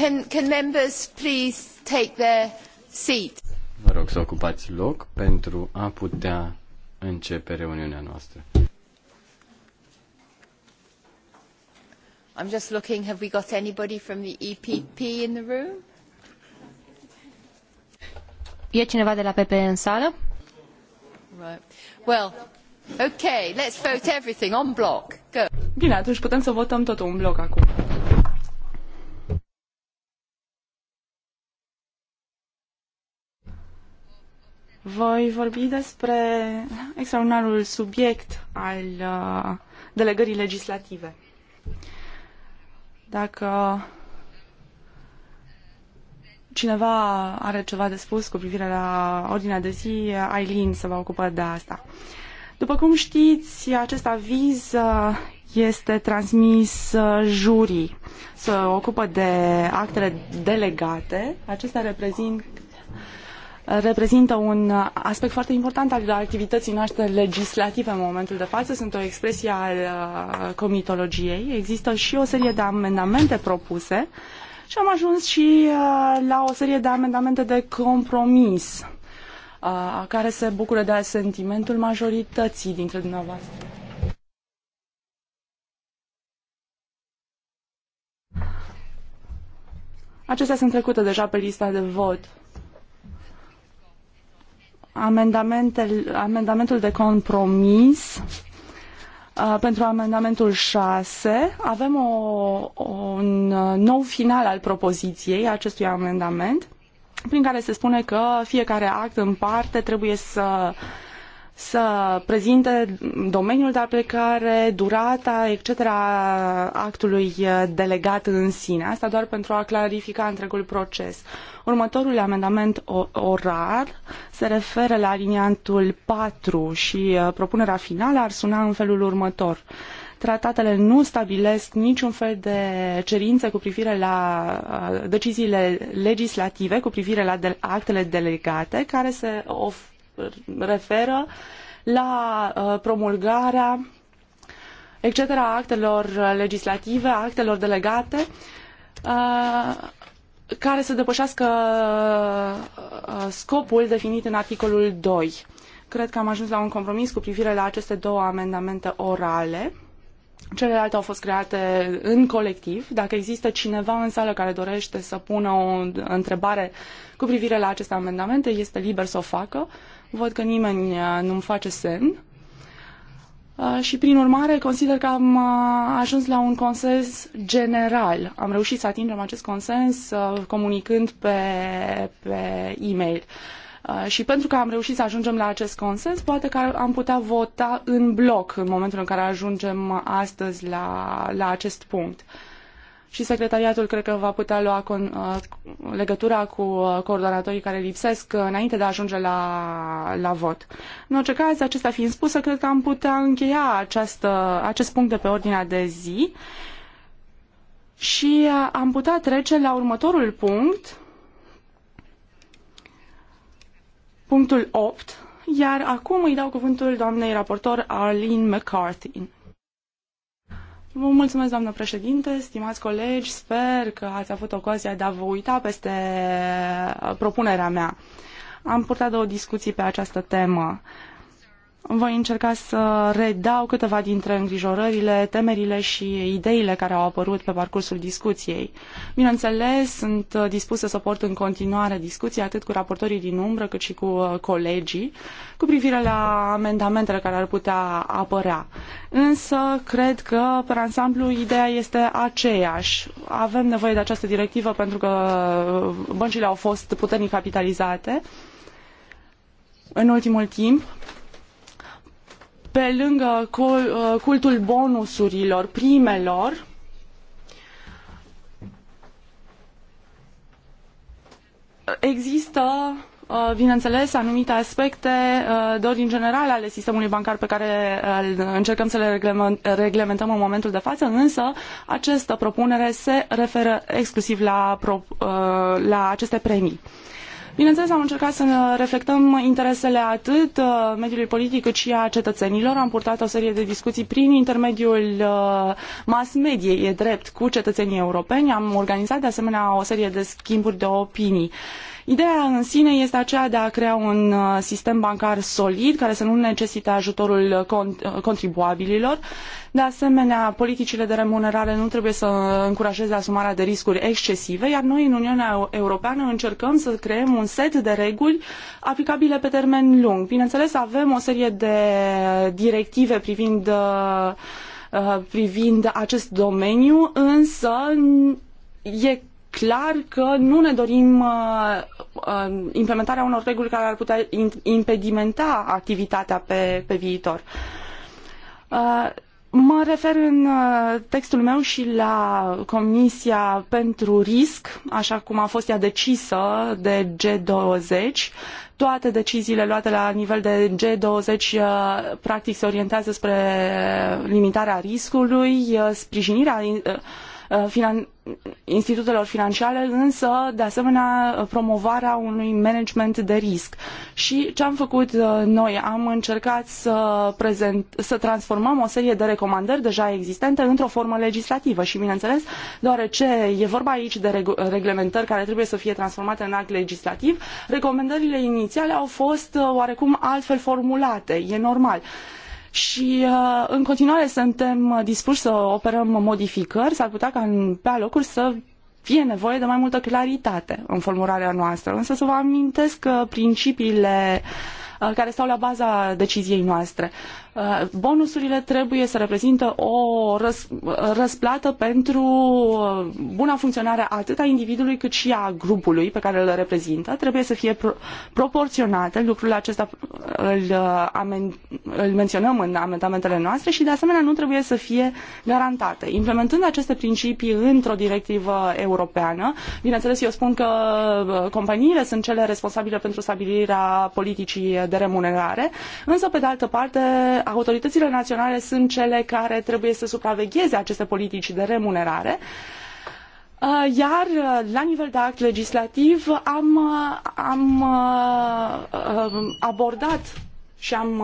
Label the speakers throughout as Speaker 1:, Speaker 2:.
Speaker 1: Can, can members please take their seat?
Speaker 2: Vă rog să ocupați loc pentru a putea începe reuniunea noastră.
Speaker 1: I'm just looking, have we got anybody from the EPP in the room?
Speaker 3: E cineva de la PP în sală?
Speaker 1: Right. Well, okay, let's vote everything on block. Go. Bine, atunci putem să votăm totul în bloc acum.
Speaker 4: Voi vorbi despre extraordinarul subiect al uh, delegării legislative. Dacă cineva are ceva de spus cu privire la ordinea de zi, Aileen se va ocupa de asta. După cum știți, acest aviz uh, este transmis uh, jurii. Se ocupă de actele delegate. Acestea reprezintă reprezintă un aspect foarte important al activității noastre legislative în momentul de față, sunt o expresie al uh, comitologiei. Există și o serie de amendamente propuse și am ajuns și uh, la o serie de amendamente de compromis uh, care se bucură de sentimentul majorității dintre dumneavoastră. Acestea sunt trecute deja pe lista de vot amendamentul de compromis uh, pentru amendamentul 6 avem o, un uh, nou final al propoziției acestui amendament prin care se spune că fiecare act în parte trebuie să uh, să prezinte domeniul de aplicare, durata, etc. actului delegat în sine. Asta doar pentru a clarifica întregul proces. Următorul amendament orar se referă la aliniantul 4 și uh, propunerea finală ar suna în felul următor tratatele nu stabilesc niciun fel de cerințe cu privire la uh, deciziile legislative, cu privire la actele delegate, care se of referă la uh, promulgarea etc. a actelor legislative, a actelor delegate uh, care să depășească uh, scopul definit în articolul 2. Cred că am ajuns la un compromis cu privire la aceste două amendamente orale. Celelalte au fost create în colectiv. Dacă există cineva în sală care dorește să pună o întrebare cu privire la aceste amendamente, este liber să o facă. Uh, Văd că nimeni uh, nu-mi face semn. Uh, și, prin urmare, consider că am uh, ajuns la un consens general. Am reușit să atingem acest consens comunicând pe, pe e-mail. Și pentru că am reușit să ajungem la acest consens, poate că am putea vota în bloc în momentul în care ajungem astăzi la, la acest punct și secretariatul cred că va putea lua con, uh, legătura cu uh, coordonatorii care lipsesc uh, înainte de a ajunge la, la vot. În orice caz, acesta fiind spusă, cred că am putea încheia această, acest punct de pe ordinea de zi și am putea trece la următorul punct, punctul 8, iar acum îi dau cuvântul doamnei raportor Arlene McCarthy. Vă mulțumesc, doamnă președinte, stimați colegi, sper că ați avut ocazia de a vă uita peste uh, propunerea mea. Am purtat două discuții pe această temă. Voi încerca să redau câteva dintre îngrijorările, temerile și ideile care au apărut pe parcursul discuției. Bineînțeles, sunt dispusă să port în continuare discuții atât cu raportorii din umbră cât și cu uh, colegii cu privire la amendamentele care ar putea apărea. Însă, cred că, pe ansamblu, ideea este aceeași. Avem nevoie de această directivă pentru că uh, băncile au fost puternic capitalizate în ultimul timp pe lângă uh, cultul bonusurilor, primelor, există uh, bineînțeles, anumite aspecte uh, de ordin general ale sistemului bancar pe care încercăm să le reglementăm în momentul de față, însă această propunere se referă exclusiv la, la aceste premii. Bineînțeles, am încercat să reflectăm interesele atât uh, mediului politic cât și a cetățenilor. Am purtat o serie de discuții prin intermediul uh, mass mediei, e drept, cu cetățenii europeni. Am organizat de asemenea o serie de schimburi de opinii. Ideea în sine este aceea de a crea un uh, sistem bancar solid care să nu necesite ajutorul uh, contribuabililor. De asemenea, politicile de remunerare nu trebuie să încurajeze asumarea de riscuri excesive, iar noi în Uniunea Europeană încercăm să creăm un set de reguli aplicabile pe termen lung. Bineînțeles, avem o serie de directive privind uh, privind acest domeniu, însă e clar că nu ne dorim uh, uh, implementarea unor reguli care ar putea impedimenta activitatea pe, pe viitor. Uh, mă refer în textul meu și la Comisia pentru Risc, așa cum a fost ea decisă de G20. Toate deciziile luate la nivel de G20 practic se orientează spre limitarea riscului, sprijinirea finan- institutelor financiare, însă, de asemenea, promovarea unui management de risc. Și ce am făcut uh, noi? Am încercat să, prezent, să transformăm o serie de recomandări deja existente într-o formă legislativă și, bineînțeles, deoarece e vorba aici de reglementări care trebuie să fie transformate în act legislativ, recomandările inițiale au fost uh, oarecum altfel formulate. E normal și uh, în continuare suntem dispuși să operăm modificări, s-ar putea ca pe alocuri să fie nevoie de mai multă claritate în formularea noastră. Însă să vă amintesc uh, principiile uh, care stau la baza deciziei noastre. Uh, bonusurile trebuie să reprezintă o răs, răsplată pentru uh, buna funcționare atât a individului cât și a grupului pe care îl reprezintă. Trebuie să fie pro- proporționate. Lucrul acesta uh, îl, amen, îl menționăm în amendamentele noastre și de asemenea nu trebuie să fie garantate. Implementând aceste principii într-o directivă europeană, bineînțeles eu spun că companiile sunt cele responsabile pentru stabilirea politicii de remunerare, însă pe de altă parte autoritățile naționale sunt cele care trebuie să supravegheze aceste politici de remunerare. Uh, iar uh, la nivel de act legislativ am, uh, am abordat și am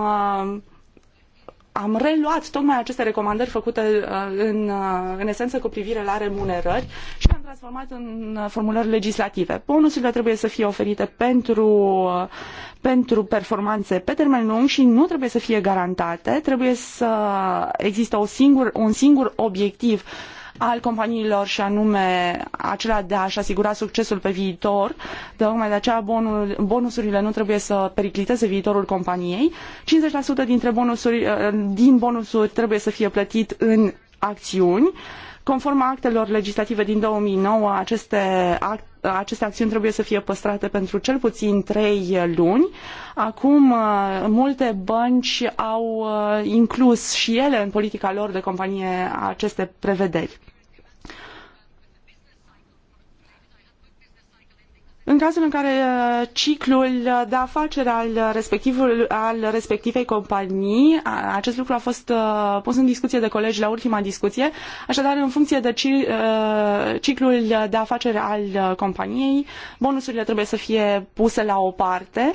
Speaker 4: am reluat tocmai aceste recomandări făcute uh, în, uh, în esență cu privire la remunerări și le-am transformat în uh, formulări legislative. Bonusurile trebuie să fie oferite pentru, pentru performanțe pe termen lung și nu trebuie să fie garantate, trebuie să existe o singur, un singur obiectiv uh, al companiilor și anume acela de a-și asigura succesul pe viitor, tocmai de aceea bonul, bonusurile nu trebuie să pericliteze viitorul companiei. 50% dintre bonusuri, din bonusuri trebuie să fie plătit în acțiuni. Uh, Conform actelor legislative din 2009, aceste, act, aceste acțiuni trebuie să fie păstrate pentru cel puțin trei luni. Acum, uh, multe bănci au uh, inclus și ele în politica lor de companie aceste prevederi. În cazul în care uh, ciclul uh, de afaceri al, respectivul, al respectivei companii, acest lucru a fost uh, pus în discuție de colegi la ultima discuție, așadar în funcție de ciclul de afaceri al companiei, bonusurile trebuie să fie puse la o parte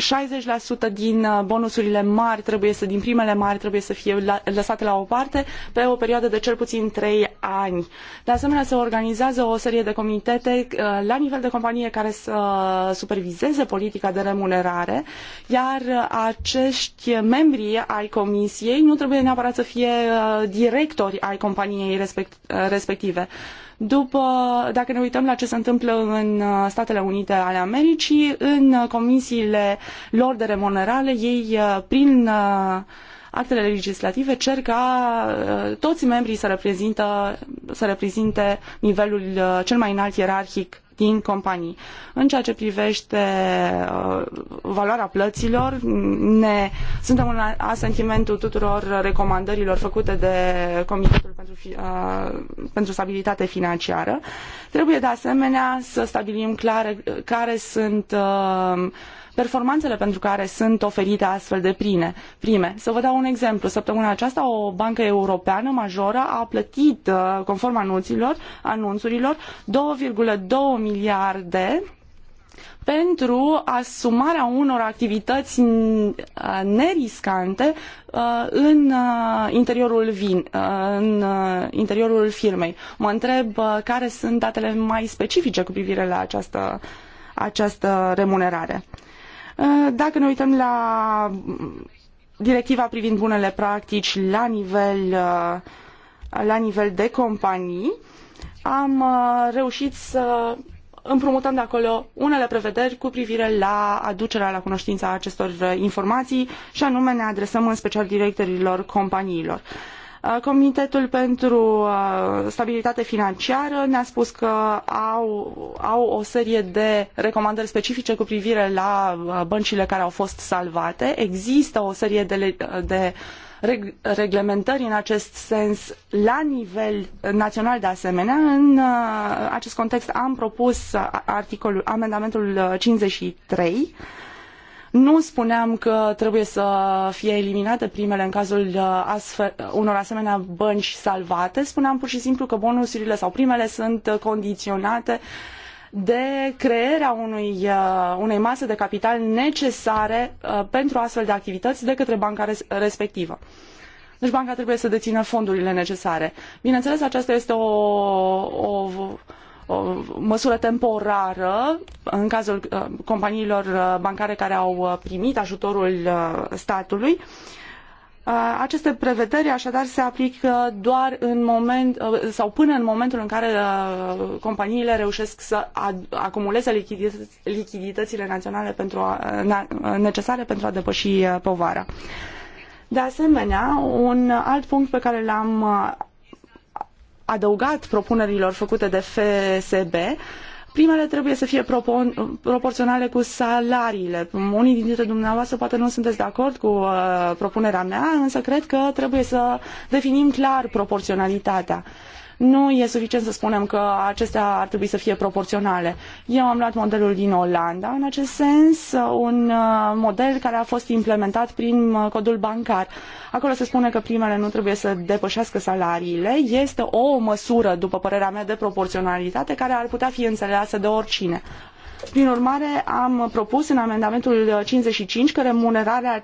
Speaker 4: 60% din uh, bonusurile mari trebuie să, din primele mari trebuie să fie lăsate la o parte pe o perioadă de cel puțin 3 ani. De asemenea, se organizează o serie de comitete uh, la nivel de companie care să superviseze politica de remunerare, iar uh, acești membri ai comisiei nu trebuie neapărat să fie directori ai companiei respective după, dacă ne uităm la ce se întâmplă în uh, Statele Unite ale Americii, în uh, comisiile lor de remunerare, ei uh, prin Actele legislative cer ca uh, toți membrii să, reprezintă, să reprezinte nivelul uh, cel mai înalt ierarhic din companii. În ceea ce privește uh, valoarea plăților, ne, suntem în asentimentul tuturor recomandărilor făcute de Comitetul pentru, pentru Stabilitate Financiară. Trebuie de asemenea să stabilim clar care sunt uh, performanțele pentru care sunt oferite astfel de prime. prime. Să vă dau un exemplu. Săptămâna aceasta o bancă europeană majoră a plătit, uh, conform anunților, anunțurilor, 2,2 miliarde pentru asumarea unor activități uh, neriscante uh, în interiorul, vin, în interiorul firmei. Mă întreb care sunt datele mai specifice cu privire la această, această remunerare. Eh, dacă ne uităm la mm, directiva privind bunele practici la nivel, eh, la nivel de companii, am eh, reușit să împrumutăm de acolo unele prevederi cu privire la aducerea la cunoștința acestor informații și anume ne adresăm în special directorilor companiilor. Uh, Comitetul pentru uh, Stabilitate Financiară ne-a spus că au, au o serie de recomandări specifice cu privire la uh, băncile care au fost salvate. Există o serie de, de reglementări în acest sens la nivel național de asemenea. În acest context am propus articolul, amendamentul 53 nu spuneam că trebuie să fie eliminate primele în cazul uh, astfel, uh, unor asemenea bănci salvate, spuneam pur și simplu că bonusurile sau primele sunt condiționate de crearea unui, uh, unei mase de capital necesare pentru astfel de activități de către banca respectivă. Deci banca trebuie să dețină fondurile necesare. Bineînțeles, aceasta este o, o o măsură temporară în cazul uh, companiilor uh, bancare care au uh, primit ajutorul statului. Aceste prevederi așadar se aplică doar în moment sau până în momentul în care companiile reușesc să acumuleze lichiditățile naționale pentru a, necesare pentru a depăși povara. De asemenea, un alt punct pe care l-am adăugat propunerilor făcute de FSB, primele trebuie să fie propon, proporționale cu salariile. Unii dintre dumneavoastră poate nu sunteți de acord cu uh, propunerea mea, însă cred că trebuie să definim clar proporționalitatea. Nu e suficient să spunem că acestea ar trebui să fie proporționale. Eu am luat modelul din Olanda în acest sens, un uh, model care a fost implementat prin uh, codul bancar. Acolo se spune că primele nu trebuie să depășească salariile. Este o măsură, după părerea mea, de proporționalitate care ar putea fi înțeleasă de oricine. Prin urmare, am propus în amendamentul 55 uh, că remunerarea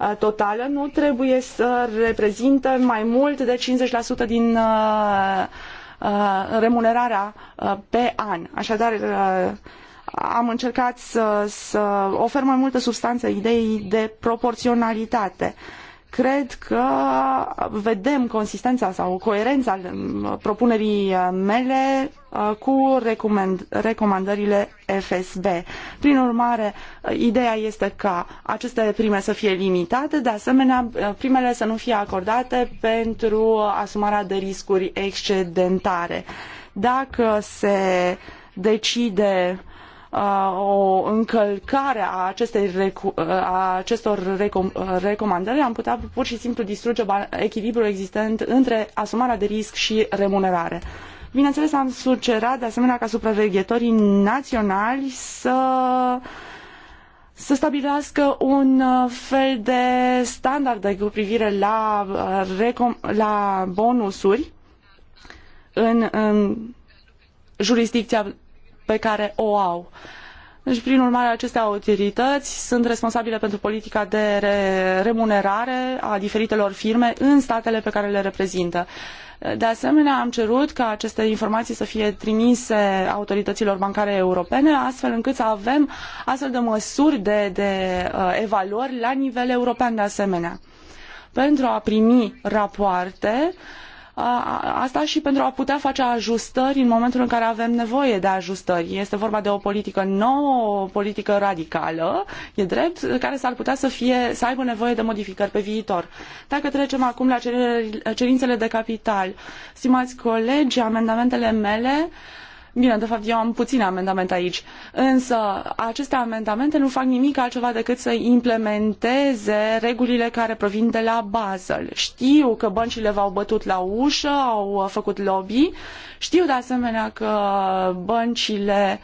Speaker 4: Uh, totală nu trebuie să reprezintă mai mult de 50% din uh, uh, remunerarea pe an. Așadar, am încercat să, să ofer mai multă substanță ideii de proporționalitate. Uh, cred că vedem consistența sau coerența um, propunerii uh, mele uh, cu recomand recomandările FSB. Prin urmare, uh, ideea este ca aceste prime să fie limitate, de asemenea, primele să nu fie acordate pentru asumarea de riscuri excedentare. Dacă se decide o încălcare a, acestei, a acestor recomandări, am putea pur și simplu distruge echilibrul existent între asumarea de risc și remunerare. Bineînțeles, am sugerat de asemenea ca supraveghetorii naționali să să stabilească un fel de standarde cu privire la, la bonusuri în, în jurisdicția pe care o au. Deci, prin urmare, aceste autorități sunt responsabile pentru politica de remunerare a diferitelor firme în statele pe care le reprezintă. De asemenea, am cerut ca aceste informații să fie trimise autorităților bancare europene, astfel încât să avem astfel de măsuri de, de uh, evaluări la nivel european de asemenea. Pentru a primi rapoarte, uh, asta și pentru a putea face ajustări în momentul în care avem nevoie de ajustări. Este vorba de o politică nouă, o politică radicală, e drept, care s-ar putea să, fie, să aibă nevoie de modificări pe viitor. Dacă trecem acum la cerințele de capital, stimați colegi, amendamentele mele uh, Bine, de fapt eu am puține amendamente aici, însă aceste amendamente nu fac nimic altceva decât să implementeze regulile care provin de la Basel. Știu că băncile v-au bătut la ușă, au făcut lobby, știu de asemenea că băncile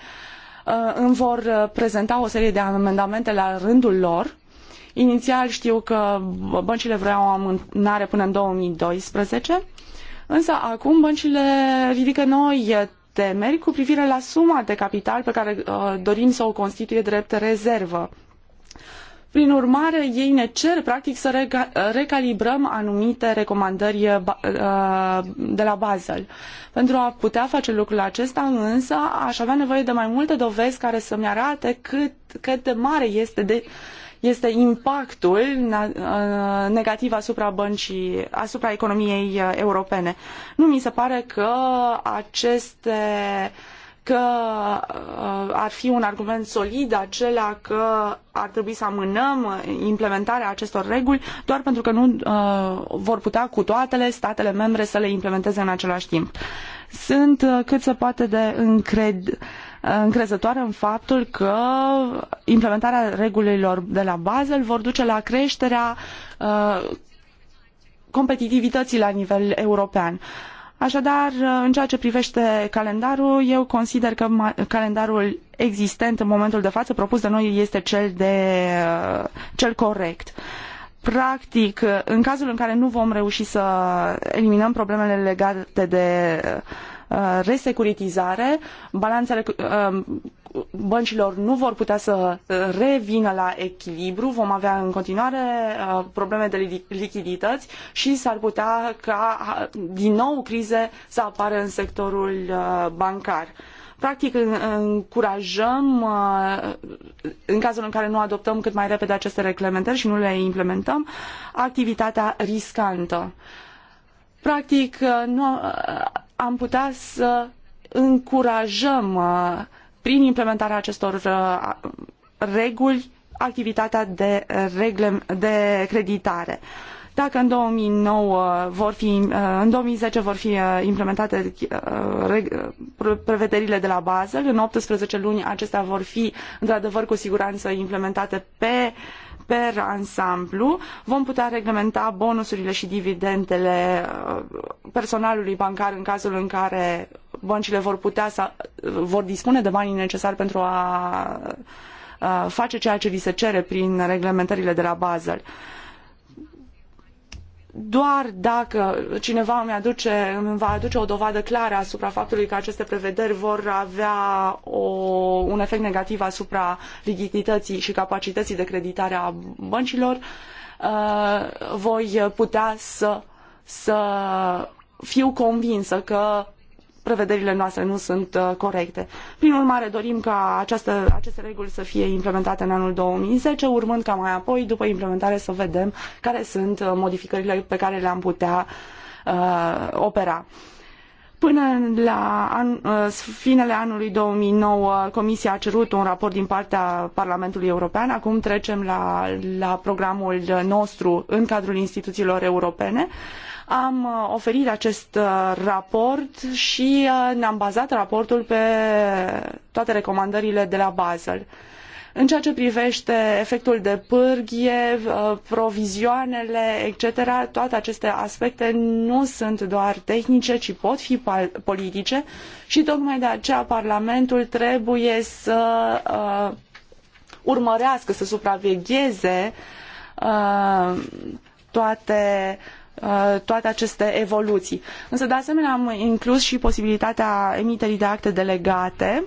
Speaker 4: uh, îmi vor prezenta o serie de amendamente la rândul lor, Inițial știu că băncile vreau amânare până în 2012, însă acum băncile ridică noi temeri cu privire la suma de capital pe care uh, dorim să o constituie drept rezervă. Prin urmare, ei ne cer practic să recalibrăm anumite recomandări uh, uh, de la Basel. Pentru a putea face lucrul acesta, însă, aș avea nevoie de mai multe dovezi care să-mi arate cât, cât de mare este de, uh, este impactul uh, negativ asupra băncii, asupra economiei uh, europene. Nu mi se pare că aceste că uh, ar fi un argument solid acela că ar trebui să amânăm implementarea acestor reguli doar pentru că nu vor putea cu toatele statele membre să le implementeze în același timp sunt uh, cât se poate de încred, uh, încrezătoare în faptul că implementarea regulilor de la Basel vor duce la creșterea uh, competitivității la nivel european. Așadar, în ceea ce privește calendarul, eu consider că calendarul existent în momentul de față propus de noi este cel, de, cel corect. Uh, practic, în cazul în care nu vom reuși să eliminăm problemele legate de uh, resecuritizare, balanțele uh, băncilor nu vor putea să revină la echilibru, vom avea în continuare uh, probleme de lichidități și s-ar putea ca din nou crize să apară în sectorul bancar. Practic, încurajăm, uh, în cazul în care nu adoptăm cât mai repede aceste reglementări și nu le implementăm, activitatea riscantă. Practic, uh, nu, uh, am putea să încurajăm prin implementarea acestor reguli activitatea de, regle, de creditare. Dacă în 2009 vor fi, uh, în 2010 vor fi uh, implementate uh, prevederile de la Basel, în 18 luni acestea vor fi într-adevăr cu siguranță implementate pe per ansamblu, vom putea reglementa bonusurile și dividendele personalului bancar în cazul în care băncile vor putea să vor dispune de banii necesari pentru a face ceea ce li se cere prin reglementările de la Basel. Uh, doar dacă cineva îmi, aduce, îmi va aduce o dovadă clară asupra faptului că aceste prevederi vor avea o, un efect negativ asupra lichidității și capacității de creditare a băncilor, uh, voi putea să, să fiu convinsă că prevederile noastre nu sunt uh, corecte. Prin urmare, dorim ca această, aceste reguli să fie implementate în anul 2010, urmând ca mai apoi, după implementare, să vedem care sunt uh, modificările pe care le-am putea uh, opera. Până la an, uh, finele anului 2009, Comisia a cerut un raport din partea Parlamentului European. Acum trecem la, la programul nostru în cadrul instituțiilor europene. Uh, am uh, oferit acest uh, raport și uh, ne-am bazat raportul pe toate recomandările de la Basel. În ceea ce privește efectul de pârghie, provizioanele, etc., toate aceste aspecte nu sunt doar tehnice, ci pot fi politice și tocmai de aceea Parlamentul trebuie să uh, urmărească, să supravegheze uh, toate uh, Uh, toate aceste evoluții. Însă, de asemenea, am inclus și posibilitatea emiterii de acte delegate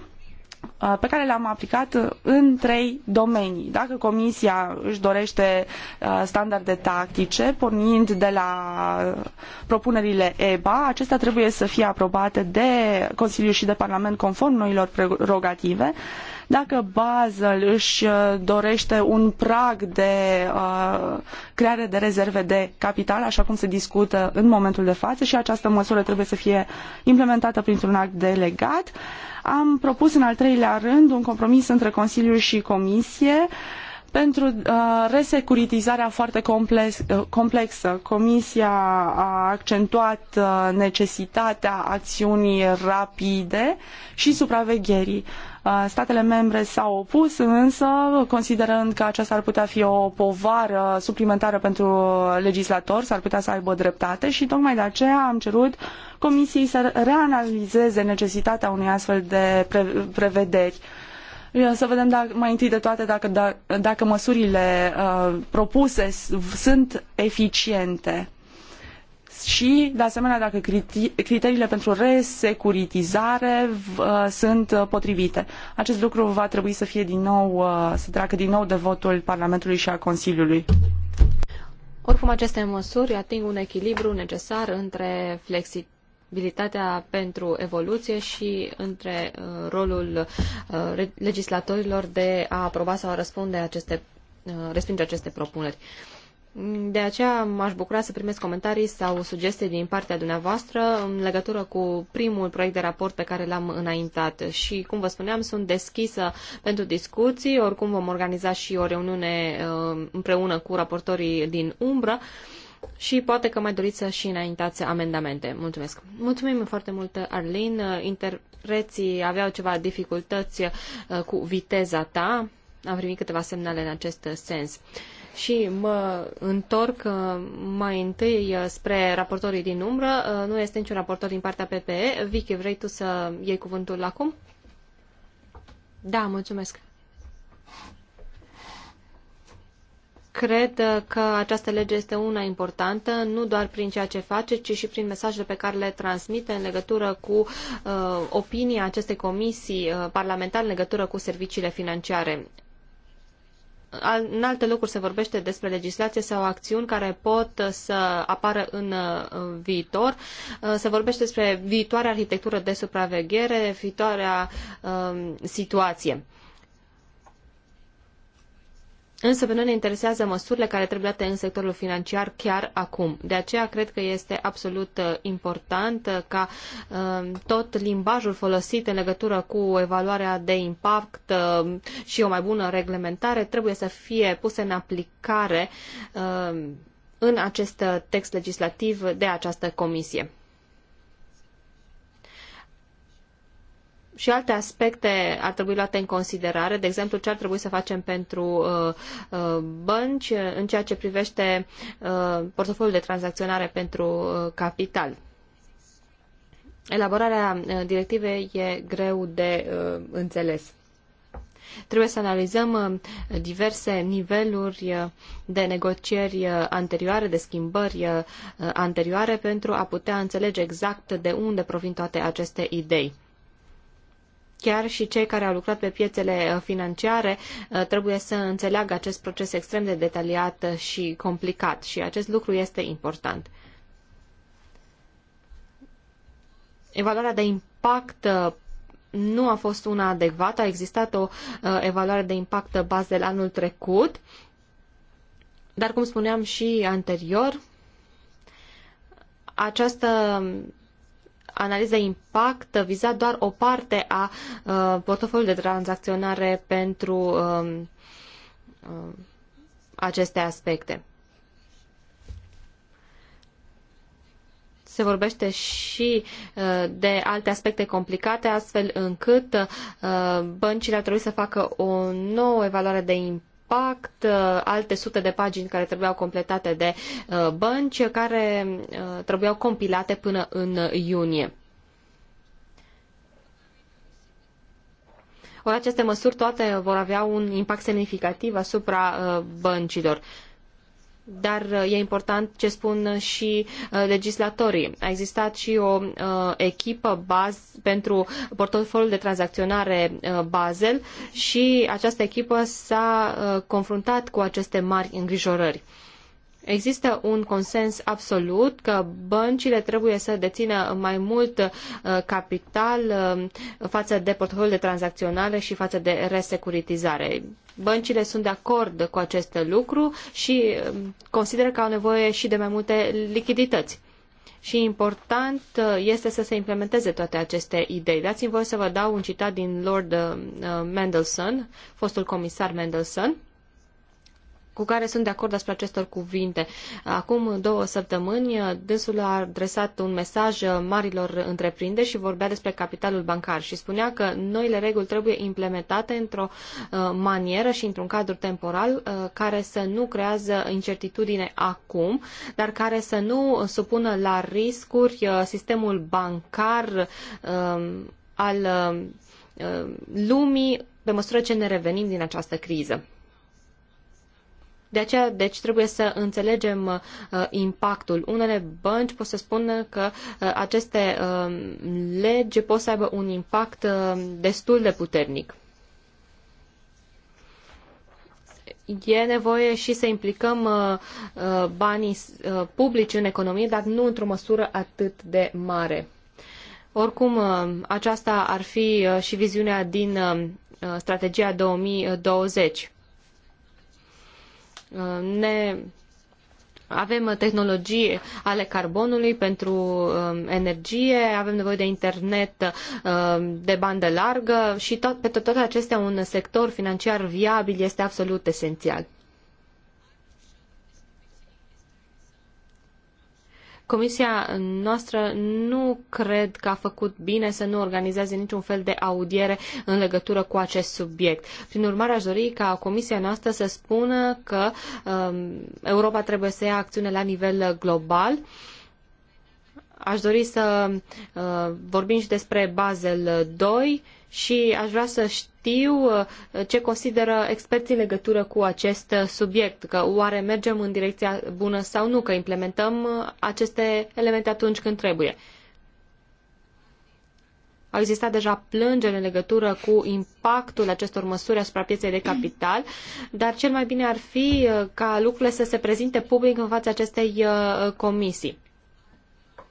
Speaker 4: uh, pe care le-am aplicat în trei domenii. Dacă Comisia își dorește uh, standarde tactice, pornind de la propunerile EBA, acestea trebuie să fie aprobate de Consiliu și de Parlament conform noilor prerogative. Dacă Basel își uh, dorește un prag de uh, creare de rezerve de capital, așa cum se discută în momentul de față și această măsură trebuie să fie implementată printr-un act delegat, am propus în al treilea rând un compromis între Consiliu și Comisie uh, pentru uh, resecuritizarea foarte complex, uh, complexă. Comisia a accentuat uh, necesitatea acțiunii rapide și supravegherii. Uh, statele membre s-au opus, însă, considerând că aceasta ar putea fi o povară suplimentară pentru legislator, s-ar putea să aibă dreptate și tocmai de aceea am cerut Comisiei să reanalizeze necesitatea unei astfel de prevederi să vedem dacă, mai întâi de toate dacă, da, dacă măsurile uh, propuse sunt eficiente și, de asemenea, dacă criteriile pentru resecuritizare uh, sunt uh, potrivite. Acest lucru va trebui să fie din nou, să treacă din nou de votul Parlamentului și al Consiliului.
Speaker 3: Oricum, aceste măsuri ating un echilibru necesar între flexi abilitatea pentru evoluție și între uh, rolul uh, legislatorilor de a aproba sau a răspunde aceste, uh, respinge aceste propuneri. De aceea m-aș bucura să primesc comentarii sau sugestii din partea dumneavoastră în legătură cu primul proiect de raport pe care l-am înaintat și, cum vă spuneam, sunt deschisă pentru discuții, oricum vom organiza și o reuniune împreună cu raportorii din umbră și poate că mai doriți să și înaintați amendamente. Mulțumesc. Mulțumim foarte mult, Arlin. Interpreții aveau ceva dificultăți uh, cu viteza ta. Am primit câteva semnale în acest sens. Și mă întorc uh, mai întâi uh, spre raportorii din umbră. Nu este niciun raportor din partea PPE. Vicky, vrei tu să iei cuvântul acum? Da, mulțumesc. Cred uh, că această lege este una importantă, nu doar prin ceea ce face, ci și prin mesajele pe care le transmite în legătură cu uh, opinia acestei comisii uh, parlamentare în legătură cu serviciile financiare. Al, în alte locuri se vorbește despre legislație sau acțiuni care pot uh, să apară în uh, viitor. Se vorbește despre viitoarea arhitectură de supraveghere, viitoarea um, situație. Însă pe noi ne interesează măsurile care trebuie date în sectorul financiar chiar acum. De aceea cred că este absolut uh, important uh, ca uh, tot limbajul folosit în legătură cu evaluarea de impact și o mai bună reglementare trebuie să fie puse în aplicare în acest text legislativ de această comisie. și alte aspecte ar trebui luate în considerare, de exemplu ce ar trebui să facem pentru uh, uh bănci uh, în ceea ce privește uh, portofoliul de tranzacționare pentru uh, capital. Elaborarea uh, directivei e greu de uh, înțeles. Trebuie să analizăm diverse niveluri de negocieri anterioare, de schimbări anterioare, pentru a putea înțelege exact de unde provin toate aceste idei. Chiar și cei care au lucrat pe piețele uh, financiare uh, trebuie să înțeleagă acest proces extrem de detaliat uh, și complicat și acest lucru este important. Evaluarea de impact nu a fost una adecvată, a existat o evaluare de impact bază de anul trecut, dar cum spuneam și anterior, această analiza impact viza doar o parte a uh, portofoliului de tranzacționare pentru um, um, aceste aspecte. se vorbește și uh, de alte aspecte complicate, astfel încât uh, băncile ar trebui să facă o nouă evaluare de impact pact, uh, alte sute de pagini care trebuiau completate de uh, bănci, care uh, trebuiau compilate până în iunie. Ori aceste măsuri toate vor avea un impact semnificativ asupra băncilor dar uh, e important ce spun uh, și uh, legislatorii. A existat și o echipă baz pentru portofoliul de tranzacționare Basel și această echipă s-a confruntat cu aceste mari îngrijorări. Există un consens absolut că băncile trebuie să dețină mai mult uh, capital uh, față de portofoliul de tranzacționare și față de resecuritizare. Băncile sunt de acord cu acest lucru și um, consideră că au nevoie și de mai multe lichidități și important uh, este să se implementeze toate aceste idei. Dați-mi voie să vă dau un citat din Lord Mendelssohn, fostul comisar Mendelssohn, cu care sunt de acord asupra acestor cuvinte. Acum două săptămâni, dânsul a adresat un mesaj marilor întreprinderi și vorbea despre capitalul bancar și spunea că noile reguli trebuie implementate într-o uh, manieră și într-un cadru temporal uh, care să nu creează incertitudine acum, dar care să nu supună la riscuri uh, sistemul bancar um, al lumii pe măsură ce ne revenim din această criză. De aceea, deci, trebuie să înțelegem uh, impactul. Unele bănci pot să spună că uh, aceste uh, legi pot să aibă un impact uh, destul de puternic. E nevoie și să implicăm uh, uh, banii uh, publici în economie, dar nu într-o măsură atât de mare. Oricum, uh, aceasta ar fi uh, și viziunea din uh, uh strategia 2020 ne avem tehnologii ale carbonului pentru um, energie, avem nevoie de internet um, de bandă largă și tot, pentru toate acestea un sector financiar viabil este absolut esențial. Comisia noastră nu cred că a făcut bine să nu organizeze niciun fel de audiere în legătură cu acest subiect. Prin urmare, aș dori ca Comisia noastră să spună că um, Europa trebuie să ia acțiune la nivel global. Aș dori să uh, vorbim și despre Basel 2 și aș vrea să știu știu uh, ce consideră experții în legătură cu acest uh, subiect, că oare mergem în direcția bună sau nu, că implementăm uh, aceste elemente atunci când trebuie. Au existat deja plângeri în legătură cu impactul acestor măsuri asupra pieței de capital, dar cel mai bine ar fi ca lucrurile să se prezinte public în fața acestei comisii.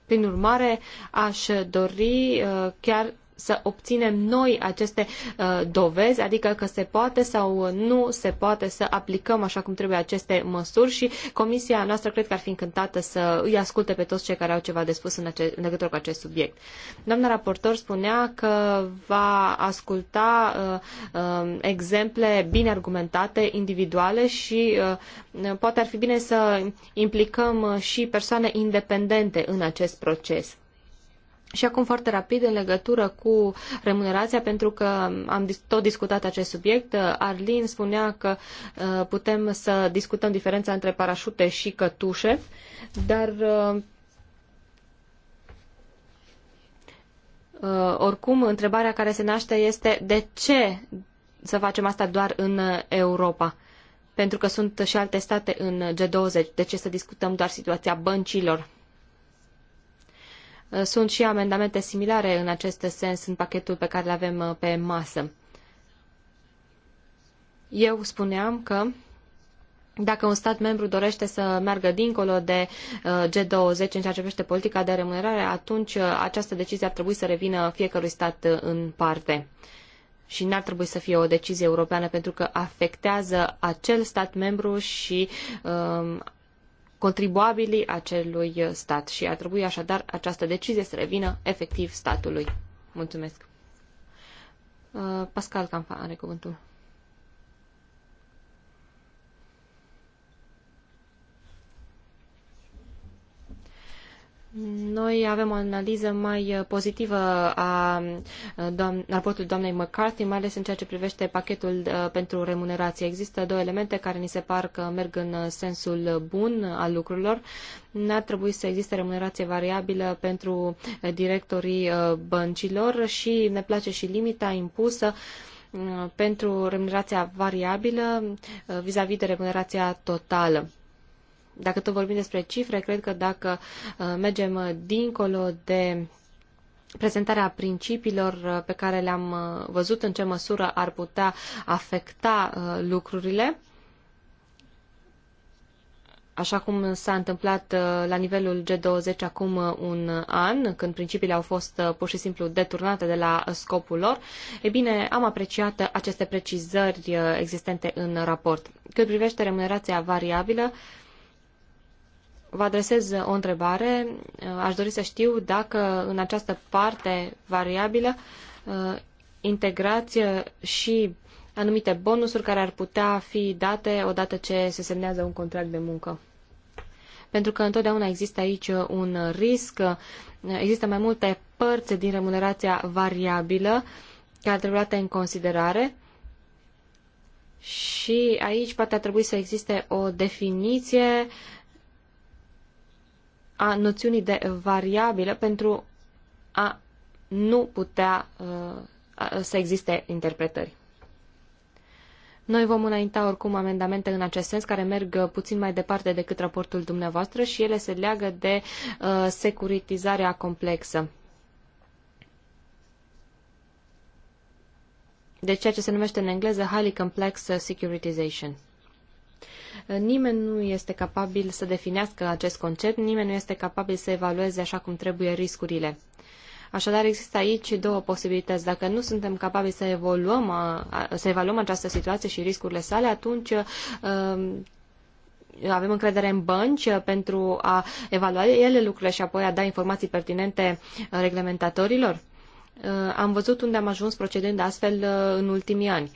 Speaker 3: Prin urmare, aș dori chiar să obținem noi aceste uh, dovezi, adică că se poate sau nu se poate să aplicăm așa cum trebuie aceste măsuri și comisia noastră cred că ar fi încântată să îi asculte pe toți cei care au ceva de spus în, ace- în legătură cu acest subiect. Doamna raportor spunea că va asculta uh, uh, exemple bine argumentate, individuale și uh, poate ar fi bine să implicăm uh, și persoane independente în acest proces. Și acum foarte rapid în legătură cu remunerația, pentru că am tot discutat acest subiect, Arlin spunea că uh, putem să discutăm diferența între parașute și cătușe, dar uh, uh, oricum întrebarea care se naște este de ce să facem asta doar în Europa? Pentru că sunt și alte state în G20, de ce să discutăm doar situația băncilor? Uh, sunt și amendamente similare în acest sens în pachetul pe care îl avem uh, pe masă. Eu spuneam că dacă un stat membru dorește să meargă dincolo de uh, G20 în ceea ce privește politica de remunerare, atunci această decizie ar trebui să revină fiecărui stat în parte. Și n-ar trebui să fie o decizie europeană pentru că afectează acel stat membru și um, contribuabilii acelui stat și ar trebui așadar această decizie să revină efectiv statului. Mulțumesc. Uh, Pascal Campa are cuvântul. Noi avem o analiză mai uh, pozitivă uh, a raportului doamnei McCarthy, mai ales în ceea ce privește pachetul uh, pentru remunerație. Există două elemente care ni se par că merg în sensul bun al lucrurilor. N-ar trebui să existe remunerație variabilă pentru directorii băncilor și ne place și limita impusă pentru remunerația variabilă vis-a-vis -vis de remunerația totală. Dacă tot vorbim despre cifre, cred că dacă uh, mergem uh, dincolo de prezentarea principiilor uh, pe care le-am văzut, în ce măsură ar putea afecta lucrurile, așa cum s-a întâmplat la nivelul G20 acum un an, când principiile au fost pur și simplu deturnate de la scopul lor, e bine, am apreciat aceste precizări existente în raport. Cât privește remunerația variabilă, vă adresez o întrebare. Aș dori să știu dacă în această parte variabilă uh, integrați uh, și anumite bonusuri care ar putea fi date odată ce se semnează un contract de muncă. Pentru că întotdeauna există aici uh, un risc, există mai multe părți din remunerația variabilă care trebuie luate în considerare și aici poate ar trebui să existe o definiție uh, a noțiunii de variabilă pentru a nu putea uh, să existe interpretări. Noi vom înainta oricum amendamente în acest sens care merg puțin mai departe decât raportul dumneavoastră și ele se leagă de uh, securitizarea complexă. De deci ceea ce se numește în engleză Highly Complex Securitization. Nimeni nu este capabil să definească acest concept, nimeni nu este capabil să evalueze așa cum trebuie riscurile. Așadar, există aici două posibilități. Dacă nu suntem capabili să, evoluăm, să evaluăm această situație și riscurile sale, atunci um, avem încredere în bănci pentru a evalua ele lucrurile și apoi a da informații pertinente uh, reglementatorilor? Uh, am văzut unde am ajuns procedând astfel uh, în ultimii ani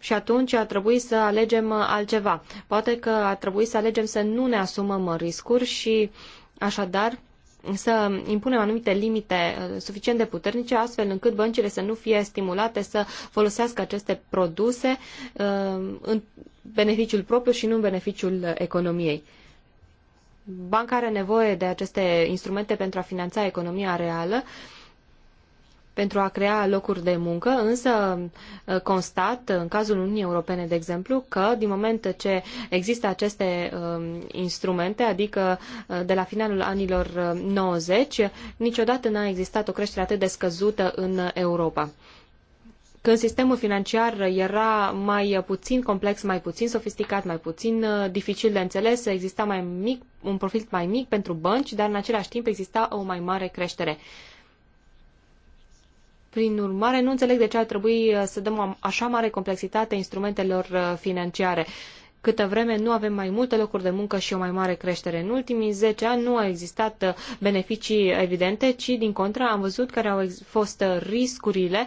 Speaker 3: și atunci ar trebui să alegem uh, altceva. Poate că ar trebui să alegem să nu ne asumăm uh, riscuri și așadar să impunem anumite limite uh, suficient de puternice, astfel încât băncile să nu fie stimulate să folosească aceste produse în beneficiul propriu și nu în beneficiul economiei. Banca are nevoie de aceste instrumente pentru a finanța economia reală, pentru a crea locuri de muncă, însă ă, constat, în cazul Uniunii Europene, de exemplu, că din moment ce există aceste ă, instrumente, adică ă, de la finalul anilor 90, niciodată n-a existat o creștere atât de scăzută în Europa când sistemul financiar era mai puțin complex, mai puțin sofisticat, mai puțin dificil de înțeles, exista mai mic, un profit mai mic pentru bănci, dar în același timp exista o mai mare creștere. Prin urmare, nu înțeleg de ce ar trebui uh, să dăm așa mare complexitate instrumentelor uh, financiare. Câtă vreme nu avem mai multe locuri de muncă și o mai mare creștere. În ultimii 10 ani nu au existat uh, beneficii evidente, ci din contra am văzut care au fost riscurile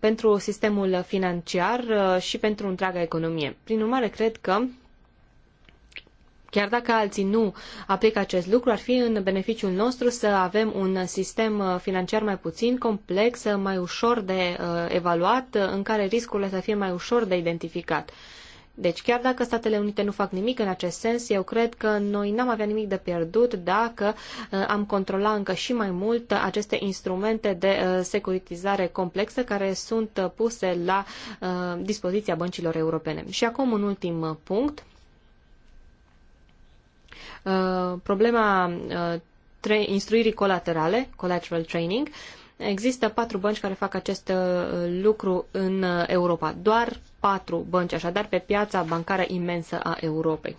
Speaker 3: pentru sistemul financiar și pentru întreaga economie. Prin urmare, cred că Chiar dacă alții nu aplică acest lucru, ar fi în beneficiul nostru să avem un sistem uh, financiar mai puțin complex, uh, mai ușor de uh, evaluat, în care riscurile să fie mai ușor de identificat. Deci chiar dacă Statele Unite nu fac nimic în acest sens, eu cred că noi n-am avea nimic de pierdut dacă am controla încă și mai mult aceste instrumente de securitizare complexă care sunt puse la dispoziția băncilor europene. Și acum un ultim punct Uh, problema uh, instruirii colaterale, collateral training, Există patru bănci care fac acest uh, lucru în Europa. Doar patru bănci, așadar, pe piața bancară imensă a Europei.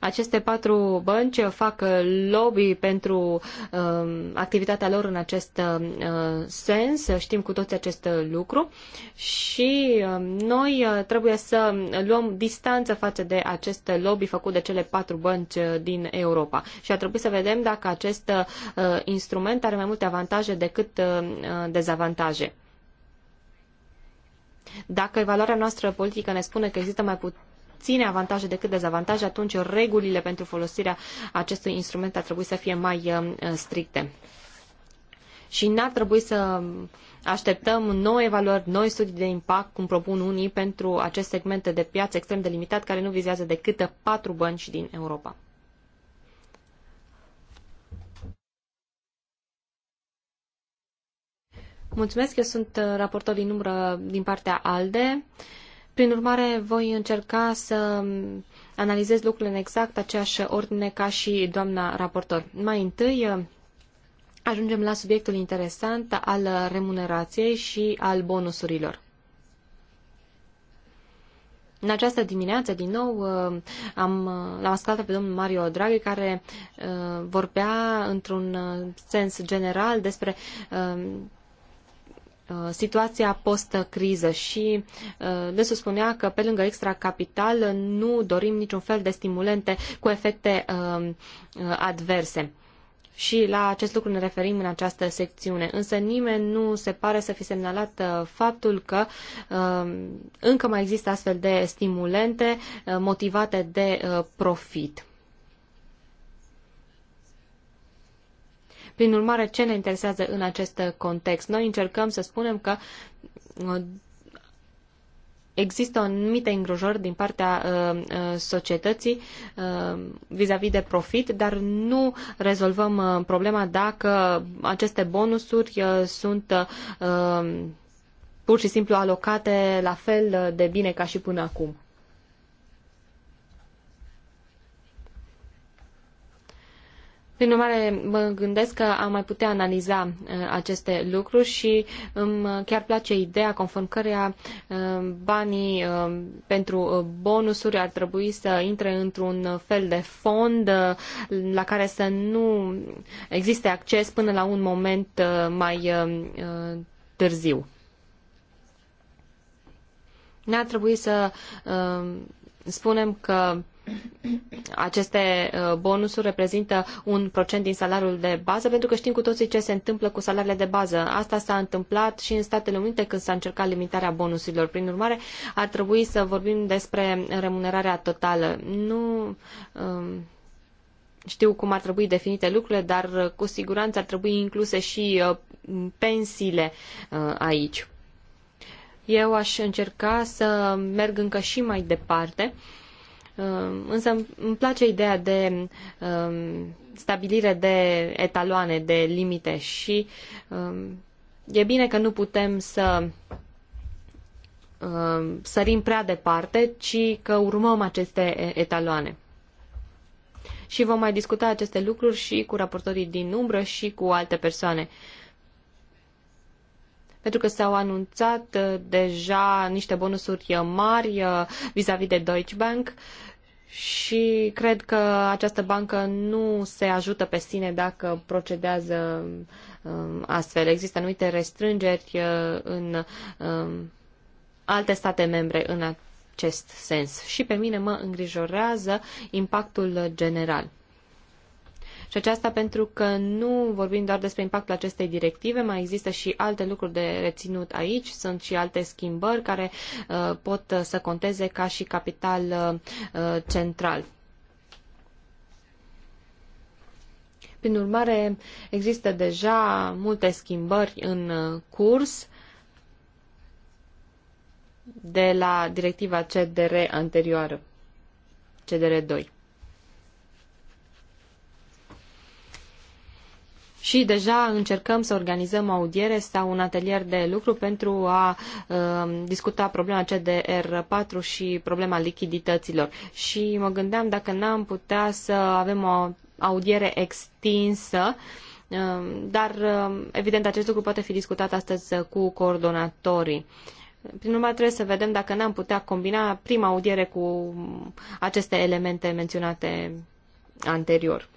Speaker 3: Aceste patru bănci fac uh, lobby pentru um, activitatea lor în acest uh, sens, știm cu toți acest lucru și um, uh, noi trebuie să luăm distanță față de acest lobby făcut de cele patru bănci uh, din Europa și ar trebui să vedem dacă acest uh, instrument are mai multe avantaje decât dezavantaje. Dacă evaluarea noastră politică ne spune că există mai puțin ține avantaje decât dezavantaje, atunci regulile pentru folosirea acestui instrument ar trebui să fie mai uh, stricte. Și n-ar trebui să așteptăm noi evaluări, noi studii de impact, cum propun unii, pentru acest segment de piață extrem de limitat, care nu vizează decât patru bănci din Europa. Mulțumesc, eu sunt uh, raportor din din partea ALDE prin urmare, voi încerca să analizez lucrurile în exact aceeași ordine ca și doamna raportor. Mai întâi, ajungem la subiectul interesant al remunerației și al bonusurilor. În această dimineață, din nou, am, l-am ascultat pe domnul Mario Draghi, care uh, vorbea într-un uh, sens general despre uh, Uh, situația post-criză și uh, dânsul spunea că pe lângă extra capital nu dorim niciun fel de stimulente cu efecte um, uh, adverse. Și la acest lucru ne referim în această secțiune. Însă nimeni nu se pare să fi semnalat faptul că um, încă mai există astfel de stimulente motivate de profit. Prin urmare, ce ne interesează în acest context? Noi încercăm să spunem că uh, există anumită îngrojări din partea uh, uh, societății vis-a-vis -vis de profit, dar nu rezolvăm problema dacă aceste bonusuri sunt pur și simplu alocate la fel de bine ca și până acum. Prin urmare, mă gândesc că am mai putea analiza uh, aceste lucruri și îmi um, chiar place ideea conform căreia um, banii um, pentru uh, bonusuri ar trebui să intre într-un fel de fond uh, la care să nu existe acces până la un moment mai târziu. Ne-ar trebui să spunem că aceste uh, bonusuri reprezintă un procent din salariul de bază, pentru că știm cu toții ce se întâmplă cu salariile de bază. Asta s-a întâmplat și în Statele Unite când s-a încercat limitarea bonusurilor. Prin urmare, ar trebui să vorbim despre remunerarea totală. Nu um, știu cum ar trebui definite lucrurile, dar uh, cu siguranță ar trebui incluse și uh, pensiile uh, aici. Eu aș încerca să merg încă și mai departe uh, Um, însă îmi place ideea de um, stabilire de etaloane, de limite și um, e bine că nu putem să sărim prea departe, ci că urmăm aceste etaloane. Și vom mai discuta aceste lucruri și cu raportorii din umbră și cu alte persoane pentru că s-au anunțat uh, deja niște bonusuri uh, mari uh, vis-a-vis -vis de Deutsche Bank și cred că această bancă nu se ajută pe sine dacă procedează um, astfel. Există anumite restrângeri în um, alte state membre în acest sens și pe mine mă îngrijorează impactul general. Și aceasta pentru că nu vorbim doar despre impactul acestei directive, mai există și alte lucruri de reținut aici, sunt și alte schimbări care uh, pot uh, să conteze ca și capital uh, central. Prin urmare, există deja multe schimbări în curs de la directiva CDR anterioară, CDR 2. și deja încercăm să organizăm o audiere sau un atelier de lucru pentru a uh, discuta problema CDR4 și problema lichidităților. Și mă gândeam dacă n-am putea să avem o audiere extinsă uh, dar, uh, evident, acest lucru poate fi discutat astăzi cu coordonatorii. Prin urmare, trebuie să vedem dacă n-am putea combina prima audiere cu aceste elemente menționate anterior.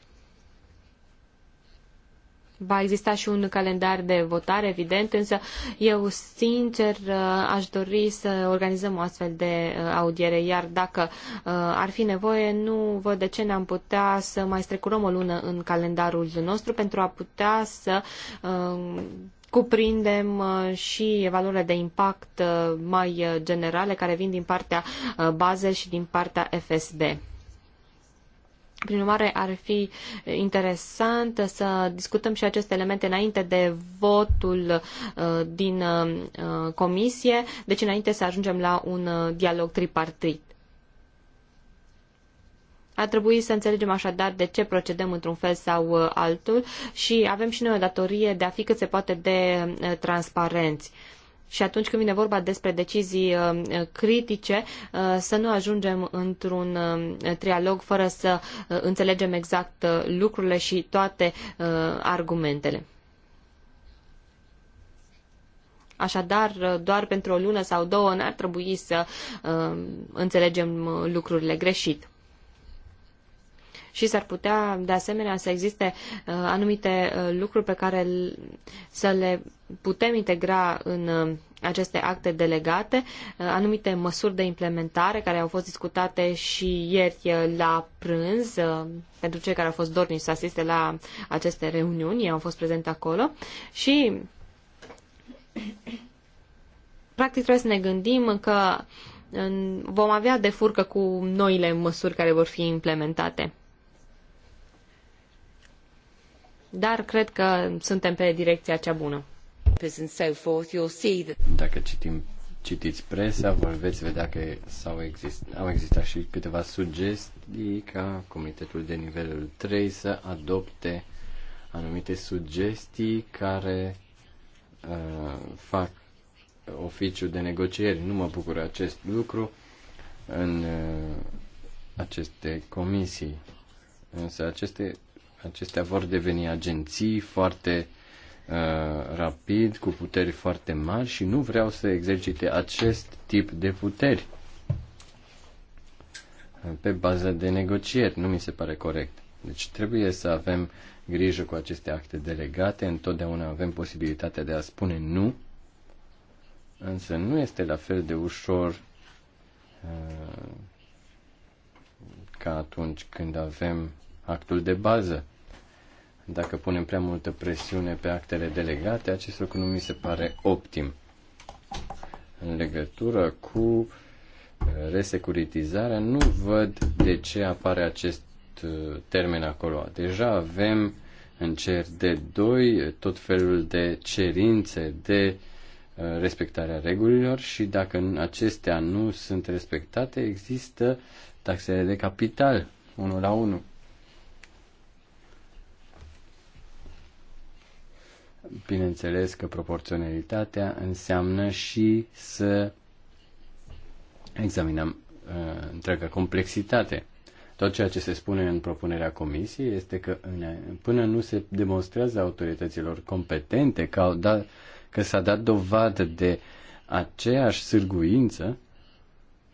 Speaker 3: Va exista și un calendar de votare, evident, însă eu, sincer, uh, aș dori să organizăm o astfel de uh, audiere, iar dacă uh, ar fi nevoie, nu văd de ce ne-am putea să mai strecurăm o lună în calendarul nostru pentru a putea să cuprindem și evaluările de impact mai generale care vin din partea bazei și din partea FSB. Prin urmare, ar fi interesant să discutăm și aceste elemente înainte de votul uh, din uh, uh, comisie, deci înainte să ajungem la un dialog tripartit. A trebui să înțelegem așadar de ce procedăm într-un fel sau altul și avem și noi o datorie de a fi cât se poate de transparenți și atunci când vine vorba despre decizii uh, critice, uh, să nu ajungem într-un uh, trialog fără să înțelegem exact lucrurile și toate argumentele. Așadar, doar pentru o lună sau două n-ar trebui să înțelegem lucrurile greșit și s-ar putea de asemenea să existe uh, anumite uh, lucruri pe care să le putem integra în uh, aceste acte delegate uh, anumite măsuri de implementare care au fost discutate și ieri uh, la prânz pentru cei care au fost dornici să asiste la aceste reuniuni, au fost prezente acolo și practic trebuie să ne gândim că vom avea de furcă cu noile măsuri care vor fi implementate. Dar cred că suntem pe direcția cea bună newspapers and so forth, you'll see that...
Speaker 2: Dacă citim, citiți presa, vor veți vedea că sau exist, au existat și câteva sugestii ca Comitetul de nivelul 3 să adopte anumite sugestii care uh, fac oficiu de negocieri. Nu mă bucur acest lucru în uh, aceste comisii. Însă aceste, acestea vor deveni agenții foarte Uh, rapid, cu puteri foarte mari și nu vreau să exercite acest tip de puteri uh, pe bază de negocieri. Nu mi se pare corect. Deci trebuie să avem grijă cu aceste acte delegate, întotdeauna avem posibilitatea de a spune nu, însă nu este la fel de ușor uh, ca atunci când avem actul de bază. Dacă punem prea multă presiune pe actele delegate, acest lucru nu mi se pare optim. În legătură cu uh, resecuritizarea, nu văd de ce apare acest uh, termen acolo. Deja avem în cer de 2 tot felul de cerințe de uh, respectarea regulilor și dacă acestea nu sunt respectate, există taxele de capital, unul la unul. bineînțeles că proporționalitatea înseamnă și să examinăm uh, întreaga complexitate. Tot ceea ce se spune în propunerea comisiei este că în, până nu se demonstrează autorităților competente că, au dat, că s-a dat dovadă de aceeași sârguință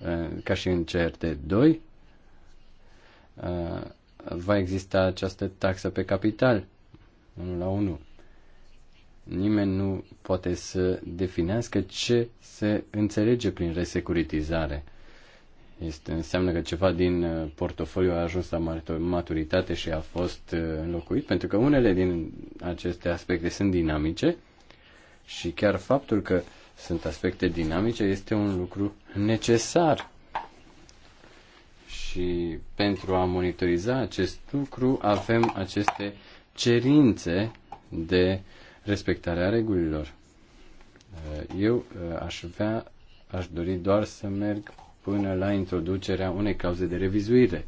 Speaker 2: uh, ca și în CRT2, uh, va exista această taxă pe capital, 1 la 1 nimeni nu poate să definească ce se înțelege prin resecuritizare. Este, înseamnă că ceva din uh, portofoliu a ajuns la maturitate și a fost uh, înlocuit, pentru că unele din aceste aspecte sunt dinamice și chiar faptul că sunt aspecte dinamice este un lucru necesar. Și pentru a monitoriza acest lucru avem aceste cerințe de uh, respectarea regulilor. Eh, eu eh, aș vrea, aș dori doar să merg până la introducerea unei clauze de revizuire.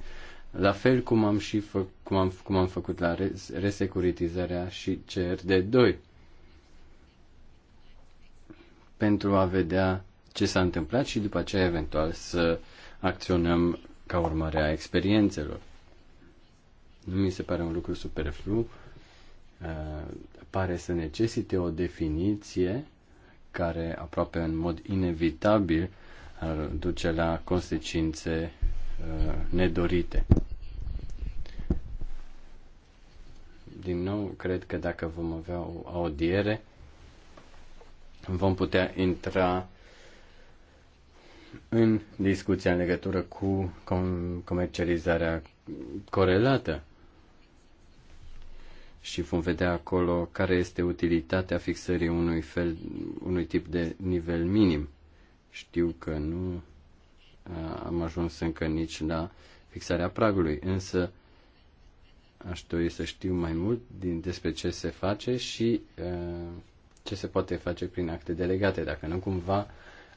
Speaker 2: La fel cum am și fă, cum am, cum am făcut la resecuritizarea și CRD2. Pentru a vedea ce s-a întâmplat și după aceea eventual să acționăm ca urmare a experiențelor. Nu mi se pare un lucru superflu. Eh, pare să necesite o definiție care aproape în mod inevitabil ar duce la consecințe uh, nedorite. Din nou, cred că dacă vom avea o audiere, vom putea intra în discuția în legătură cu comercializarea corelată și vom vedea acolo care este utilitatea fixării unui, fel, unui tip de nivel minim. Știu că nu am ajuns încă nici la fixarea pragului, însă aș dori să știu mai mult din, despre ce se face și uh, ce se poate face prin acte delegate, dacă nu cumva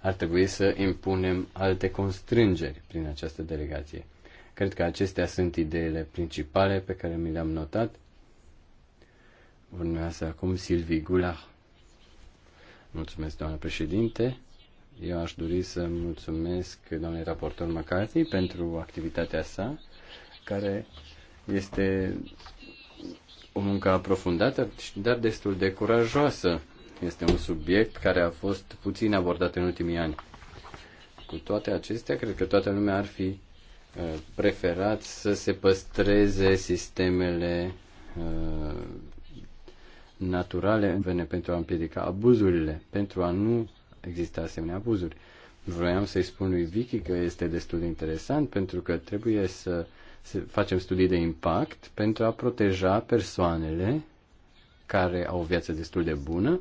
Speaker 2: ar trebui să impunem alte constrângeri prin această delegație. Cred că acestea sunt ideile principale pe care mi le-am notat Urmează acum Silvi Gula, Mulțumesc, doamnă președinte. Eu aș dori să mulțumesc doamnei raportor McCarthy pentru activitatea sa, care este o muncă aprofundată, dar destul de curajoasă. Este un subiect care a fost puțin abordat în ultimii ani. Cu toate acestea, cred că toată lumea ar fi uh, preferat să se păstreze sistemele uh, naturale în vene pentru a împiedica abuzurile, pentru a nu exista asemenea abuzuri. Vroiam să-i spun lui Vicky că este destul de interesant pentru că trebuie să, să facem studii de impact pentru a proteja persoanele care au o viață destul de bună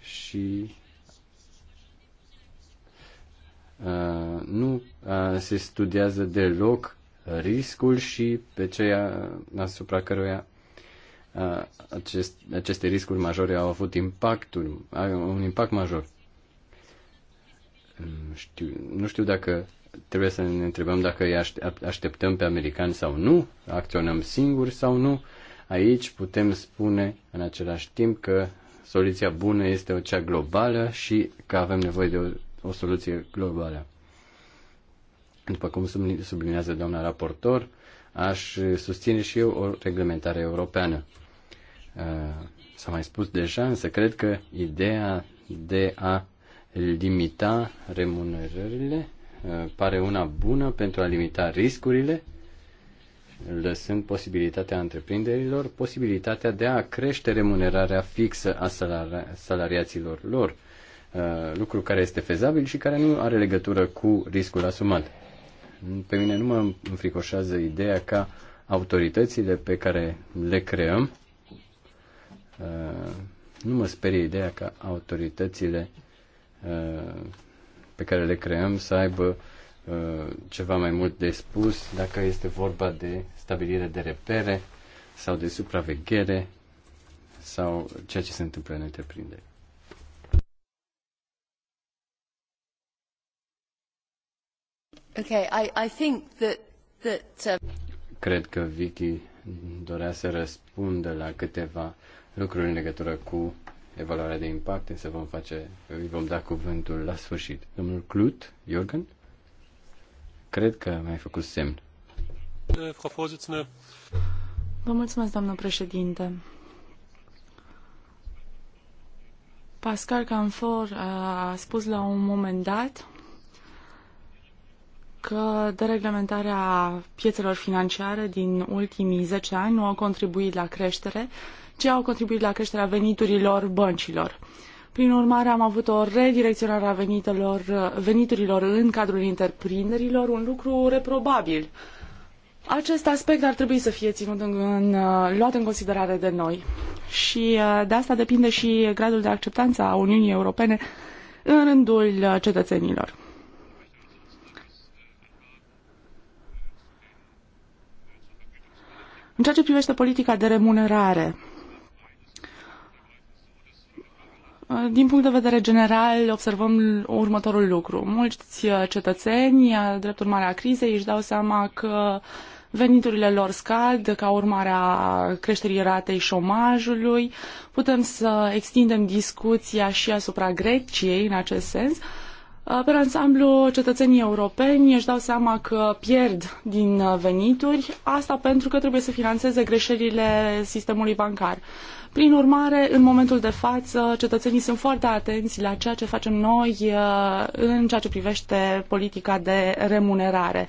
Speaker 2: și uh, nu uh, se studiază deloc riscul și pe ceea asupra căruia Uh, acest, aceste riscuri majore au avut impactul, au un impact major. Mm, știu, nu știu dacă trebuie să ne întrebăm dacă îi așteptăm pe americani sau nu, acționăm singuri sau nu. Aici putem spune în același timp că soluția bună este o cea globală și că avem nevoie de o, o soluție globală. După cum sublinează doamna raportor, aș susține și eu o reglementare europeană. Uh, s-a mai spus deja, însă cred că ideea de a limita remunerările uh, pare una bună pentru a limita riscurile, lăsând posibilitatea întreprinderilor, posibilitatea de a crește remunerarea fixă a salari- salariaților lor, uh, lucru care este fezabil și care nu are legătură cu riscul asumat. Pe mine nu mă înfricoșează ideea ca autoritățile pe care le creăm Uh, nu mă sperie ideea ca autoritățile uh, pe care le creăm să aibă uh, ceva mai mult de spus dacă este vorba de stabilire de repere sau de supraveghere sau ceea ce se întâmplă în întreprindere.
Speaker 1: Okay, I, I think that, that, uh...
Speaker 2: Cred că Vicky dorea să răspundă la câteva lucruri în legătură cu evaluarea de impact, însă vom face, îi vom da cuvântul la sfârșit. Domnul Clut, Jorgen? Cred că mi-ai făcut semn.
Speaker 4: Vă mulțumesc, doamnă președinte. Pascal Canfor a spus la un moment dat că dereglementarea piețelor financiare din ultimii 10 ani nu au contribuit la creștere, ce au contribuit la creșterea veniturilor băncilor. Prin urmare, am avut o redirecționare a venitelor, veniturilor în cadrul întreprinderilor, un lucru reprobabil. Acest aspect ar trebui să fie ținut în, în, luat în considerare de noi și de asta depinde și gradul de acceptanță a Uniunii Europene în rândul cetățenilor. În ceea ce privește politica de remunerare, Uh, din punct de vedere general, observăm următorul lucru. Mulți uh, cetățeni, uh, drept urmare a crizei, își dau seama că veniturile lor scad ca urmare a creșterii ratei șomajului. Putem să extindem discuția și asupra Greciei în acest sens. Pe ansamblu, cetățenii europeni își dau seama că pierd din venituri, asta pentru că trebuie să financeze greșelile sistemului bancar. Prin urmare, în momentul de față, cetățenii sunt foarte atenți la ceea ce facem noi uh, în ceea ce privește politica de remunerare.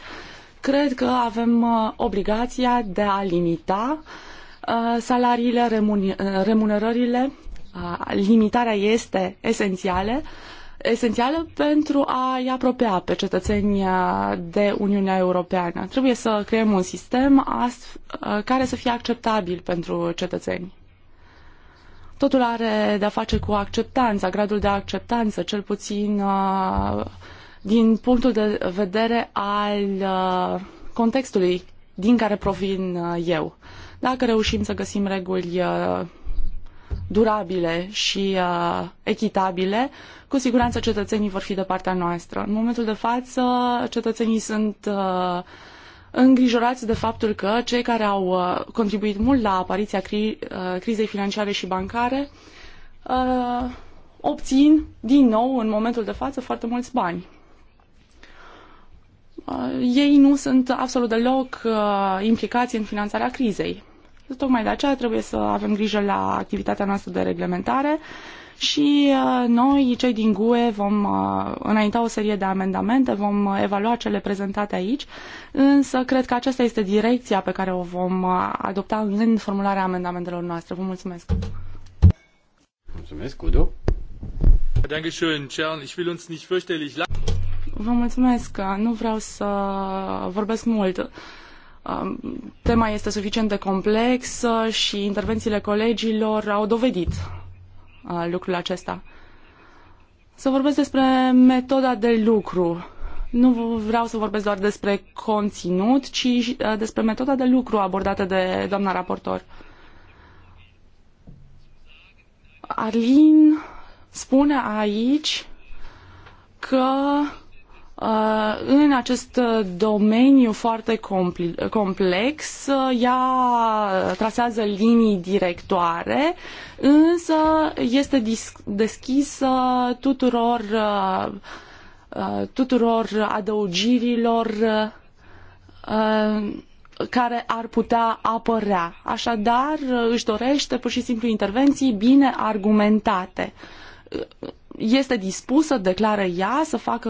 Speaker 4: Cred că avem uh, obligația de a limita uh, salariile, remunerările. Limitarea este esențială esențială pentru a-i apropia pe cetățenii de Uniunea Europeană. Trebuie să creăm un sistem care să fie acceptabil pentru cetățeni. Totul are de-a face cu acceptanța, gradul de acceptanță, cel puțin uh, din punctul de vedere al uh, contextului din care provin uh, eu. Dacă reușim să găsim reguli durabile și echitabile, cu siguranță cetățenii vor fi de partea noastră. În momentul de față, cetățenii sunt îngrijorați de faptul că cei care au uh, contribuit mult la apariția cri uh, crizei financiare și bancare uh, obțin din nou în momentul de față foarte mulți bani. Ei nu sunt absolut deloc implicați în finanțarea crizei. Tocmai de aceea trebuie să avem grijă la activitatea noastră de reglementare și uh, noi, cei din GUE, vom uh, înainta o serie de amendamente, vom uh, evalua cele prezentate aici, însă cred că aceasta este direcția pe care o vom adopta în formularea amendamentelor noastre. Vă mulțumesc!
Speaker 1: Mulțumesc, Udo!
Speaker 4: Vă mulțumesc, nu vreau să vorbesc mult um, tema este suficient de complexă și intervențiile colegilor au dovedit Uh, lucrul acesta. Să vorbesc despre metoda de lucru. Nu vreau să vorbesc doar despre conținut, ci uh, despre metoda de lucru abordată de doamna raportor. Arlin spune aici că Uh, în acest uh, domeniu foarte complex. Uh, ea trasează linii directoare, însă este deschisă tuturor, tuturor adăugirilor care ar putea apărea. Așadar, își dorește pur și simplu intervenții bine argumentate este dispusă, declară ea, să facă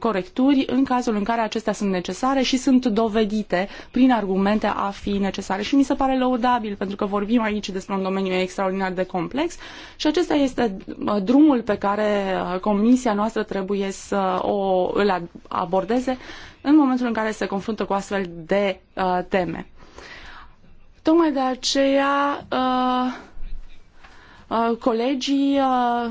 Speaker 4: corecturi în cazul în care acestea sunt necesare și sunt dovedite prin argumente a fi necesare. Și mi se pare lăudabil, pentru că vorbim aici despre un domeniu extraordinar de complex și acesta este drumul pe care uh, comisia noastră trebuie să o, îl abordeze în momentul în care se confruntă cu astfel de uh, teme. Tocmai de aceea uh, uh colegii uh,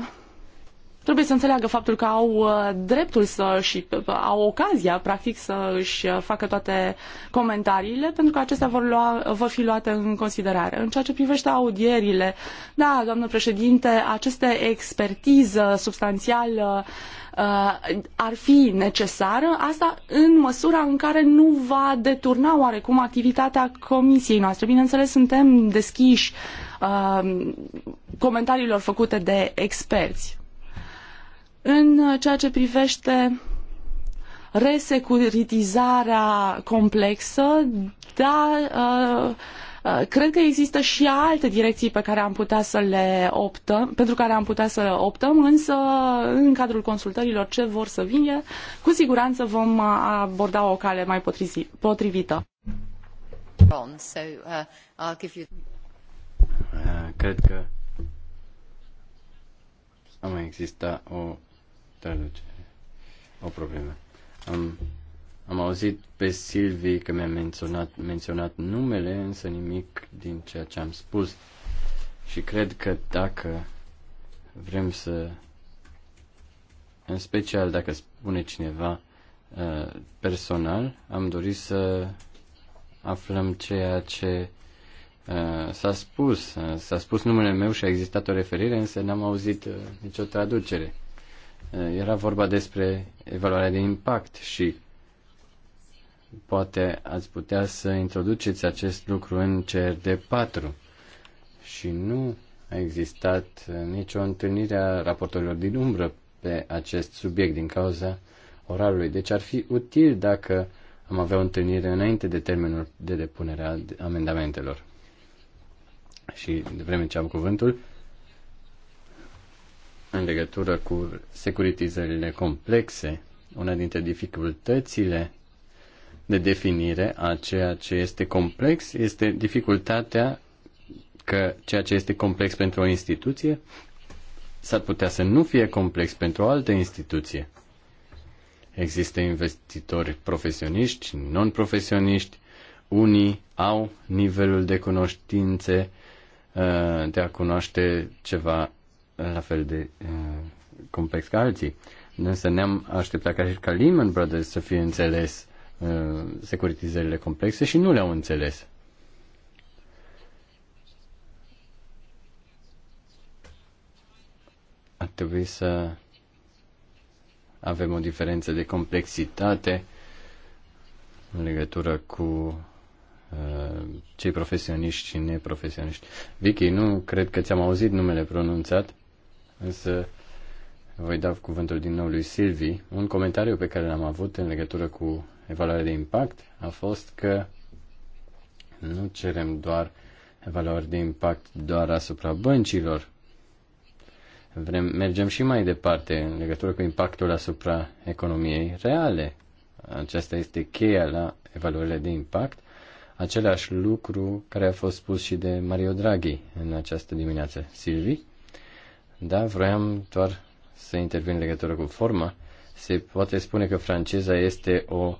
Speaker 4: trebuie să înțeleagă faptul că au uh, dreptul să și uh, au ocazia, practic, să își uh, facă toate comentariile, pentru că acestea vor, lua, vor fi luate în considerare. În ceea ce privește audierile, da, doamnă președinte, aceste expertiză substanțială ar fi necesară, asta în măsura în care nu va deturna oarecum activitatea comisiei noastre. Bineînțeles, suntem deschiși uh, comentariilor făcute de experți. În ceea ce privește resecuritizarea complexă, dar uh, uh, Cred că există și alte direcții pe care am putea să le optăm, pentru care am putea să optăm, însă în cadrul consultărilor ce vor să vină, cu siguranță vom aborda o cale mai potrivită.
Speaker 1: Uh, uh,
Speaker 2: cred că nu mai există o traduce. O problemă. Am, am auzit pe Silvi că mi-a menționat, menționat numele, însă nimic din ceea ce am spus. Și cred că dacă vrem să, în special dacă spune cineva uh, personal, am dorit să aflăm ceea ce uh, s-a spus. Uh, s-a spus numele meu și a existat o referire, însă n-am auzit uh, nicio traducere. Eh, era vorba despre evaluarea de impact și poate ați putea să introduceți acest lucru în CRD4 și nu a existat eh, nicio întâlnire a raportorilor din umbră pe acest subiect din cauza orarului. Deci ar fi util dacă am avea o întâlnire înainte de termenul de depunere a amendamentelor. Și de vreme ce am cuvântul, în legătură cu securitizările complexe, una dintre dificultățile de definire a ceea ce este complex este dificultatea că ceea ce este complex pentru o instituție s-ar putea să nu fie complex pentru o altă instituție. Există investitori profesioniști, non-profesioniști, unii au nivelul de cunoștințe uh, de a cunoaște ceva la fel de uh, complex ca alții. Însă ne-am așteptat ca, ca Lehman Brothers să fie înțeles uh, securitizările complexe și nu le-au înțeles. Ar trebui să avem o diferență de complexitate în legătură cu eh, cei profesioniști și neprofesioniști. Vicky, nu cred că ți-am auzit numele pronunțat însă voi da cuvântul din nou lui Silvi. Un comentariu pe care l-am avut în legătură cu evaluarea de impact a fost că nu cerem doar evaluări de impact doar asupra băncilor. Vrem, mergem și mai departe în legătură cu impactul asupra economiei reale. Aceasta este cheia la evaluările de impact. Același lucru care a fost spus și de Mario Draghi în această dimineață. Silvi? Da, vroiam doar să intervin în legătură cu forma. Se poate spune că franceza este o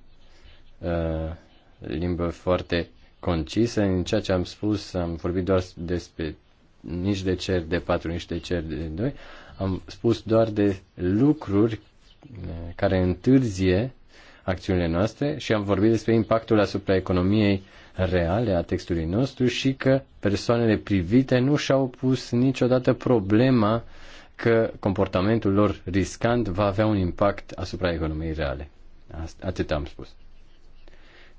Speaker 2: uh, limbă foarte concisă. În ceea ce am spus, am vorbit doar despre nici de cer de patru, nici de cer de doi. Am spus doar de lucruri uh, care întârzie acțiunile noastre și am vorbit despre impactul asupra economiei uh, reale a textului nostru și că persoanele privite nu și-au pus niciodată problema că comportamentul lor riscant va avea un impact asupra economiei reale. Atât am spus.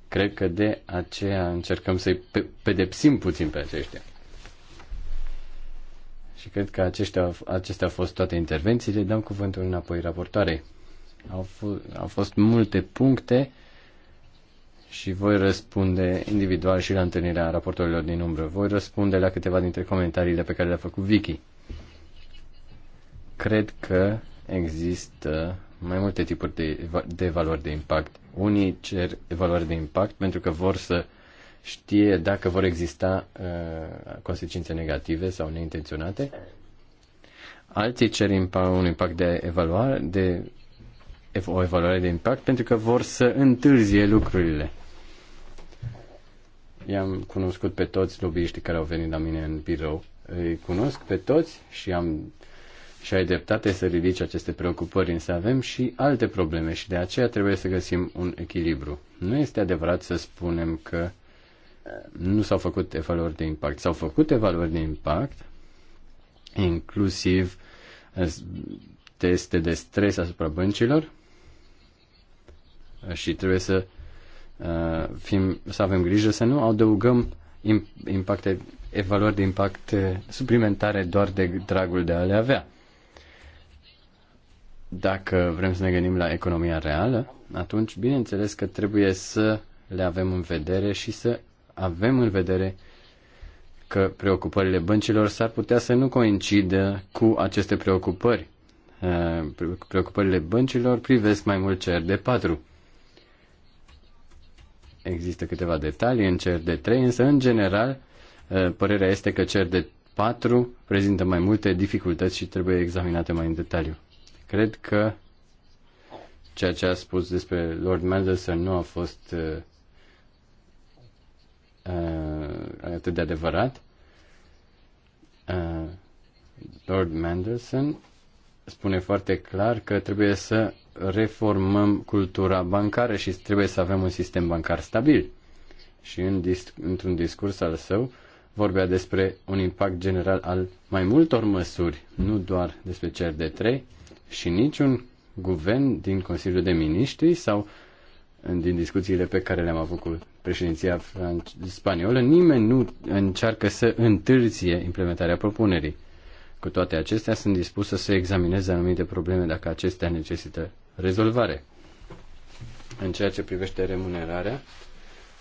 Speaker 2: Cred că de aceea încercăm să-i pedepsim puțin pe aceștia. Și cred că aceștia, acestea au fost toate intervențiile. Dăm cuvântul înapoi raportoarei. Au, f- au fost multe puncte și voi răspunde individual și la întâlnirea raportorilor din umbră. Voi răspunde la câteva dintre comentariile pe care le-a făcut Vicky. Cred că există mai multe tipuri de, de valori de impact. Unii cer valori de impact pentru că vor să știe dacă vor exista uh, consecințe negative sau neintenționate. Alții cer un impact de evaluare, de o evaluare de impact pentru că vor să întârzie lucrurile i-am cunoscut pe toți lobbyiștii care au venit la mine în birou. Îi cunosc pe toți și am și ai dreptate să ridici aceste preocupări, însă avem și alte probleme și de aceea trebuie să găsim un echilibru. Nu este adevărat să spunem că eh, nu s-au făcut evaluări de impact. S-au făcut evaluări de impact, inclusiv eh, teste de stres asupra băncilor eh, și trebuie să Uh, fim, să avem grijă să nu adăugăm impacte, evaluări de impact uh, suplimentare doar de dragul de a le avea. Dacă vrem să ne gândim la economia reală, atunci bineînțeles că trebuie să le avem în vedere și să avem în vedere că preocupările băncilor s-ar putea să nu coincidă cu aceste preocupări. Uh, preocupările băncilor privesc mai mult CR de 4 Există câteva detalii în cer de 3, însă în general ă, părerea este că cer de 4 prezintă mai multe dificultăți și trebuie examinate mai în detaliu. Cred că ceea ce a spus despre Lord Mendelssohn nu a fost uh, atât de adevărat. Uh, Lord Mendelssohn spune foarte clar că trebuie să reformăm cultura bancară și trebuie să avem un sistem bancar stabil. Și în dis- într-un discurs al său vorbea despre un impact general al mai multor măsuri, nu doar despre cer de trei, și niciun guvern din Consiliul de Miniștri sau din discuțiile pe care le-am avut cu președinția spaniolă, nimeni nu încearcă să întârzie implementarea propunerii. Cu toate acestea, sunt dispus să se examineze anumite probleme dacă acestea necesită rezolvare. În ceea ce privește remunerarea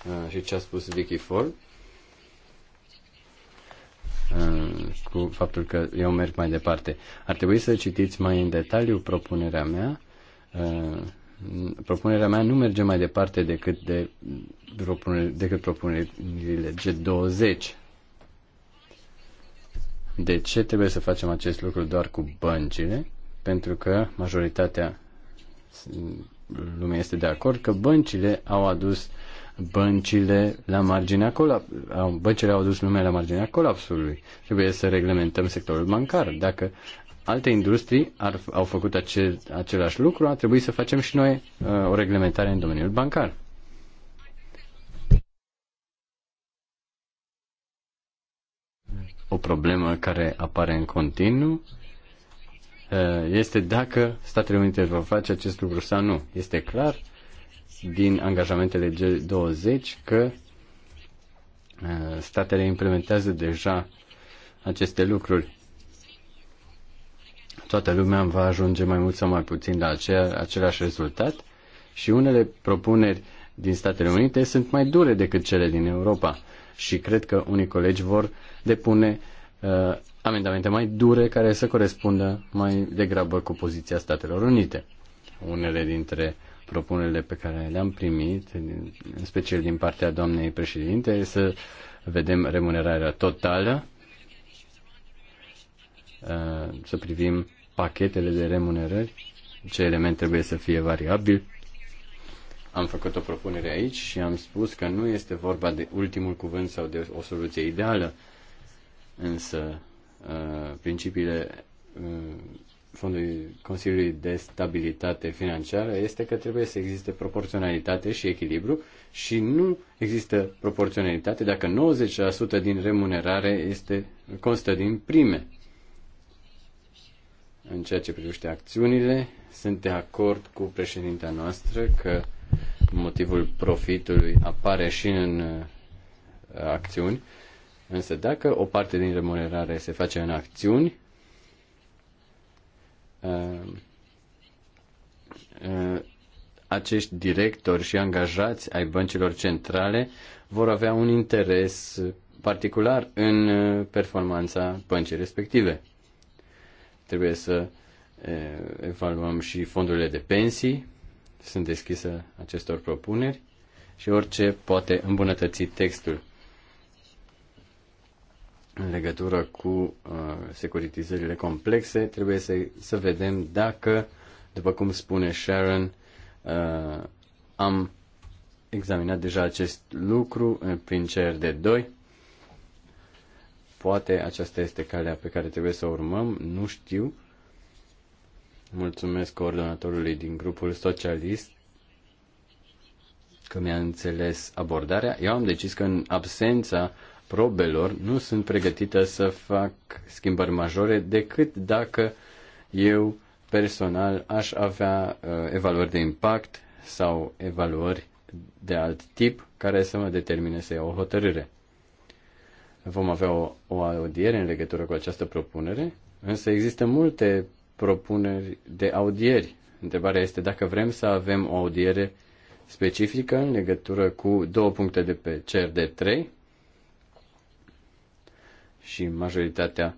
Speaker 2: uh, și ce a spus Vicky Ford, uh, cu faptul că eu merg mai departe. Ar trebui să citiți mai în detaliu propunerea mea. Uh, propunerea mea nu merge mai departe decât, de, decât propunerile G20. De ce trebuie să facem acest lucru doar cu băncile? Pentru că majoritatea lumea este de acord că băncile au adus băncile la marginea colapsului. Băncile au adus lumea la marginea colapsului. Trebuie să reglementăm sectorul bancar. Dacă alte industrii ar, au făcut ace, același lucru, ar trebui să facem și noi uh, o reglementare în domeniul bancar. O problemă care apare în continuu Eh, este dacă Statele Unite vor face acest lucru sau nu. Este clar din angajamentele G20 că eh, statele implementează deja aceste lucruri. Toată lumea va ajunge mai mult sau mai puțin la acea, același rezultat și unele propuneri din Statele Unite sunt mai dure decât cele din Europa și cred că unii colegi vor depune uh, amendamente mai dure care să corespundă mai degrabă cu poziția Statelor Unite. Unele dintre propunerile pe care le-am primit, în special din partea doamnei președinte, să vedem remunerarea totală, uh, să privim pachetele de remunerări, ce element trebuie să fie variabil. Am făcut o propunere aici și am spus că nu este vorba de ultimul cuvânt sau de o soluție ideală, însă Uh, principiile uh, Fondului Consiliului de Stabilitate Financiară este că trebuie să existe proporționalitate și echilibru și nu există proporționalitate dacă 90% din remunerare este, constă din prime. În ceea ce privește acțiunile, sunt de acord cu președintea noastră că motivul profitului apare și în uh, acțiuni Însă dacă o parte din remunerare se face în acțiuni, uh, uh, acești directori și angajați ai băncilor centrale vor avea un interes particular în uh, performanța băncii respective. Trebuie să evaluăm și fondurile de pensii, sunt deschise acestor propuneri și orice poate îmbunătăți textul în legătură cu uh, securitizările complexe, trebuie să, să vedem dacă, după cum spune Sharon, uh, am examinat deja acest lucru prin CRD2. Poate aceasta este calea pe care trebuie să o urmăm, nu știu. Mulțumesc coordonatorului din grupul socialist că mi-a înțeles abordarea. Eu am decis că în absența uh, probelor nu sunt pregătită să fac schimbări majore decât dacă eu personal aș avea uh, evaluări de impact sau evaluări de alt tip care să mă determine să iau o hotărâre. Vom avea o, o audiere în legătură cu această propunere, însă există multe propuneri de audieri. Întrebarea este dacă vrem să avem o audiere specifică în legătură cu două puncte de pe CRD 3, și majoritatea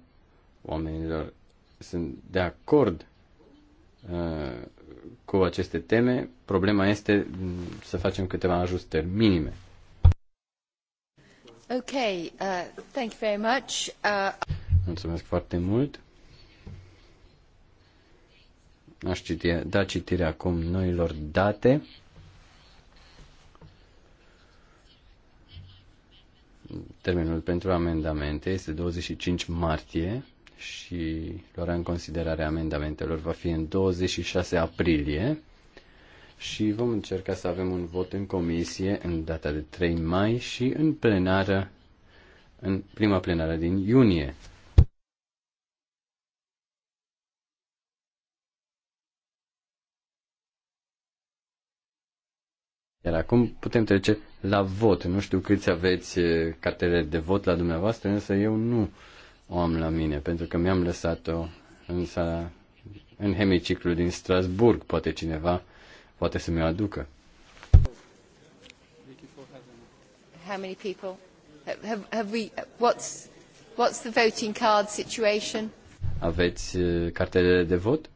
Speaker 2: oamenilor sunt de acord uh, cu aceste teme. Problema este mm, să facem câteva ajustări minime.
Speaker 1: Okay, uh, thank you very much. Uh...
Speaker 2: Mulțumesc foarte mult. Aș citi, da citire acum noilor date. Termenul pentru amendamente este 25 martie și luarea în considerare a amendamentelor va fi în 26 aprilie și vom încerca să avem un vot în comisie în data de 3 mai și în plenară, în prima plenară din iunie. Iar acum putem trece la vot. Nu știu câți aveți eh, cartele de vot la dumneavoastră, însă eu nu o am la mine, pentru că mi-am lăsat-o în, sala, în hemiciclu din Strasburg. Poate cineva poate să mi-o aducă.
Speaker 1: How many people? Have, have we, what's, what's the voting card situation?
Speaker 2: Aveți eh, cartele de vot?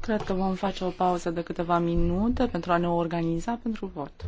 Speaker 4: Cred că vom face o pauză de câteva minute pentru a ne organiza pentru vot.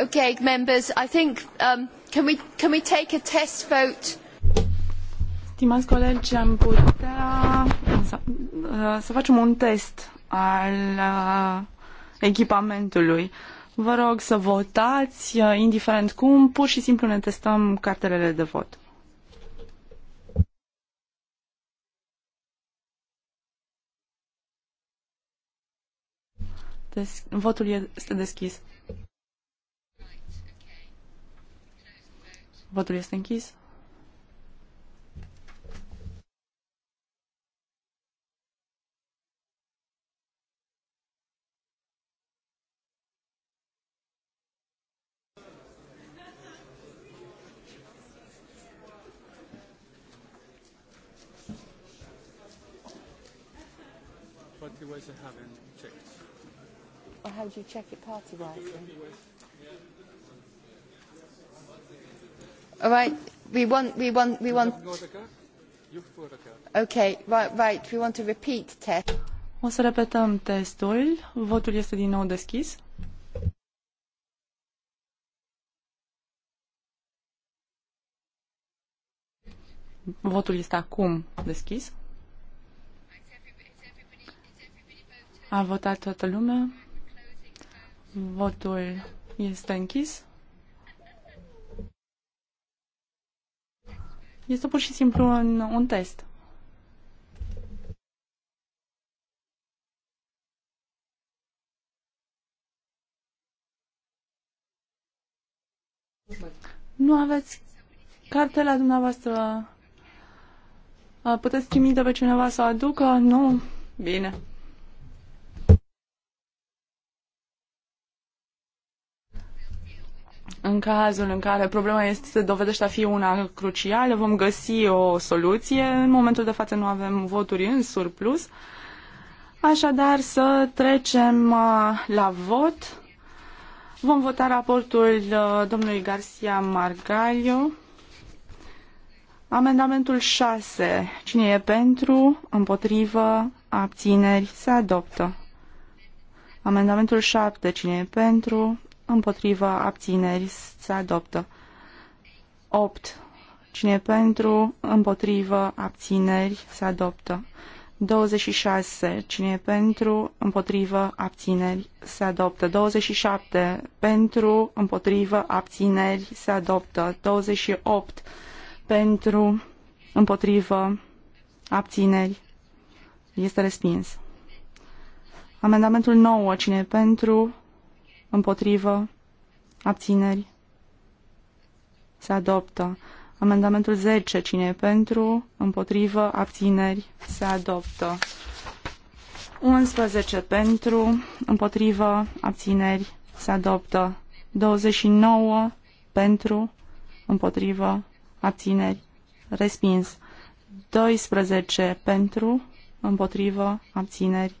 Speaker 1: Okay, members, I think um, can we can we take a test vote? Stimați colegi, am putea uh,
Speaker 4: uh, să facem un test al uh, echipamentului. Vă rog să votați, indiferent cum, pur și simplu ne testăm cartelele de vot. Des- votul este deschis. Votul este închis.
Speaker 1: Party-wise I haven't checked. Well, how do you check it party-wise? right, we want, we want, we want... Okay, right, right, we want to repeat test. O să repetăm
Speaker 4: testul. Votul este din nou deschis. Votul este acum deschis. A votat toată lumea. Votul este închis. Este pur și simplu un, un test. Nu aveți cartela dumneavoastră. Puteți trimite pe cineva să o aducă? Nu? Bine. În cazul în care problema este, să dovedește a fi una crucială, vom găsi o soluție. În momentul de față nu avem voturi în surplus. Așadar, să trecem uh, la vot. Vom vota raportul uh, domnului Garcia Margallo. Amendamentul 6. Cine e pentru, împotrivă, abțineri, se adoptă. Amendamentul 7. Cine e pentru, împotriva abțineri se adoptă. 8. Cine pentru, împotrivă, abțineri, se adoptă. 26. Cine pentru, împotrivă, abțineri, se adoptă. 27. Pentru, împotrivă, abțineri, se adoptă. 28. Pentru, împotrivă, abțineri, este respins. Amendamentul 9. Cine pentru, Împotrivă. Abțineri. Se adoptă. Amendamentul 10. Cine e pentru? Împotrivă. Abțineri. Se adoptă. 11 pentru, împotrivă, abțineri, se adoptă. 29 pentru, împotrivă, abțineri, respins. 12 pentru, împotrivă, abțineri,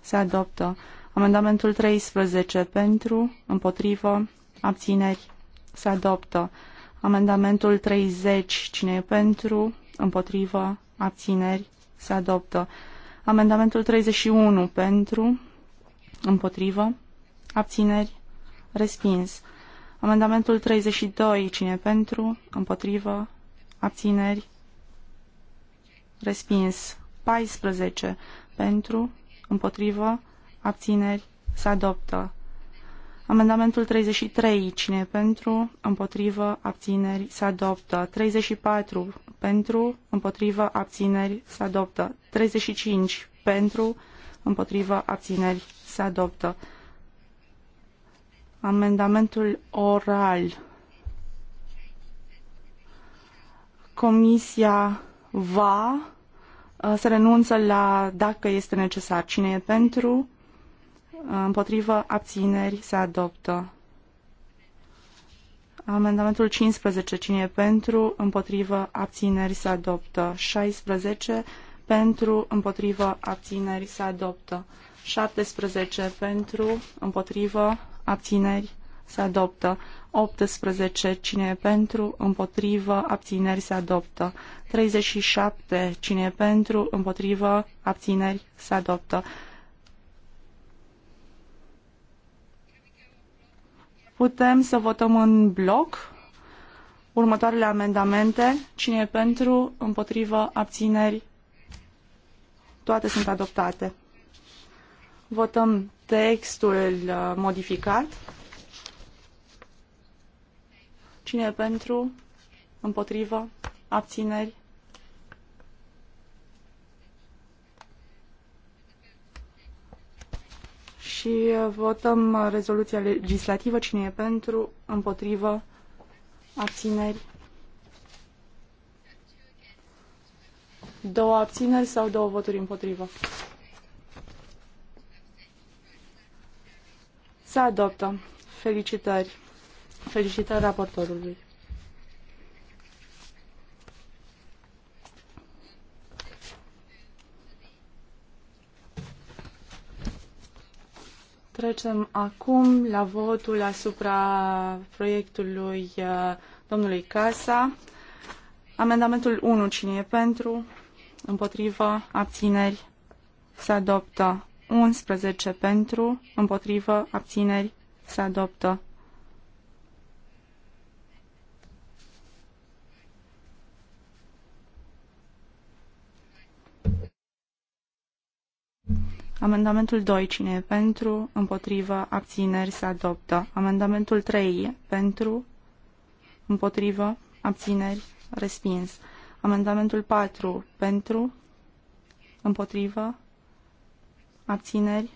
Speaker 4: se adoptă. Amendamentul 13 pentru, împotrivă, abțineri, se adoptă. Amendamentul 30, cine e pentru, împotrivă, abțineri, se adoptă. Amendamentul 31 pentru, împotrivă, abțineri, respins. Amendamentul 32, cine pentru, împotrivă, abțineri, respins. 14 pentru, împotrivă, abțineri, se adoptă. Amendamentul 33, cine e pentru, împotrivă, abțineri, se adoptă. 34, pentru, împotrivă, abțineri, se adoptă. 35, pentru, împotrivă, abțineri, se adoptă. Amendamentul oral. Comisia va uh, să renunță la dacă este necesar. Cine e pentru, împotrivă, abțineri, se adoptă. Amendamentul 15, cine e pentru, împotrivă, abțineri, se adoptă. 16, pentru, împotrivă, abțineri, se adoptă. 17, pentru, împotrivă, abțineri, se adoptă. 18, cine e pentru, împotrivă, abțineri, se adoptă. 37, cine e pentru, împotrivă, abțineri, se adoptă. Putem să votăm în bloc următoarele amendamente. Cine e pentru, împotrivă, abțineri, toate sunt adoptate. Votăm textul uh, modificat. Cine e pentru, împotrivă, abțineri, și uh, votăm uh, rezoluția legislativă. Cine e pentru? Împotrivă? Abțineri? Două abțineri sau două voturi împotrivă? Se adoptă. Felicitări. Felicitări raportorului. Trecem acum la votul asupra proiectului uh, domnului Casa. Amendamentul 1, cine e pentru? Împotrivă, abțineri, se adoptă. 11 pentru, împotrivă, abțineri, se adoptă. Amendamentul 2. Cine e pentru? Împotrivă? Abțineri? Se adoptă. Amendamentul 3. Pentru? Împotrivă? Abțineri? Respins. Amendamentul 4. Pentru? Împotrivă? Abțineri?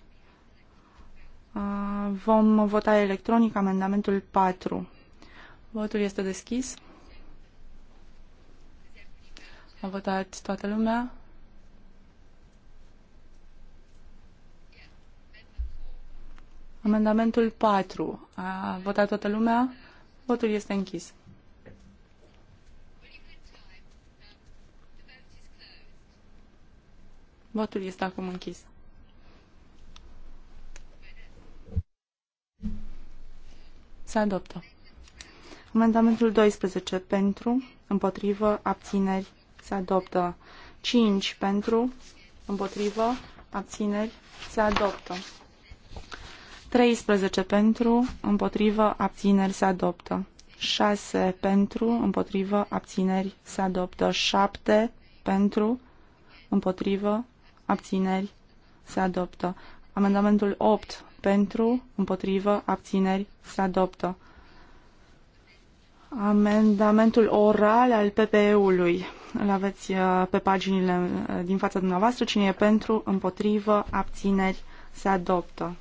Speaker 4: Vom vota electronic amendamentul 4. Votul este deschis. A votat toată lumea. Amendamentul 4. A votat toată lumea? Votul este închis. Votul este acum închis. Se adoptă. Amendamentul 12 pentru, împotrivă, abțineri, se adoptă. 5 pentru, împotrivă, abțineri, se adoptă. 13 pentru, împotrivă, abțineri se adoptă. 6 pentru, împotrivă, abțineri se adoptă. 7 pentru, împotrivă, abțineri se adoptă. Amendamentul 8 pentru, împotrivă, abțineri se adoptă. Amendamentul oral al PPE-ului. Îl aveți uh, pe paginile uh, din fața dumneavoastră. Cine e pentru, împotrivă, abțineri se adoptă.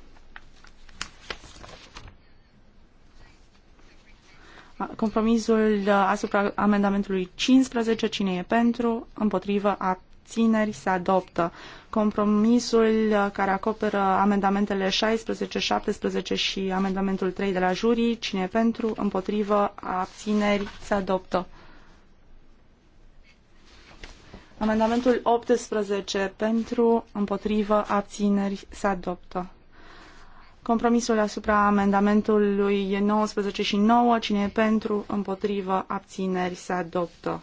Speaker 4: Compromisul uh, asupra amendamentului 15, cine e pentru, împotrivă, abțineri, se adoptă. Compromisul uh, care acoperă amendamentele 16, 17 și amendamentul 3 de la jurii, cine e pentru, împotrivă, abțineri, se adoptă. Amendamentul 18 pentru, împotrivă, abțineri, se adoptă. Compromisul asupra amendamentului 19 și 9, cine e pentru, împotrivă, abțineri, se adoptă.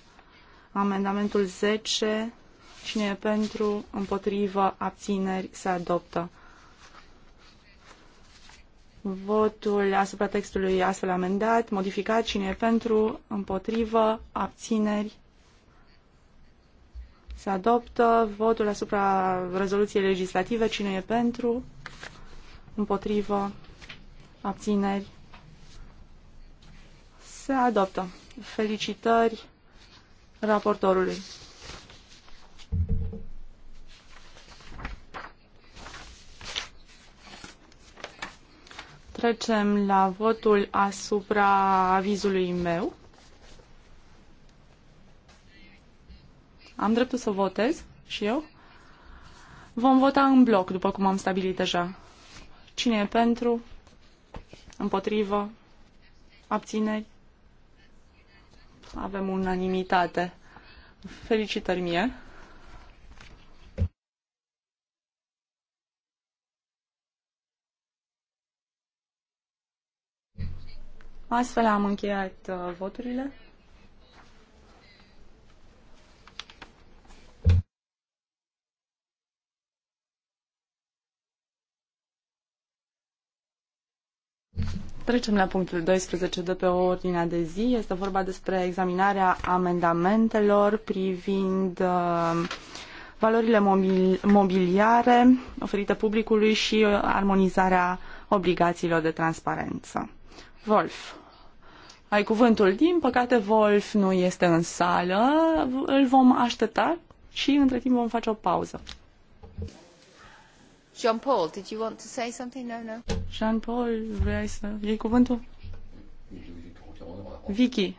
Speaker 4: Amendamentul 10, cine e pentru, împotrivă, abțineri, se adoptă. Votul asupra textului astfel amendat, modificat, cine e pentru, împotrivă, abțineri, se adoptă. Votul asupra rezoluției legislative, cine e pentru, împotrivă, abțineri, se adoptă. Felicitări raportorului. Trecem la votul asupra avizului meu. Am dreptul să votez și eu? Vom vota în bloc, după cum am stabilit deja. Cine e pentru? Împotrivă? Abțineri? Avem unanimitate. Felicitări mie! Astfel am încheiat uh, voturile. Trecem la punctul 12 de pe ordinea de zi. Este vorba despre examinarea amendamentelor privind uh, valorile mobil mobiliare oferite publicului și uh, armonizarea obligațiilor de transparență. Wolf, ai cuvântul. Din păcate, Wolf nu este în sală. Îl vom aștepta și între timp vom face o pauză.
Speaker 1: Jean Paul, did you want to say something? No, no.
Speaker 4: Jean Paul, vrei să iei cuvântul? Vicky.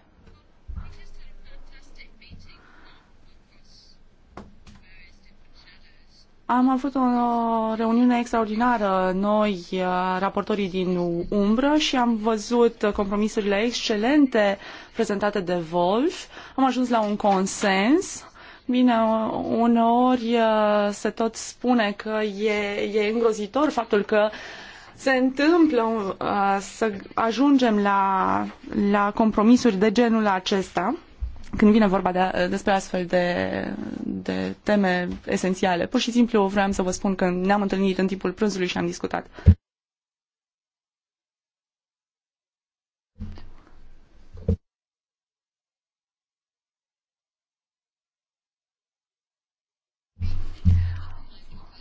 Speaker 4: Am avut o reuniune extraordinară noi, uh, raportorii din umbră, și am văzut compromisurile excelente prezentate de Wolf. Am ajuns la un consens Bine, uneori uh, se tot spune că e, e îngrozitor faptul că se întâmplă uh, să ajungem la, la compromisuri de genul acesta când vine vorba de, despre astfel de, de teme esențiale. Pur și simplu vreau să vă spun că ne-am întâlnit în timpul prânzului și am discutat.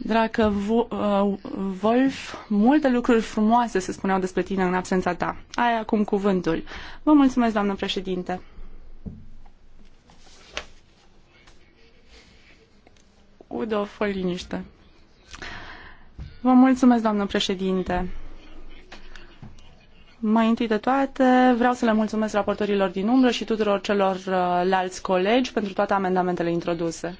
Speaker 4: Dragă uh, Wolf, multe lucruri frumoase se spuneau despre tine în absența ta. Ai acum cuvântul. Vă mulțumesc, doamnă președinte. Udo, fă liniște. Vă mulțumesc, doamnă președinte. Mai întâi de toate, vreau să le mulțumesc raportorilor din umbră și tuturor celorlalți uh, colegi pentru toate amendamentele introduse.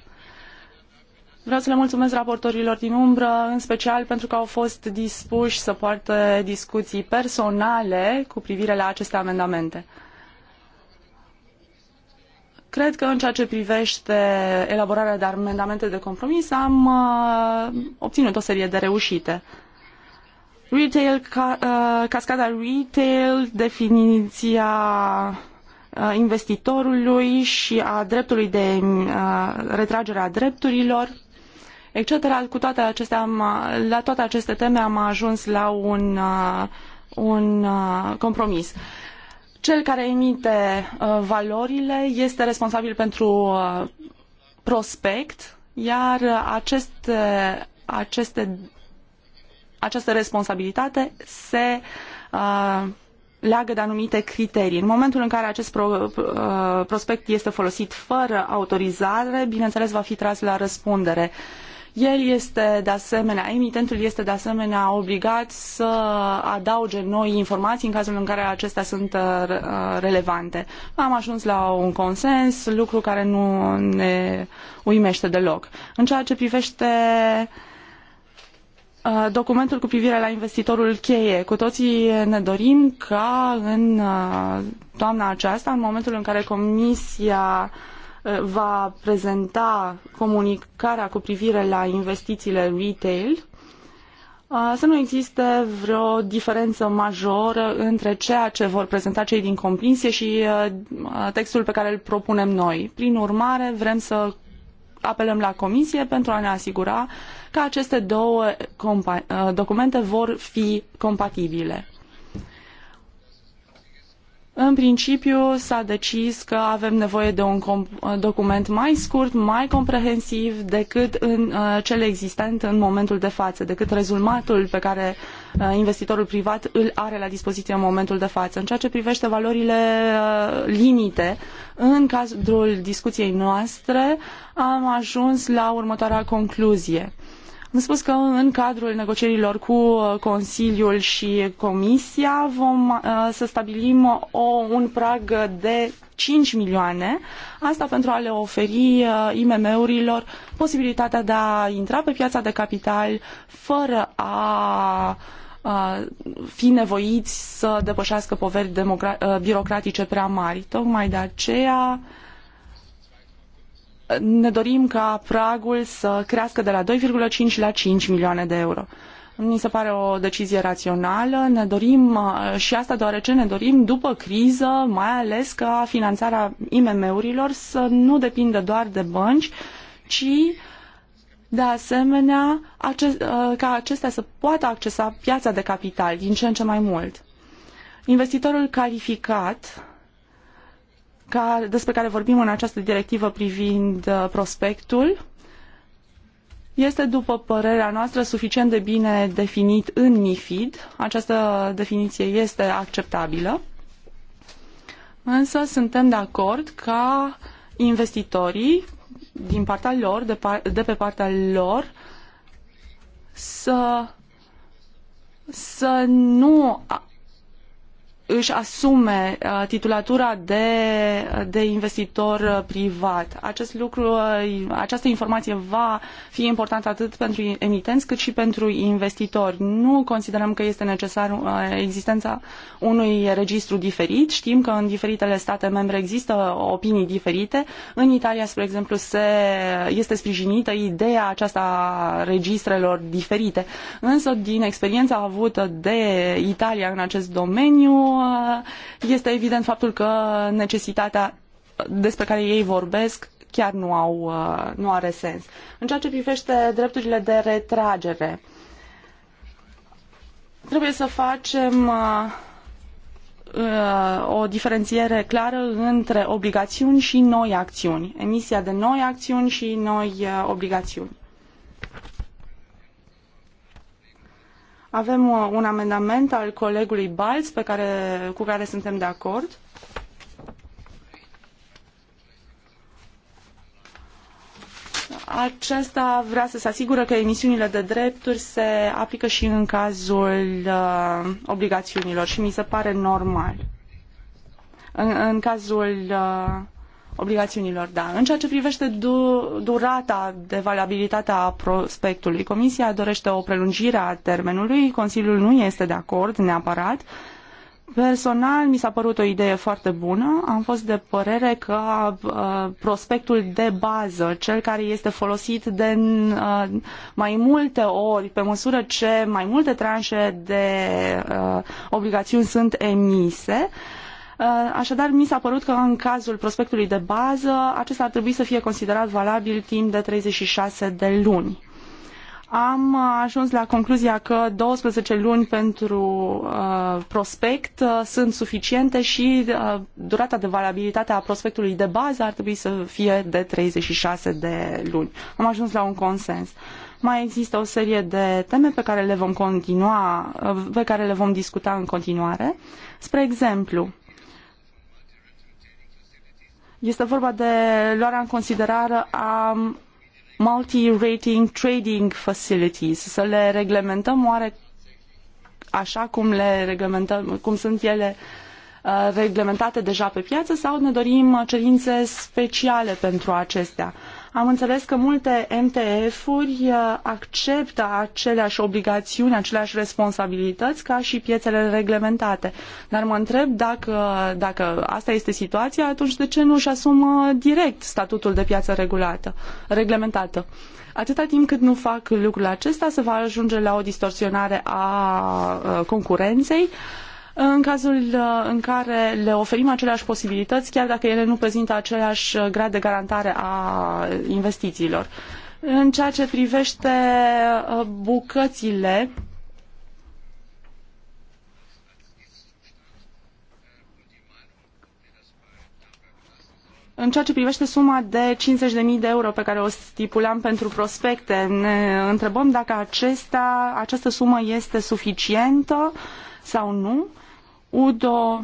Speaker 4: Vreau să le mulțumesc raportorilor din umbră, în special pentru că au fost dispuși să poartă discuții personale cu privire la aceste amendamente. Cred că în ceea ce privește elaborarea de amendamente de compromis am uh, obținut o serie de reușite. Retail, ca, uh, cascada retail, definiția uh, investitorului și a dreptului de uh, retragere a drepturilor, etc. Cu toate acestea am, la toate aceste teme am ajuns la un, uh, un uh, compromis. Cel care emite uh, valorile este responsabil pentru prospect, iar aceste, aceste, această responsabilitate se uh, leagă de anumite criterii. În momentul în care acest pro, uh, prospect este folosit fără autorizare, bineînțeles va fi tras la răspundere. Uh, el este de asemenea, emitentul este de asemenea obligat să adauge noi informații în cazul în care acestea sunt uh, uh, relevante. Am ajuns la un consens, lucru care nu ne uimește deloc. În ceea ce privește uh, documentul cu privire la investitorul cheie. Cu toții ne dorim ca în toamna aceasta, în momentul în care Comisia uh, va prezenta comunicarea cu privire la investițiile retail, să nu existe vreo diferență majoră între ceea ce vor prezenta cei din comisie și textul pe care îl propunem noi. Prin urmare, vrem să apelăm la comisie pentru a ne asigura că aceste două documente vor fi compatibile. În principiu s-a decis că avem nevoie de un document mai scurt, mai comprehensiv decât în, uh, cel existent în momentul de față, decât rezultatul pe care uh, investitorul privat îl are la dispoziție în momentul de față. În ceea ce privește valorile uh, limite, în cadrul discuției noastre am ajuns la următoarea concluzie. Uh, am spus că în cadrul negocierilor cu uh, Consiliul și Comisia vom uh, să stabilim uh, o, un prag de 5 milioane, asta pentru a le oferi IMM-urilor posibilitatea de a intra pe piața de capital fără a fi nevoiți să depășească poveri birocratice prea mari. Tocmai de aceea uh, ne dorim ca pragul să crească de la 2,5 la 5 milioane de euro. Mi se pare o decizie rațională. Ne dorim uh, și asta deoarece ne dorim după criză, mai ales ca finanțarea IMM-urilor să nu depindă doar de bănci, ci de asemenea acest, uh, ca acestea să poată accesa piața de capital din ce în ce mai mult. Investitorul calificat care, despre care vorbim în această directivă privind uh, prospectul este, după părerea noastră, suficient de bine definit în MIFID. Această definiție este acceptabilă. Însă suntem de acord ca investitorii din partea lor, de, par, de pe partea lor, să, să nu își asume uh, titulatura de, de investitor uh, privat. Acest lucru, uh, această informație va fi importantă atât pentru emitenți cât și pentru investitori. Nu considerăm că este necesar existența unui registru diferit. Știm că în diferitele state membre există opinii diferite. În Italia, spre exemplu, se, este sprijinită ideea aceasta a registrelor diferite. Însă, din experiența avută de Italia în acest domeniu, este evident faptul că necesitatea despre care ei vorbesc chiar nu, au, uh, nu are sens. În ceea ce privește drepturile de retragere, trebuie să facem uh, uh, o diferențiere clară între obligațiuni și noi acțiuni, emisia de noi acțiuni și noi obligațiuni. Avem uh, un amendament al colegului Balz pe care, cu care suntem de acord. Acesta vrea să se asigură că emisiunile de drepturi se aplică și în cazul uh, obligațiunilor și mi se pare normal. În, în cazul uh, obligațiunilor, da. În ceea ce privește du- durata de valabilitate a prospectului, Comisia dorește o prelungire a termenului, Consiliul nu este de acord neapărat. Personal, mi s-a părut o idee foarte bună. Am fost de părere că uh, prospectul de bază, cel care este folosit de uh, mai multe ori, pe măsură ce mai multe tranșe de uh, obligațiuni sunt emise, uh, Uh, așadar, mi s-a părut că în cazul prospectului de bază, acesta ar trebui să fie considerat valabil timp de 36 de luni. Am ajuns la concluzia că 12 luni pentru uh, prospect uh, sunt suficiente și uh, durata de valabilitate a prospectului de bază ar trebui să fie de 36 de luni. Am ajuns la un consens. Mai există o serie de teme pe care le vom continua, uh, pe care le vom discuta în continuare. Spre exemplu, este vorba de luarea în considerare a multi-rating trading facilities, să le reglementăm oare așa cum le reglementăm, cum sunt ele uh, reglementate deja pe piață sau ne dorim cerințe speciale pentru acestea. Am înțeles că multe MTF-uri uh, acceptă aceleași obligațiuni, aceleași responsabilități ca și piețele reglementate. Dar mă întreb dacă, dacă asta este situația, atunci de ce nu își asumă direct statutul de piață regulată, reglementată? Atâta timp cât nu fac lucrul acesta, se va ajunge la o distorsionare a uh, concurenței, în cazul uh, în care le oferim aceleași posibilități, chiar dacă ele nu prezintă același uh, grad de garantare a investițiilor. În ceea ce privește uh, bucățile, În ceea ce privește suma de 50.000 de euro pe care o stipulam pentru prospecte, ne întrebăm dacă acesta, această sumă este suficientă sau nu. Uh, Udo,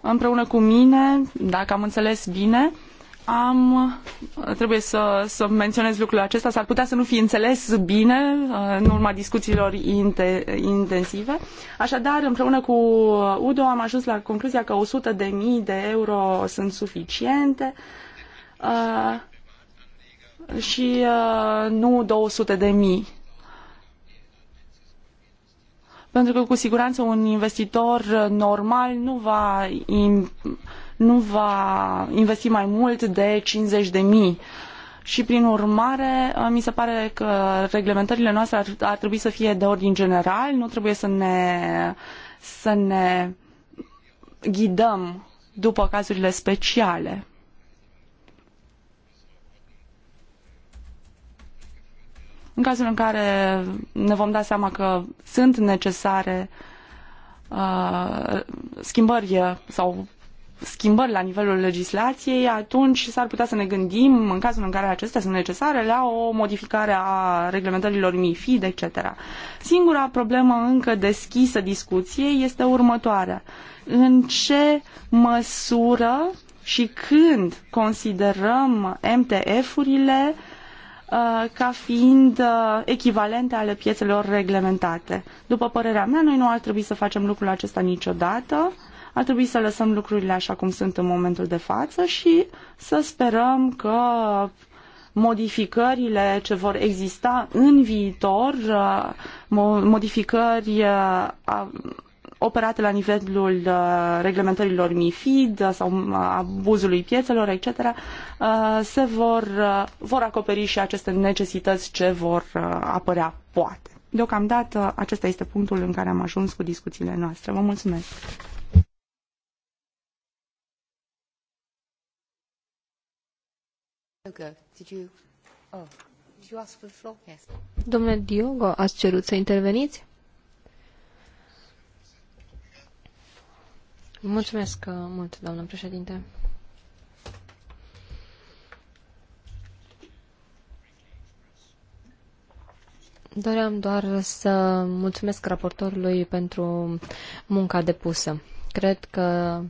Speaker 4: împreună cu mine, dacă am înțeles bine, am, trebuie să, să menționez lucrul acesta, s-ar putea să nu fi înțeles bine uh, în urma discuțiilor intensive. Așadar, împreună cu Udo am ajuns la concluzia că 100 de mii de euro sunt suficiente uh, și uh, nu 200 de mii pentru că cu siguranță un investitor normal nu va, in, nu va investi mai mult de 50 de mii și prin urmare mi se pare că reglementările noastre ar, ar trebui să fie de ordin general, nu trebuie să ne, să ne ghidăm după cazurile speciale. În cazul în care ne vom da seama că sunt necesare uh, schimbări uh, sau schimbări la nivelul legislației, atunci s-ar putea să ne gândim, în cazul în care acestea sunt necesare, la o modificare a reglementărilor MIFID, etc. Singura problemă încă deschisă discuției este următoarea. În ce măsură și când considerăm MTF-urile uh, Uh, ca fiind uh, echivalente ale piețelor reglementate. După părerea mea, noi nu ar trebui să facem lucrul acesta niciodată, ar trebui să lăsăm lucrurile așa cum sunt în momentul de față și să sperăm că modificările ce vor exista în viitor, uh, modificări operate la nivelul uh, reglementărilor MIFID sau uh, abuzului piețelor, etc., uh, se vor, vor acoperi și aceste necesități ce vor apărea, poate. Deocamdată, acesta este punctul în care am ajuns cu discuțiile noastre. Vă mulțumesc!
Speaker 1: Oh,
Speaker 3: Domnule Diogo, ați cerut să interveniți? Mulțumesc uh, mult, doamnă președinte. Doream doar să mulțumesc raportorului pentru munca depusă. Cred că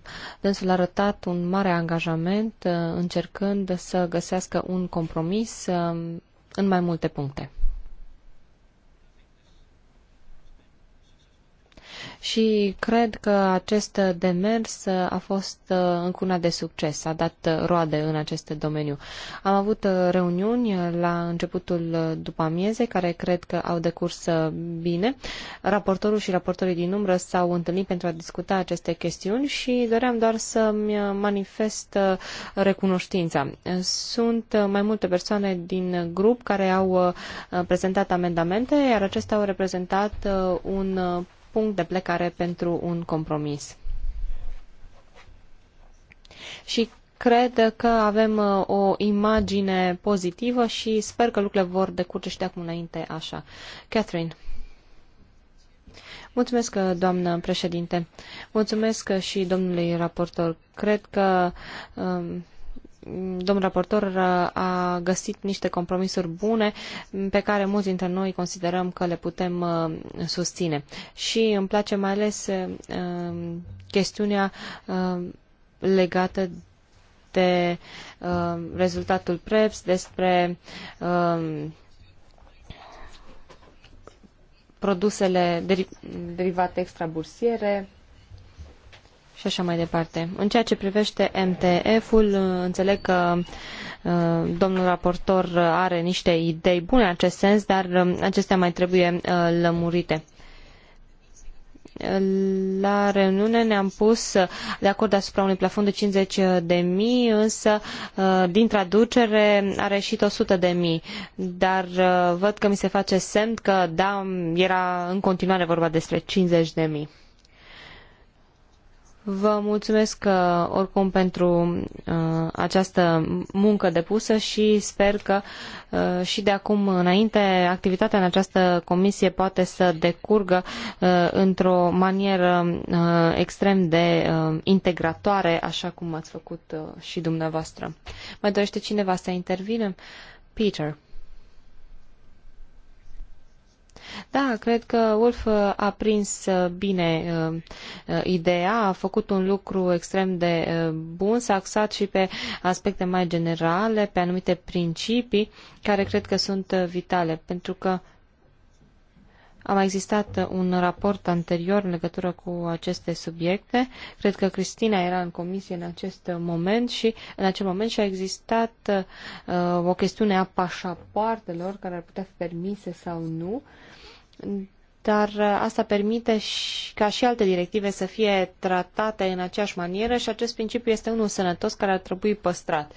Speaker 3: dânsul a arătat un mare angajament uh, încercând să găsească un compromis uh, în mai multe puncte. și cred că acest demers uh, a fost uh, una de succes, a dat uh, roade în acest domeniu. Am avut reuniuni la începutul după amieze, care cred că au decurs bine. Raportorul și raportorii din umbră s-au întâlnit pentru a discuta aceste chestiuni și doream doar să-mi manifest recunoștința. Sunt mai multe persoane din grup care au prezentat amendamente, iar acestea au reprezentat un punct de plecare pentru un compromis. Și cred că avem uh, o imagine pozitivă și sper că lucrurile vor decurge și de acum înainte așa. Catherine. Mulțumesc, uh, doamnă președinte. Mulțumesc uh, și domnului raportor. Cred că um, domnul raportor uh, a găsit niște compromisuri bune pe care mulți dintre noi considerăm că le putem uh, susține. Și îmi place mai ales uh, um, chestiunea legată de rezultatul PREPS, despre um, produsele derivate extrabursiere, și așa mai departe. În ceea ce privește MTF-ul, înțeleg că uh, domnul raportor are niște idei bune în acest sens, dar um, acestea mai trebuie uh, lămurite la reuniune ne-am pus uh, de acord asupra unui plafon de 50 de mii, însă din traducere a reșit 100 de mii. Dar văd că mi se face semn că da, era în continuare vorba despre 50 de mii. Vă mulțumesc uh, oricum pentru uh, această muncă depusă și sper că uh, și de acum înainte activitatea în această comisie poate să decurgă uh, într-o manieră uh, extrem de uh, integratoare, așa cum ați făcut și dumneavoastră. Mai dorește cineva să intervine? Peter. Da, cred că Wolf a prins uh, bine uh, uh, ideea, a făcut un lucru extrem de bun, s-a axat și pe aspecte mai generale, pe anumite principii care cred că sunt vitale, pentru că a mai existat un raport anterior în legătură cu aceste subiecte. Cred că Cristina era în comisie în acest moment și în acel moment și a existat uh, o chestiune a pașapoartelor care ar putea fi permise sau nu. Dar uh, asta permite și, ca și alte directive să fie tratate în aceeași manieră și acest principiu este unul sănătos care ar trebui păstrat. Uh,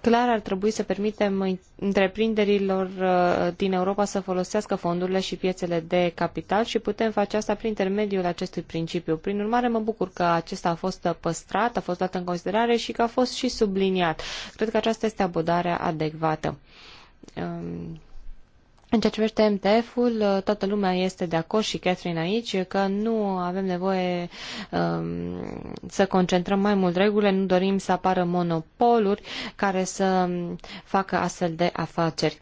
Speaker 3: clar ar trebui să permitem întreprinderilor uh, din Europa să folosească fondurile și piețele de capital și putem face asta prin intermediul acestui principiu. Prin urmare, mă bucur că acesta a fost uh, păstrat, a fost dat în considerare și că a fost și subliniat. Cred că aceasta este abordarea adecvată. Um în ceea ce privește MTF-ul, toată lumea este de acord și Catherine aici că nu avem nevoie um, să concentrăm mai mult regulile, nu dorim să apară monopoluri care să facă astfel de afaceri.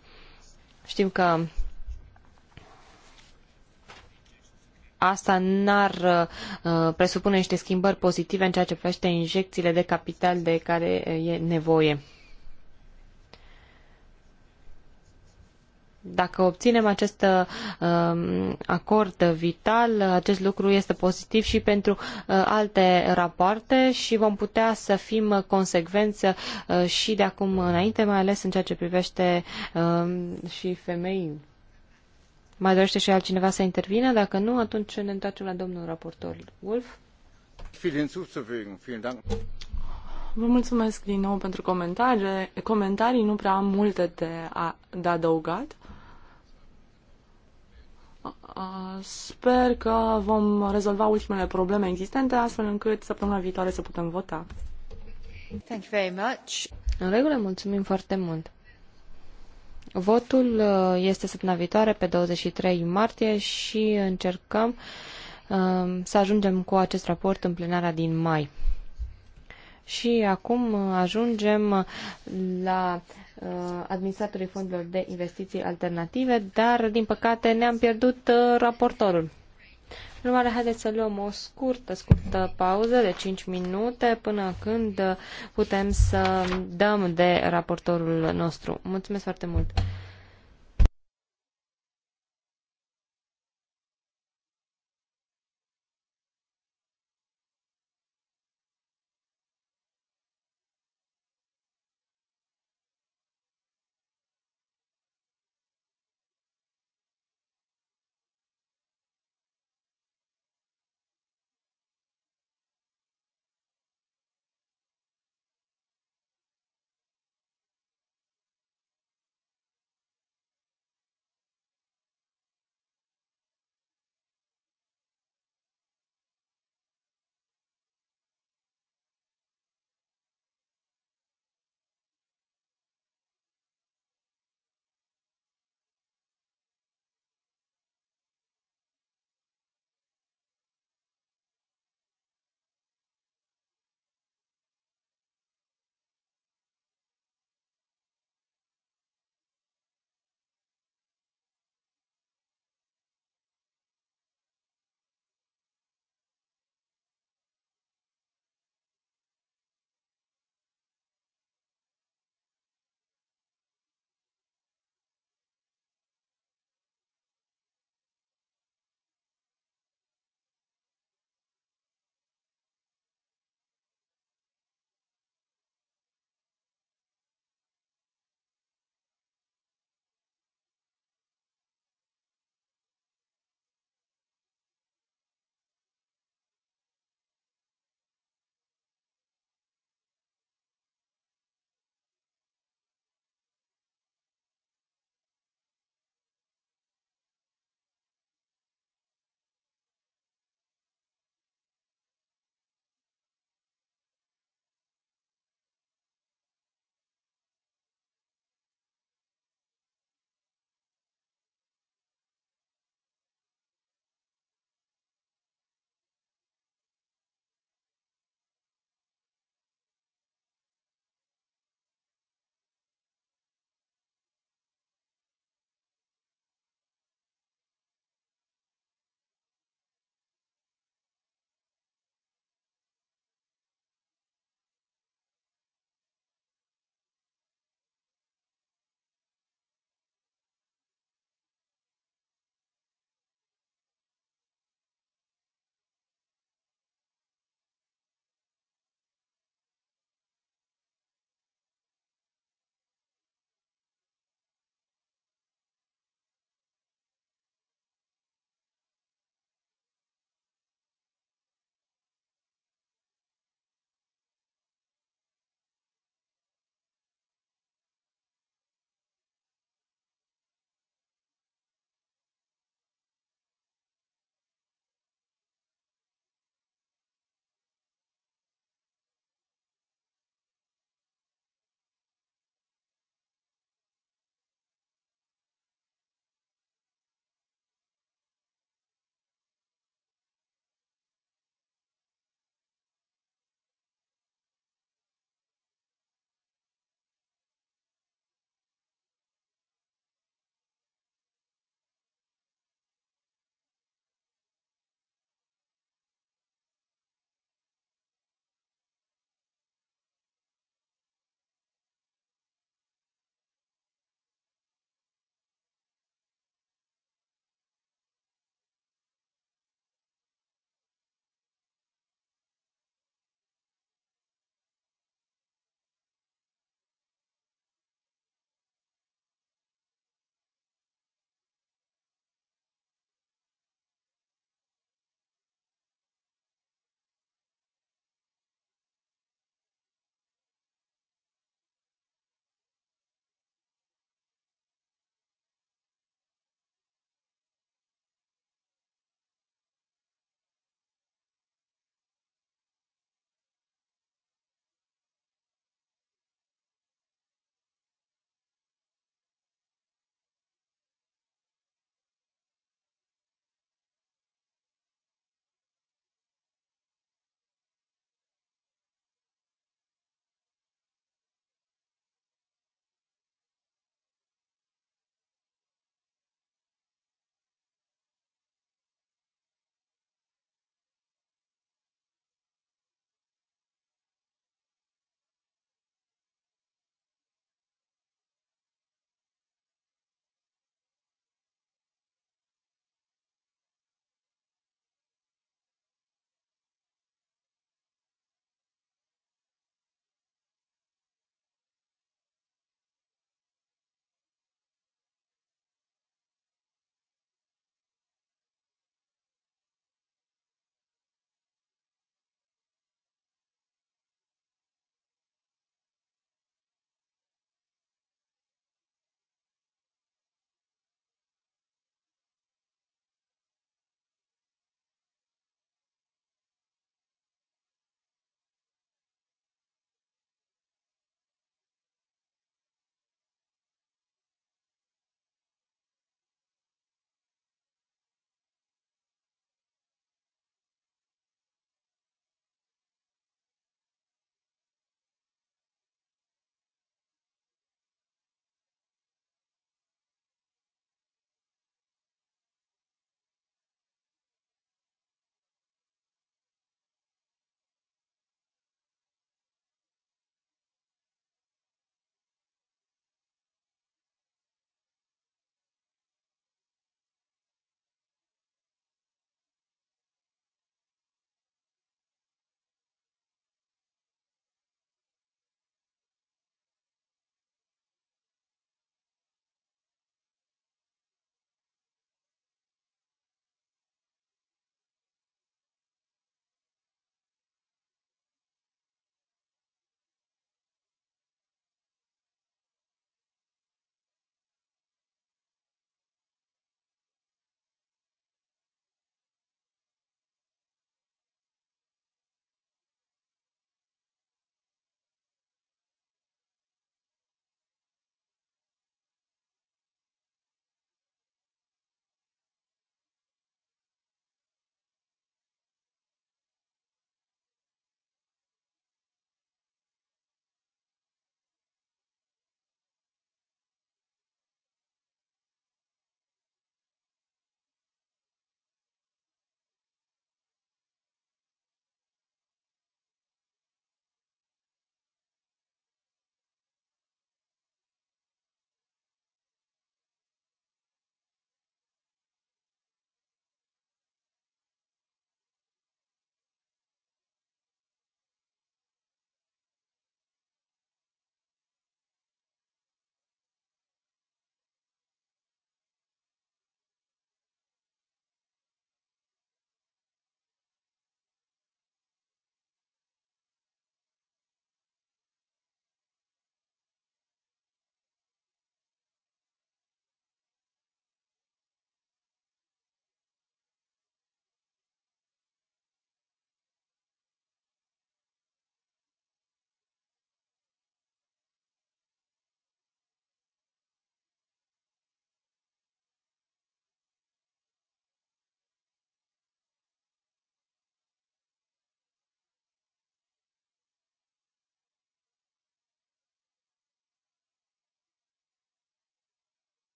Speaker 3: Știm că asta n-ar uh, presupune niște schimbări pozitive în ceea ce privește injecțiile de capital de care e nevoie. Dacă obținem acest um, acord vital, acest lucru este pozitiv și pentru uh, alte rapoarte și vom putea să fim consecvenți uh, și de acum înainte, mai ales în ceea ce privește um, și femeii. Mai dorește și altcineva să intervină? Dacă
Speaker 4: nu, atunci ne întoarcem la domnul raportor Wolf. Vă mulțumesc din nou pentru comentarii. Comentarii nu prea am multe de, a, de adăugat. Uh, sper că vom rezolva ultimele probleme existente, astfel încât săptămâna viitoare să putem vota.
Speaker 1: Thank you very much.
Speaker 4: În regulă, mulțumim
Speaker 3: foarte mult. Votul uh, este săptămâna viitoare, pe 23 martie, și încercăm uh, să ajungem cu acest raport în plenara din mai. Și acum ajungem la Uh, administratorii fondurilor de investiții alternative, dar din păcate ne-am pierdut uh, raportorul. În urmare, haideți să luăm o scurtă, scurtă pauză de 5 minute până când uh, putem să dăm de raportorul nostru. Mulțumesc foarte mult!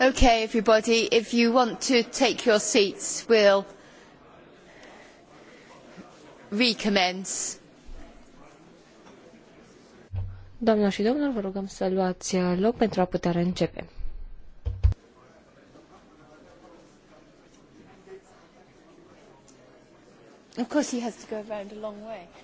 Speaker 1: Okay, everybody, if you want to take your seats, we'll recommence. Doamnelor și
Speaker 3: domnilor, vă rugăm să luați uh, loc pentru a putea reîncepe.
Speaker 1: Of course he has to go around a long way.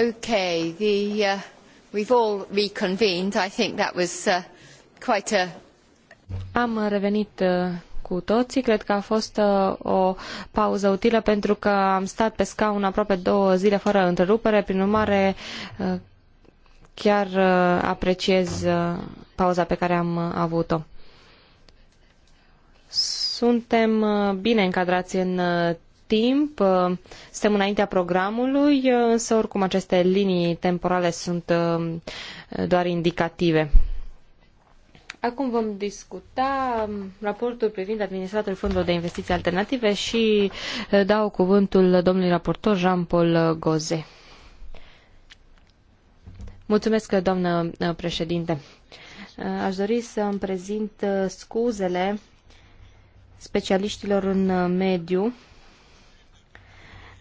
Speaker 1: Okay, the, uh, we've all reconvened. I think that was uh, quite a...
Speaker 3: Am revenit uh, cu toții. Cred că a fost uh, o pauză utilă pentru că am stat pe scaun aproape două zile fără întrerupere. Prin urmare, uh, chiar uh, apreciez uh, pauza pe care am uh, avut-o. Suntem uh, bine încadrați în uh, timp, uh, suntem înaintea programului, uh, însă oricum aceste linii temporale sunt uh, doar indicative. Acum vom discuta um, raportul privind administratul fondurilor de investiții alternative și dau cuvântul domnului raportor Jean-Paul Goze. Mulțumesc, doamnă președinte. Aș dori să îmi prezint scuzele specialiștilor în mediu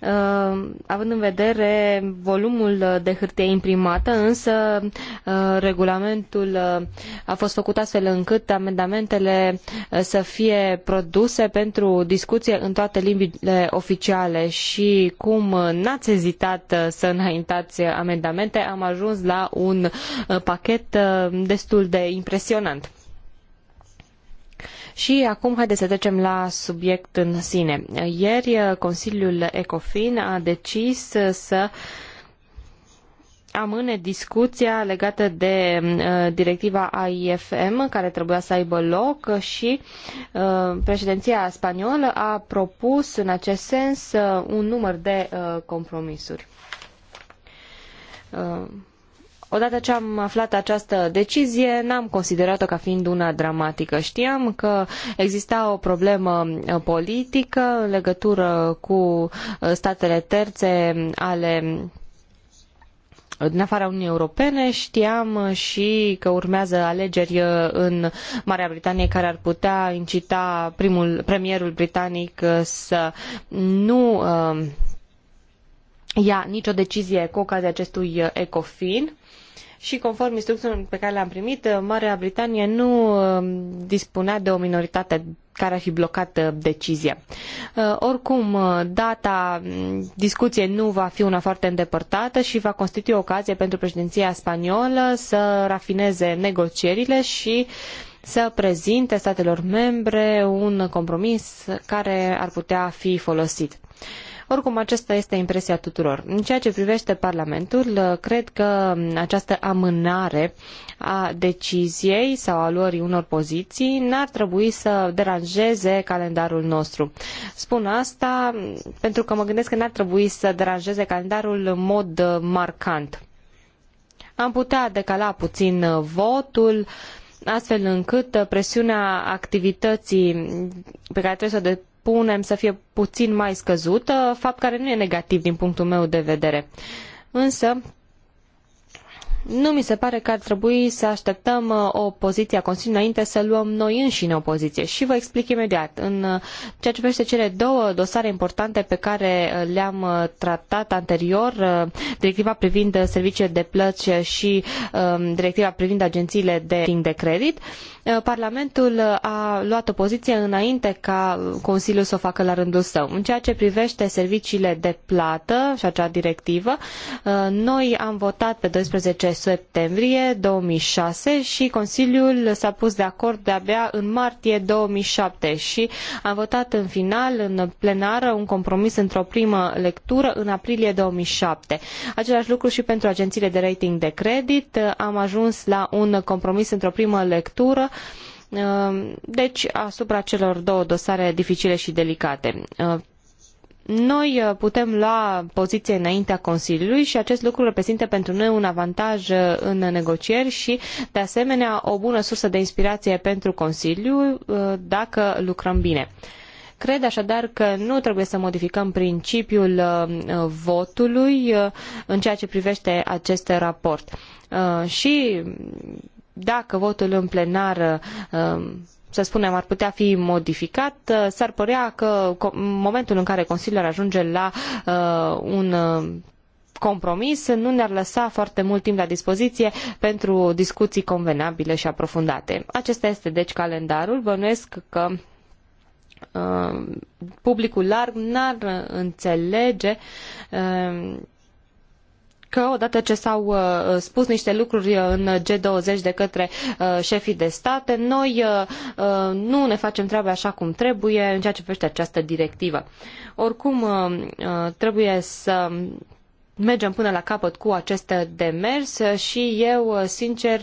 Speaker 3: Uh, având în vedere volumul de hârtie imprimată, însă uh, regulamentul uh, a fost făcut astfel încât amendamentele să fie produse pentru discuție în toate limbile oficiale și cum n-ați ezitat să înaintați amendamente, am ajuns la un pachet destul de impresionant. Și acum haideți să trecem la subiect în sine. Ieri uh, Consiliul ECOFIN a decis uh, să amâne discuția legată de uh, directiva AIFM care trebuia să aibă loc și uh, președinția spaniolă a propus în acest sens uh, un număr de uh, compromisuri. Odată ce am aflat această decizie, n-am considerat-o ca fiind una dramatică. Știam că exista o problemă uh, politică în legătură cu uh, statele terțe ale din afara Uniunii Europene. Știam uh, și că urmează alegeri în Marea Britanie care ar putea incita primul, premierul britanic să nu ia nicio decizie cu ocazia acestui ecofin și conform instrucțiunilor pe care le-am primit, uh, Marea Britanie nu uh, dispunea de o minoritate care ar fi blocat uh, decizia. Oricum, data mm, discuției nu va fi una foarte îndepărtată și va constitui o ocazie pentru președinția spaniolă să rafineze negocierile și să prezinte statelor membre un compromis care ar putea fi folosit. Oricum, aceasta este impresia tuturor. În ceea ce privește Parlamentul, uh, cred că um, această amânare a deciziei sau a luării unor poziții n-ar trebui să deranjeze calendarul nostru. Spun asta um, pentru că mă gândesc că n-ar trebui să deranjeze calendarul în mod uh, marcant. Am putea decala puțin uh, votul, astfel încât presiunea activității pe care trebuie să o propunem să fie puțin mai scăzută, fapt care nu e negativ din punctul meu de vedere. Însă, nu mi se pare că ar trebui să așteptăm uh, o poziție a Consiliului înainte să luăm noi înșine o poziție. Și vă explic imediat. În uh, ceea ce privește cele două dosare importante pe care uh, le-am tratat anterior, directiva privind serviciile de plăți și directiva privind agențiile de rating de credit, Eh, Parlamentul eh, a luat o poziție înainte ca eh, Consiliul să o facă la rândul său. În ceea ce privește serviciile de plată și acea directivă, noi am votat pe 12 septembrie 2006 și Consiliul s-a pus de acord de-abia în martie 2007 și am votat în final, în plenară, un compromis într-o primă lectură în aprilie 2007. Același lucru și pentru agențiile de rating de credit. Am ajuns la un compromis într-o primă lectură Ehm, deci, asupra celor două dosare dificile și delicate. Ehm, noi eh, putem lua poziție înaintea Consiliului și acest lucru reprezintă pentru noi un avantaj eh, în negocieri și, de asemenea, o bună sursă de inspirație pentru Consiliu eh, dacă lucrăm bine. Cred așadar că nu trebuie să modificăm principiul votului în ceea ce privește acest raport. Și dacă votul în plenară um, să spunem, ar putea fi modificat, uh, s-ar părea că momentul în care Consiliul ar ajunge la uh, un uh, compromis nu ne-ar lăsa foarte mult timp la dispoziție pentru discuții convenabile și aprofundate. Acesta este deci calendarul. Bănuiesc că publicul larg n-ar înțelege că odată ce s-au uh, spus niște lucruri uh, în G20 de către uh, șefii de state, noi nu ne facem treaba așa cum trebuie în ceea ce privește această directivă. Oricum, trebuie să mergem până la capăt cu acest demers și eu, sincer,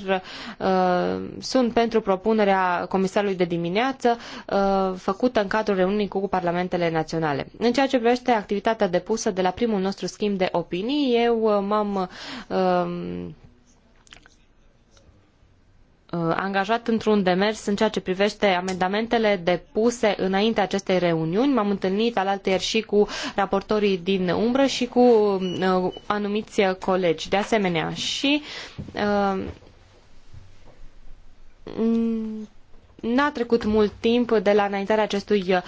Speaker 3: uh, sunt pentru propunerea comisarului de dimineață uh, făcută în cadrul reuniunii cu Parlamentele Naționale. În ceea ce privește activitatea depusă de la primul nostru schimb de opinii, eu uh, m-am Uh, angajat într-un demers în ceea ce privește amendamentele depuse înainte acestei reuniuni. M-am întâlnit alaltăieri și cu raportorii din umbră și cu uh, anumiți colegi de asemenea. Și uh, n-a trecut mult timp de la înaintarea acestui uh,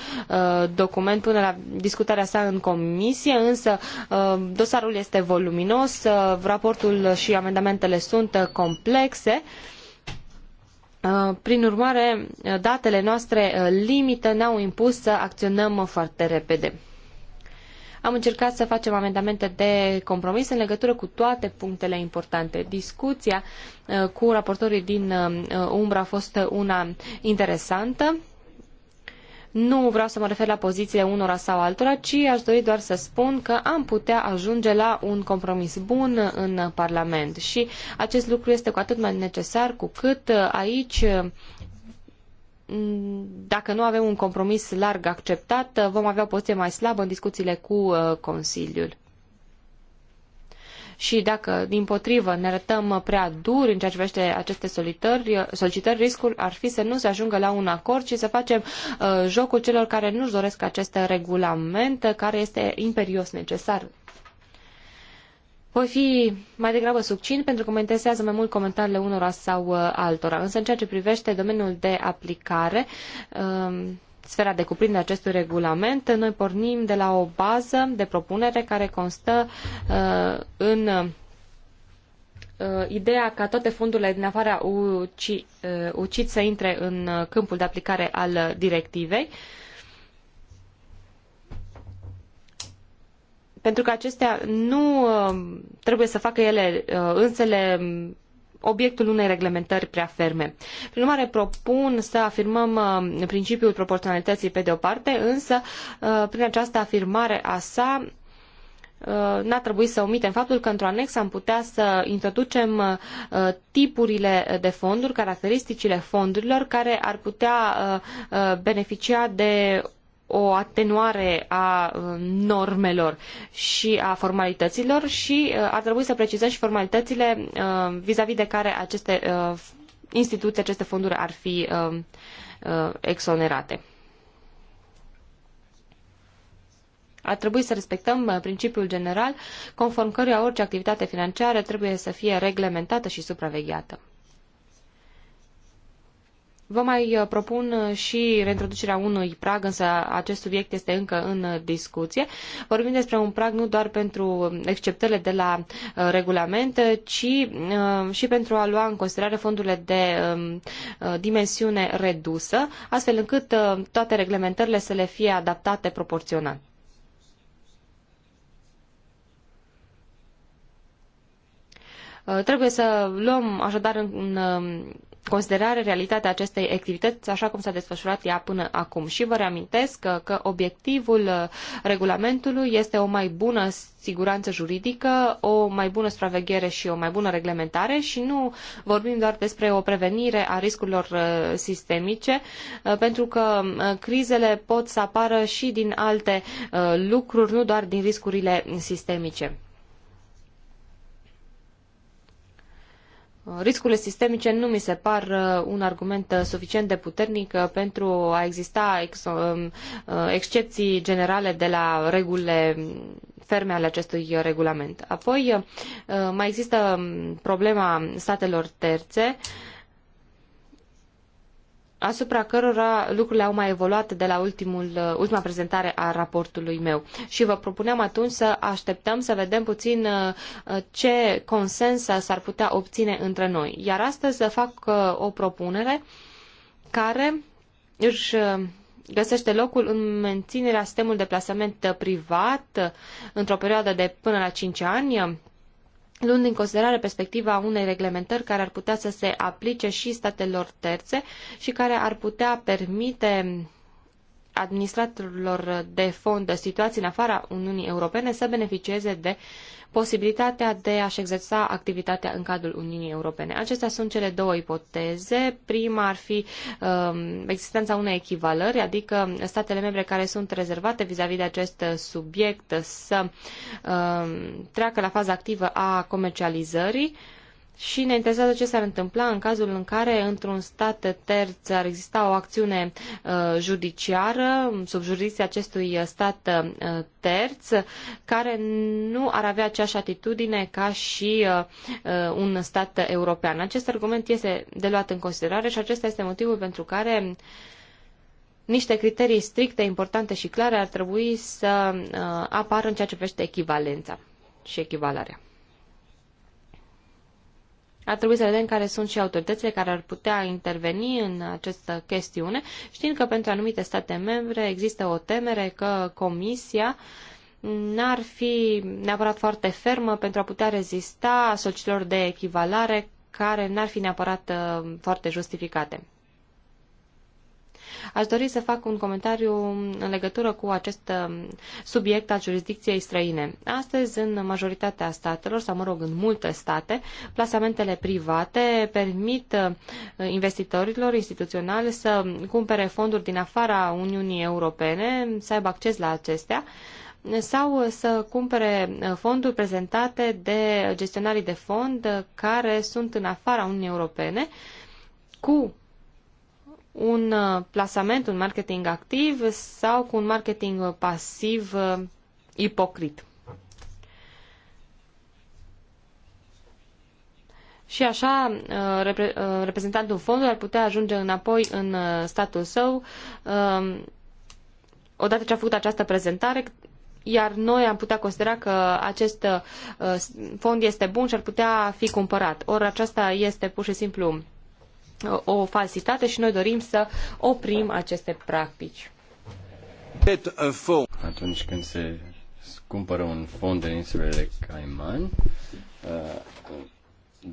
Speaker 3: document până la discutarea sa în comisie, însă uh, dosarul este voluminos, uh, raportul și amendamentele sunt complexe. Uh, Uh, prin urmare, uh, datele noastre uh, limită ne-au impus să acționăm foarte repede. Am încercat să facem amendamente de compromis în legătură cu toate punctele importante. Discuția cu raportorii din umbră a fost una interesantă nu vreau să mă refer la pozițiile unora sau altora, ci aș dori doar să spun că am putea ajunge la un compromis bun în Parlament și acest lucru este cu atât mai necesar cu cât aici dacă nu avem un compromis larg acceptat, vom avea o poziție mai slabă în discuțiile cu uh, Consiliul și dacă, din potrivă, ne arătăm prea dur în ceea ce privește aceste solicitări, solicitări, riscul ar fi să nu se ajungă la un acord și să facem uh, jocul celor care nu-și doresc acest regulament, care este imperios necesar. Voi fi mai degrabă succint pentru că mă interesează mai mult comentariile unora sau uh, altora. Însă în ceea ce privește domeniul de aplicare, uh, sfera de cuprindere acestui regulament, noi pornim de la o bază de propunere care constă uh, în uh, ideea ca toate fondurile din afara UCI, uh, UCIT să intre în uh, câmpul de aplicare al directivei. Pentru că acestea nu uh, trebuie să facă ele uh, însele obiectul unei reglementări prea ferme. Prin urmare, propun să afirmăm uh, principiul proporționalității pe de o parte, însă uh, prin această afirmare a sa uh, n-a trebuit să omitem faptul că într-o anexă am putea să introducem tipurile de fonduri, caracteristicile fondurilor care ar putea beneficia de o atenuare a uh, normelor și a formalităților și uh, ar trebui să precizăm și formalitățile uh, vis-a-vis de care aceste instituții, aceste fonduri ar fi exonerate. Ar trebui să respectăm principiul general conform căruia orice activitate financiară trebuie să fie reglementată și supravegheată. Vă mai uh, propun uh, și reintroducerea unui prag, însă acest subiect este încă în discuție. Vorbim despre un prag nu doar pentru exceptările de la uh, regulament, ci și pentru a lua în considerare fondurile de um, dimensiune redusă, astfel încât toate reglementările să le fie adaptate proporțional. Trebuie să luăm așadar în considerare realitatea acestei activități așa cum s-a desfășurat ea până acum. Și vă reamintesc că, că obiectivul uh, regulamentului este o mai bună siguranță juridică, o mai bună supraveghere și o mai bună reglementare și nu vorbim doar despre o prevenire a riscurilor uh, sistemice, uh, pentru că crizele pot să apară și din alte lucruri, nu doar din riscurile sistemice. riscurile sistemice nu mi se par uh, un argument uh, suficient de puternic uh, pentru a exista ex, um, excepții generale de la regulile ferme ale acestui regulament. Apoi mai există um, problema statelor terțe asupra cărora lucrurile au mai evoluat de la ultimul, uh, ultima prezentare a raportului meu. Și vă propuneam atunci să așteptăm să vedem puțin uh, uh, ce consens s-ar putea obține între noi. Iar astăzi fac o propunere care își găsește locul în menținerea sistemului de plasament privat într-o perioadă de până la 5 ani, luând în considerare perspectiva unei reglementări care ar putea să se aplice și statelor terțe și care ar putea permite administratorilor de fond de situații în afara Uniunii Europene să beneficieze de posibilitatea de a-și exersa activitatea în cadrul Uniunii Europene. Acestea sunt cele două ipoteze. Prima ar fi um, existența unei echivalări, adică statele membre care sunt rezervate vis-a-vis de acest subiect să um, treacă la faza activă a comercializării uh, și ne interesează ce s-ar întâmpla în cazul în care într-un stat terț ar exista o acțiune uh, judiciară sub jurisdicția acestui stat uh, terț care nu ar avea aceeași atitudine ca și uh, uh un stat european. Acest argument este de luat în considerare și acesta este motivul pentru care niște criterii stricte, importante și clare ar trebui să uh, apară în ceea ce privește echivalența și echivalarea. Ar trebui să vedem care sunt și autoritățile care ar putea interveni în această chestiune, știind că pentru anumite state membre există o temere că Comisia n-ar fi neapărat foarte fermă pentru a putea rezista solicilor de echivalare care n-ar fi neapărat uh, foarte justificate. Aș dori să fac un comentariu în legătură cu acest uh, subiect al jurisdicției străine. Astăzi, în majoritatea statelor, sau mă rog, în multe state, plasamentele private permit uh, investitorilor instituționali să cumpere fonduri din afara Uniunii Europene, să aibă acces la acestea, sau să cumpere uh, fonduri prezentate de gestionarii de fond care sunt în afara Uniunii Europene cu un uh, plasament, un marketing activ sau cu un marketing pasiv uh, ipocrit. Și așa, uh, repre reprezentantul fondului ar putea ajunge înapoi în statul său um, odată ce a făcut această prezentare, iar noi am putea considera că acest fond este bun și ar putea fi cumpărat. Ori aceasta este pur și simplu o falsitate și noi dorim să oprim aceste practici.
Speaker 2: Atunci când se cumpără un fond în insulele Cayman, uh,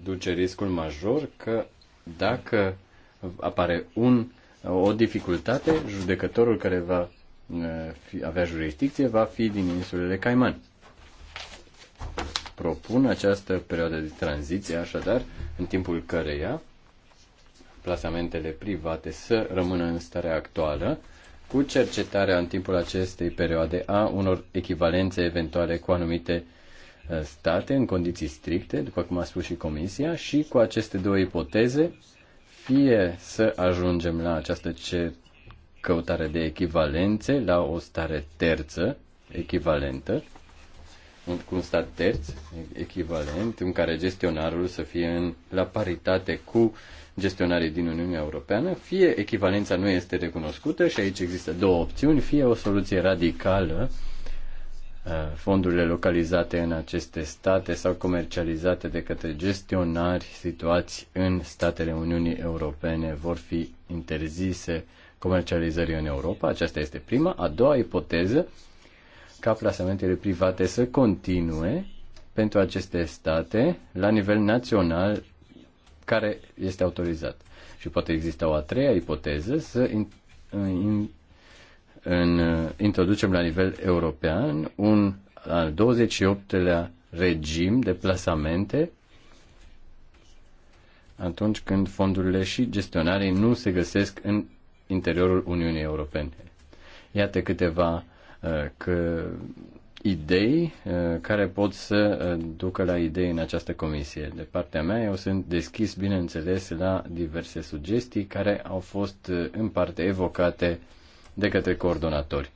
Speaker 2: duce riscul major că dacă apare un, o dificultate, judecătorul care va uh, fi, avea jurisdicție va fi din insulele Cayman. Propun această perioadă de tranziție, așadar, în timpul căreia plasamentele private să rămână în starea actuală, cu cercetarea în timpul acestei perioade a unor echivalențe eventuale cu anumite uh, state în condiții stricte, după cum a spus și Comisia, și cu aceste două ipoteze, fie să ajungem la această căutare de echivalențe, la o stare terță echivalentă, cu un stat terț echivalent, în care gestionarul să fie în, la paritate cu gestionare din Uniunea Europeană, fie echivalența nu este recunoscută și aici există două opțiuni, fie o soluție radicală, uh, fondurile localizate în aceste state sau comercializate de către gestionari situați în statele Uniunii Europene vor fi interzise comercializării în Europa. Aceasta este prima. A doua ipoteză, ca plasamentele private să continue pentru aceste state la nivel național care este autorizat. Și poate exista o a treia ipoteză să in, in, în, introducem la nivel european un al 28-lea regim de plasamente atunci când fondurile și gestionarii nu se găsesc în interiorul Uniunii Europene. Iată câteva uh, că idei uh, care pot să uh, ducă la idei în această comisie. De partea mea, eu sunt deschis, bineînțeles, la diverse sugestii care au fost uh, în parte evocate de către coordonatori.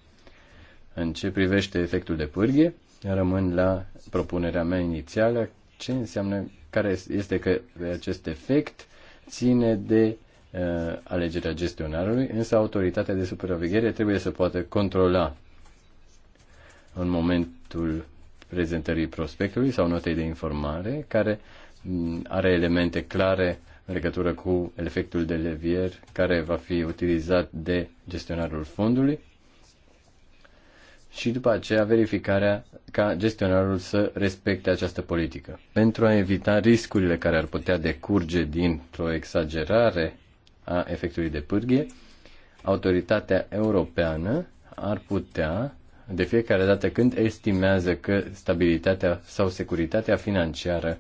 Speaker 2: În ce privește efectul de pârghie, rămân la propunerea mea inițială, ce înseamnă, care este că acest efect ține de uh, alegerea gestionarului, însă autoritatea de supraveghere trebuie să poată controla în momentul prezentării prospectului sau notei de informare, care mm, are elemente clare în legătură cu efectul de levier care va fi utilizat de gestionarul fondului și după aceea verificarea ca gestionarul să respecte această politică. Pentru a evita riscurile care ar putea decurge dintr-o exagerare a efectului de pârghie, autoritatea europeană ar putea de fiecare dată când estimează că stabilitatea sau securitatea financiară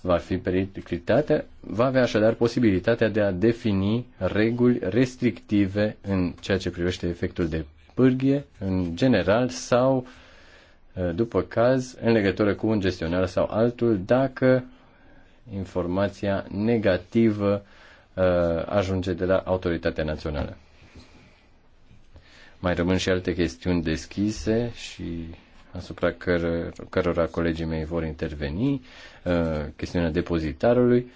Speaker 2: va fi periclitată, va avea așadar posibilitatea de a defini reguli restrictive în ceea ce privește efectul de pârghie în general sau, uh, după caz, în legătură cu un gestionar sau altul, dacă informația negativă uh, ajunge de la autoritatea națională. Mai rămân și alte chestiuni deschise și asupra căr- cărora colegii mei vor interveni, uh, chestiunea depozitarului.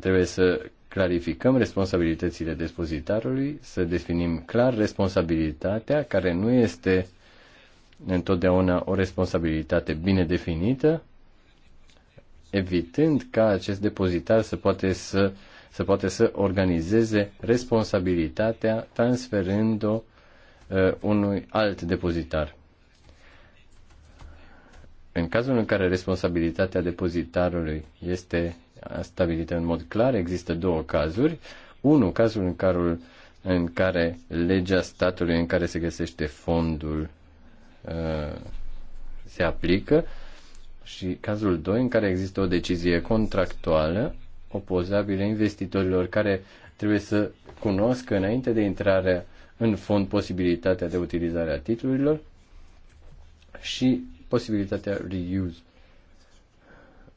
Speaker 2: Trebuie să clarificăm responsabilitățile depozitarului, să definim clar responsabilitatea, care nu este întotdeauna o responsabilitate bine definită, evitând ca acest depozitar să poate să, să, poate să organizeze responsabilitatea transferând-o Uh, unui alt depozitar. În cazul în care responsabilitatea depozitarului este stabilită în mod clar, există două cazuri. Unul, cazul în care, în care legea statului în care se găsește fondul uh, se aplică și cazul 2 în care există o decizie contractuală opozabilă investitorilor care trebuie să cunoască înainte de intrarea în fond posibilitatea de utilizare a titlurilor și posibilitatea reuse.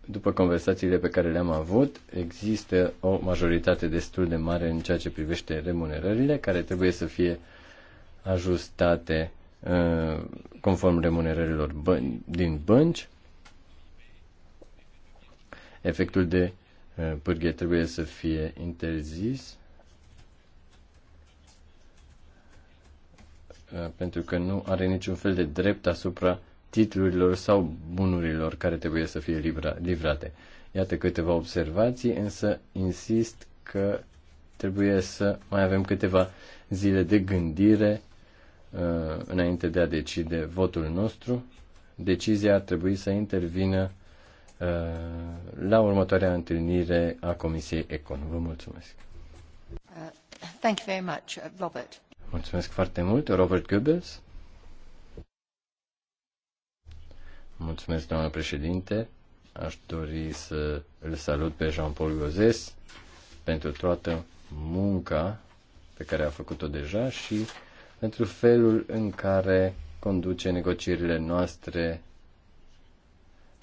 Speaker 2: După conversațiile pe care le-am avut, există o majoritate destul de mare în ceea ce privește remunerările, care trebuie să fie ajustate uh, conform remunerărilor din bănci. Efectul de uh, pârghie trebuie să fie interzis Uh, pentru că nu are niciun fel de drept asupra titlurilor sau bunurilor care trebuie să fie livrate. Iată câteva observații, însă insist că trebuie să mai avem câteva zile de gândire uh, înainte de a decide votul nostru. Decizia ar trebui să intervină uh, la următoarea întâlnire a Comisiei Econ. Vă mulțumesc.
Speaker 1: thank you very much, Robert.
Speaker 2: Mulțumesc foarte mult, Robert Goebbels. Mulțumesc, doamnă președinte. Aș dori să îl salut pe Jean-Paul Gozes pentru toată munca pe care a făcut-o deja și pentru felul în care conduce negocierile noastre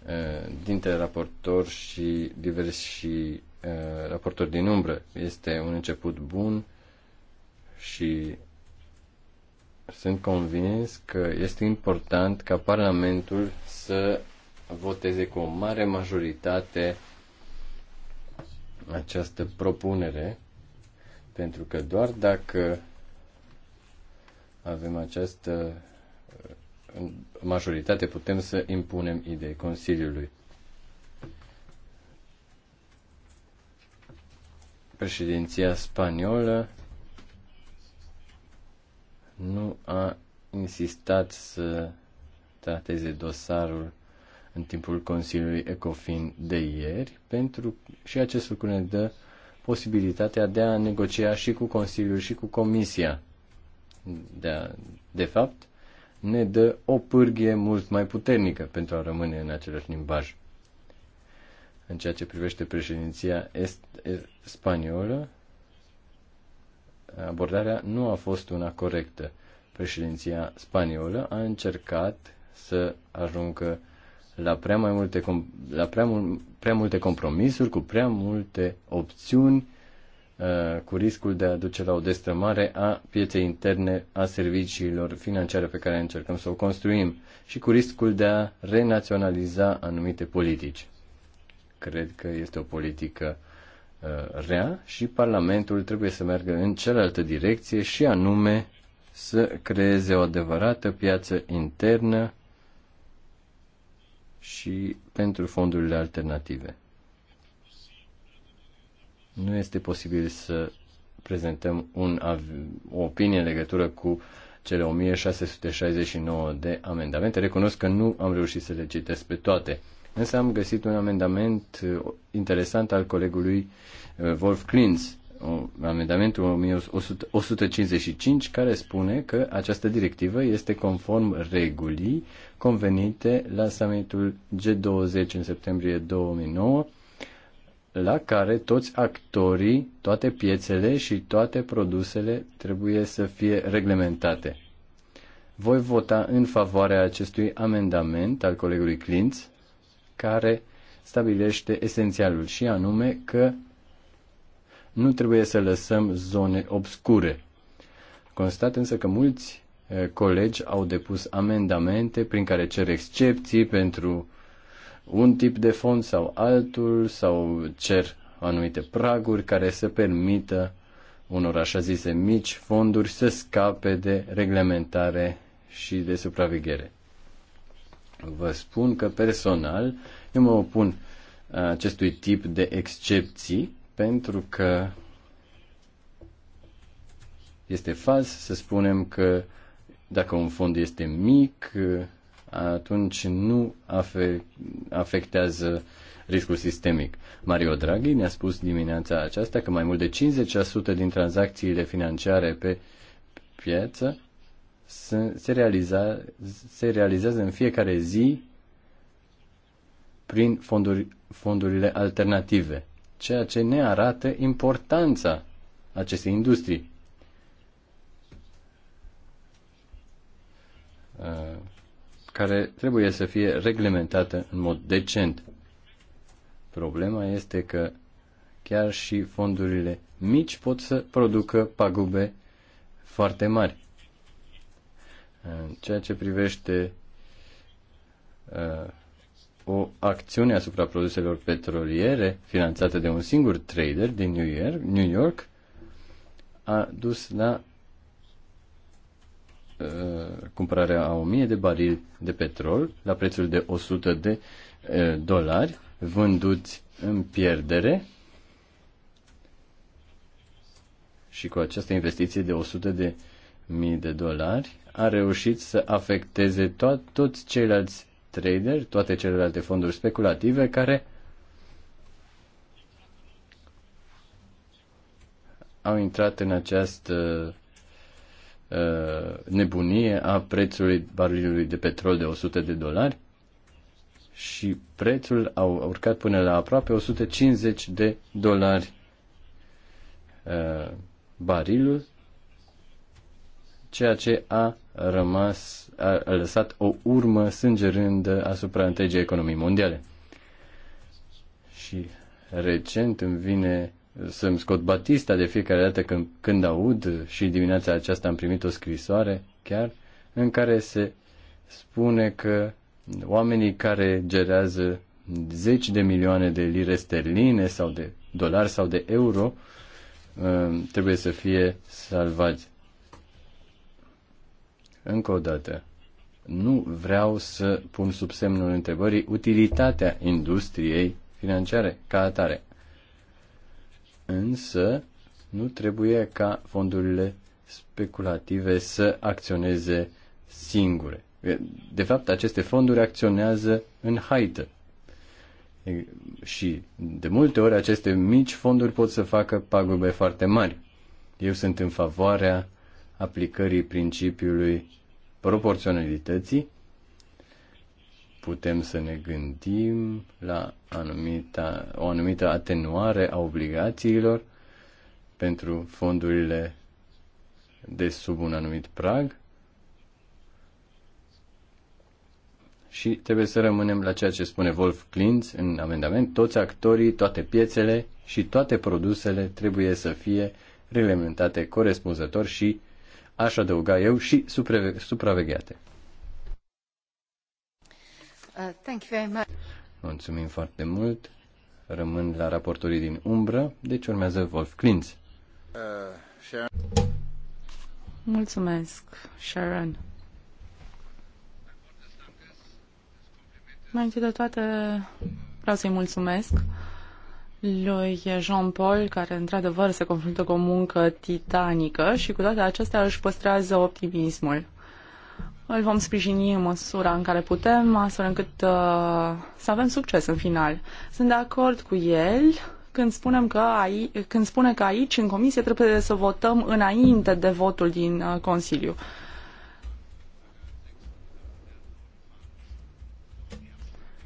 Speaker 2: eh, dintre raportor și diversi și, eh, raportori din umbră. Este un început bun și sunt convins că este important ca Parlamentul să voteze cu o mare majoritate această propunere, pentru că doar dacă avem această uh, majoritate putem să impunem idei Consiliului. Președinția spaniolă nu a insistat să trateze dosarul în timpul Consiliului Ecofin de ieri, pentru și acest lucru ne dă posibilitatea de a negocia și cu Consiliul și cu Comisia. De, a, de fapt, ne dă o pârghie mult mai puternică pentru a rămâne în același limbaj. În ceea ce privește președinția est, est, spaniolă, abordarea nu a fost una corectă. Președinția spaniolă a încercat să ajungă la prea, mai multe, la prea, mul, prea multe compromisuri, cu prea multe opțiuni, uh, cu riscul de a duce la o destrămare a pieței interne a serviciilor financiare pe care încercăm să o construim și cu riscul de a renaționaliza anumite politici. Cred că este o politică Uh, rea și Parlamentul trebuie să meargă în cealaltă direcție și anume să creeze o adevărată piață internă și pentru fondurile alternative. Nu este posibil să prezentăm un, o opinie în legătură cu cele 1669 de amendamente. Recunosc că nu am reușit să le citesc pe toate. Însă am găsit un amendament uh, interesant al colegului uh, Wolf Klintz, amendamentul 155, care spune că această directivă este conform regulii convenite la summitul G20 în septembrie 2009, la care toți actorii, toate piețele și toate produsele trebuie să fie reglementate. Voi vota în favoarea acestui amendament al colegului Klintz care stabilește esențialul și anume că nu trebuie să lăsăm zone obscure. Constat însă că mulți colegi au depus amendamente prin care cer excepții pentru un tip de fond sau altul sau cer anumite praguri care să permită unor așa zise mici fonduri să scape de reglementare și de supraveghere. Vă spun că personal eu mă opun acestui tip de excepții pentru că este fals să spunem că dacă un fond este mic, atunci nu afectează riscul sistemic. Mario Draghi ne-a spus dimineața aceasta că mai mult de 50% din tranzacțiile financiare pe piață se, se, realiza, se realizează în fiecare zi prin fonduri, fondurile alternative, ceea ce ne arată importanța acestei industrii. Uh, care trebuie să fie reglementată în mod decent. Problema este că chiar și fondurile mici pot să producă pagube foarte mari. În ceea ce privește uh, o acțiune asupra produselor petroliere finanțată de un singur trader din New York, New York a dus la uh, cumpărarea a 1000 de barili de petrol la prețul de 100 de uh, dolari vânduți în pierdere și cu această investiție de 100 de mii de dolari a reușit să afecteze to- toți ceilalți traderi, toate celelalte fonduri speculative care au intrat în această uh, nebunie a prețului barilului de petrol de 100 de dolari și prețul a urcat până la aproape 150 de dolari uh, barilul ceea ce a rămas, a, lăsat o urmă sângerândă asupra întregii economii mondiale. Și recent îmi vine să-mi scot Batista de fiecare dată când, când aud și dimineața aceasta am primit o scrisoare chiar în care se spune că oamenii care gerează zeci de milioane de lire sterline sau de dolari sau de euro ă, trebuie să fie salvați. Încă o dată, nu vreau să pun sub semnul întrebării utilitatea industriei financiare ca atare. Însă, nu trebuie ca fondurile speculative să acționeze singure. De fapt, aceste fonduri acționează în haită. Și de multe ori aceste mici fonduri pot să facă pagube foarte mari. Eu sunt în favoarea aplicării principiului proporționalității, putem să ne gândim la anumita, o anumită atenuare a obligațiilor pentru fondurile de sub un anumit prag și trebuie să rămânem la ceea ce spune Wolf Klintz în amendament. Toți actorii, toate piețele și toate produsele trebuie să fie reglementate corespunzător și aș adăuga eu, și supravegheate.
Speaker 1: Uh, thank you very much.
Speaker 2: Mulțumim foarte mult. Rămân la raportorii din umbră, deci urmează Wolf Klintz. Uh,
Speaker 4: Mulțumesc, Sharon. Mai întâi de toate, vreau să-i mulțumesc lui Jean-Paul, care într-adevăr se confruntă cu o muncă titanică și cu toate acestea își păstrează optimismul. Îl vom sprijini în măsura în care putem, astfel încât uh, să avem succes în final. Sunt de acord cu el când, spunem că aici, când spune că aici, în comisie, trebuie să votăm înainte de votul din uh, Consiliu. Uh,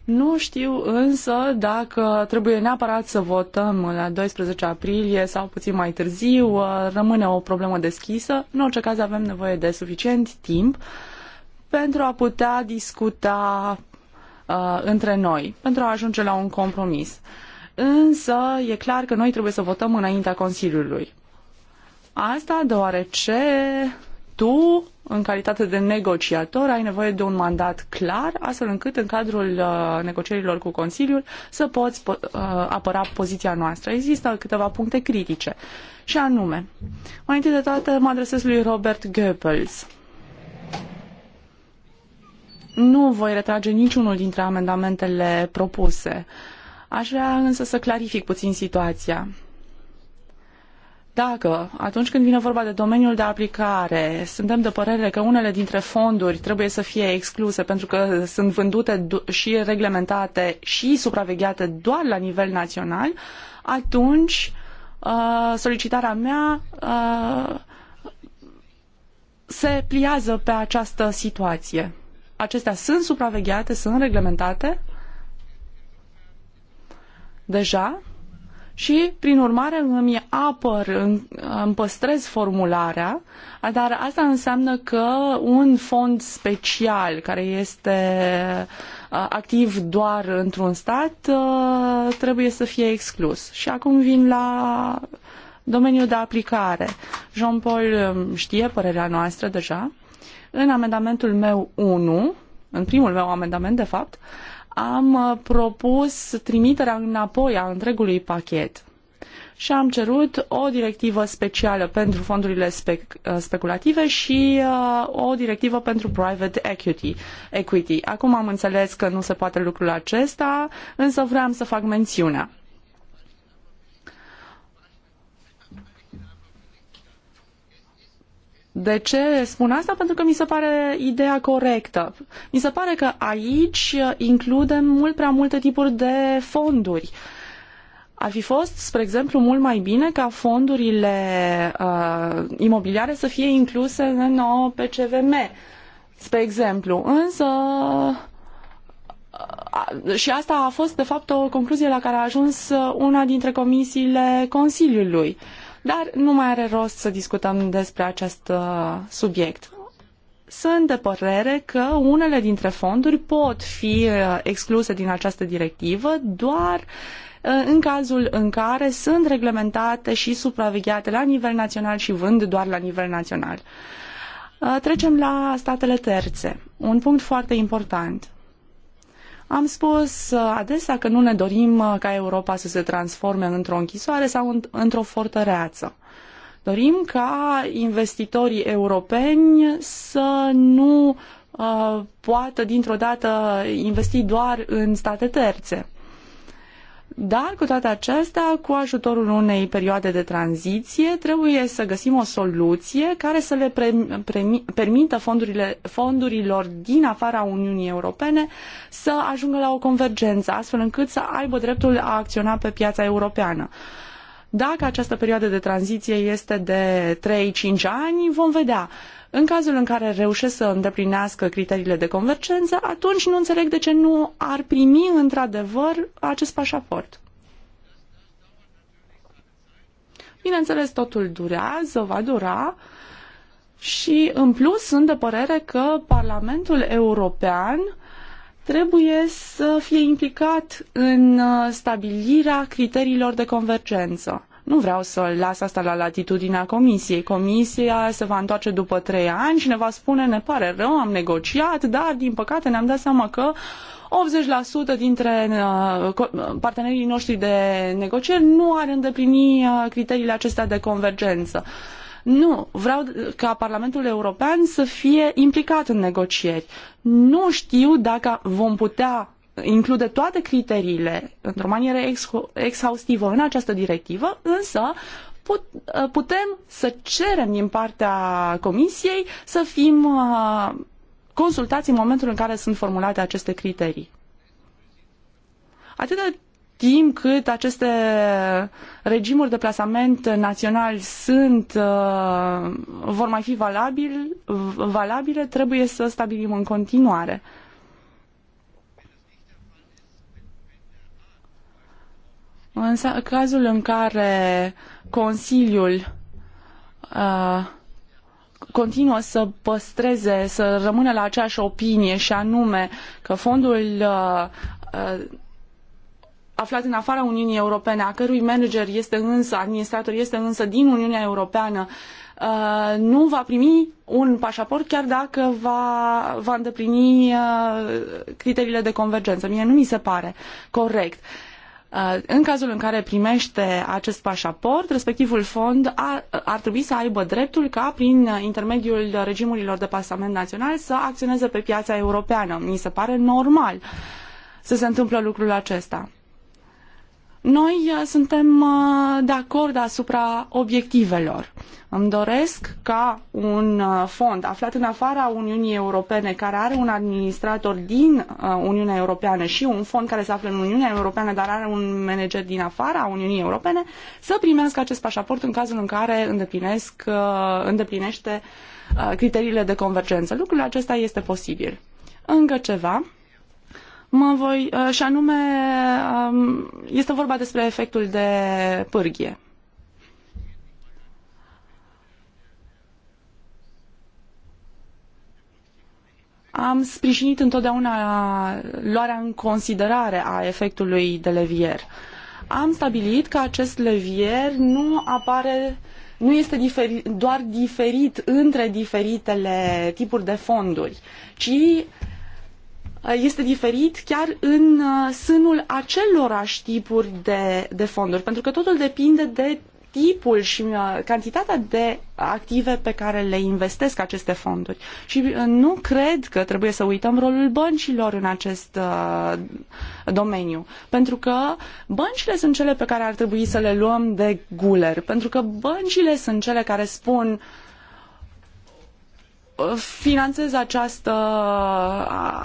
Speaker 4: Nu știu însă dacă trebuie neapărat să votăm la 12 aprilie sau puțin mai târziu, rămâne o problemă deschisă. În orice caz avem nevoie de suficient timp pentru a putea discuta uh, între noi, pentru a ajunge la un compromis. Însă e clar că noi trebuie să votăm înaintea Consiliului. Asta deoarece tu în calitate de negociator, ai nevoie de un mandat clar, astfel încât în cadrul uh, negocierilor cu Consiliul să poți uh, apăra poziția noastră. Există câteva puncte critice. Și anume, mai întâi de toate mă adresez lui Robert Goebbels. Nu voi retrage niciunul dintre amendamentele propuse. Aș vrea însă să clarific puțin situația. Dacă, atunci când vine vorba de domeniul de aplicare, suntem de părere că unele dintre fonduri trebuie să fie excluse pentru că sunt vândute și reglementate și supravegheate doar la nivel național, atunci uh, solicitarea mea uh, se pliază pe această situație. Acestea sunt supravegheate, sunt reglementate deja, și, prin urmare, îmi apăr, îmi păstrez formularea, dar asta înseamnă că un fond special care este activ doar într-un stat trebuie să fie exclus. Și acum vin la domeniul de aplicare. Jean-Paul um, știe părerea noastră deja. În amendamentul meu 1, în primul meu amendament, de fapt, uh, am uh, propus trimiterea înapoi a întregului pachet și am cerut o directivă specială pentru fondurile spec, uh, speculative și uh, o directivă pentru private equity, equity. Acum am înțeles că nu se poate lucrul acesta, însă vreau să fac mențiunea. De ce spun asta? Pentru că mi se pare ideea corectă. Mi se pare că aici includem mult prea multe tipuri de fonduri. Ar fi fost, spre exemplu, mult mai bine ca fondurile uh, imobiliare să fie incluse în PCVM, spre exemplu. Însă, uh, și asta a fost, de fapt, o concluzie la care a ajuns una dintre comisiile Consiliului. Uh, dar nu mai are rost să discutăm despre acest uh, subiect sunt de părere că unele dintre fonduri pot fi uh, excluse din această directivă doar uh, în cazul în care sunt reglementate și supravegheate la nivel național și vând doar la nivel național. Trecem la statele terțe. Un punct foarte important. Am spus uh, adesea că nu ne dorim uh, ca Europa să se transforme într-o închisoare sau într-o fortăreață. Dorim ca investitorii europeni să nu uh, poată dintr-o dată investi doar în state terțe. Dar, cu toate acestea, cu ajutorul unei perioade de tranziție, trebuie să găsim o soluție care să le pre- pre- permită fondurile, fondurilor din afara Uniunii Europene să ajungă la o convergență, astfel încât să aibă dreptul a acționa pe piața europeană. Uh, dacă această perioadă de tranziție este de 3-5 ani, vom vedea. În cazul în care reușesc să îndeplinească criteriile de convergență, atunci nu înțeleg de ce nu ar primi într-adevăr acest pașaport. Bineînțeles, totul durează, va dura și, în plus, sunt de părere că Parlamentul European trebuie să fie implicat în uh, stabilirea criteriilor de convergență. Nu vreau să las asta la latitudinea comisiei. Comisia se va întoarce după trei ani și ne va spune ne pare rău, am negociat, dar din păcate ne-am dat seama că 80% dintre uh, partenerii noștri de negocieri nu ar îndeplini uh, criteriile acestea de convergență. Nu, vreau ca Parlamentul European să fie implicat în negocieri. Nu știu dacă vom putea include toate criteriile într-o manieră exhaustivă în această directivă, însă put, putem să cerem din partea Comisiei să fim uh, consultați în momentul în care sunt formulate aceste criterii. de timp cât aceste regimuri de plasament național sunt, uh, vor mai fi valabil, valabile, trebuie să stabilim în continuare. În cazul în care Consiliul uh, continuă să păstreze, să rămână la aceeași opinie și anume că fondul uh, uh, aflat în afara Uniunii Europene, a cărui manager este însă, administrator este însă din Uniunea Europeană, uh, nu va primi un pașaport chiar dacă va, va îndeplini uh, criteriile de convergență. Mie nu mi se pare corect. Uh, în cazul în care primește acest pașaport, respectivul fond ar, ar trebui să aibă dreptul ca, prin intermediul regimurilor de pasament național, să acționeze pe piața europeană. Mi se pare normal să se întâmple lucrul acesta. Noi uh, suntem uh, de acord asupra obiectivelor. Îmi doresc ca un uh, fond aflat în afara Uniunii Europene, care are un administrator din Uniunea Europeană și un fond care se află în Uniunea Europeană, dar are un manager din afara Uniunii Europene, să primească acest pașaport în cazul în care îndeplinesc, îndeplinește criteriile de convergență. Lucrul acesta este posibil. Încă ceva mă voi, uh, și anume um, este vorba despre efectul de pârghie. Am sprijinit întotdeauna luarea în considerare a efectului de levier. Am stabilit că acest levier nu apare nu este diferi, doar diferit între diferitele tipuri de fonduri, ci este diferit chiar în uh, sânul acelorași tipuri de, de fonduri, pentru că totul depinde de tipul și uh, cantitatea de active pe care le investesc aceste fonduri. Și uh, nu cred că trebuie să uităm rolul băncilor în acest uh, domeniu, pentru că băncile sunt cele pe care ar trebui să le luăm de guler, pentru că băncile sunt cele care spun uh, finanțez această,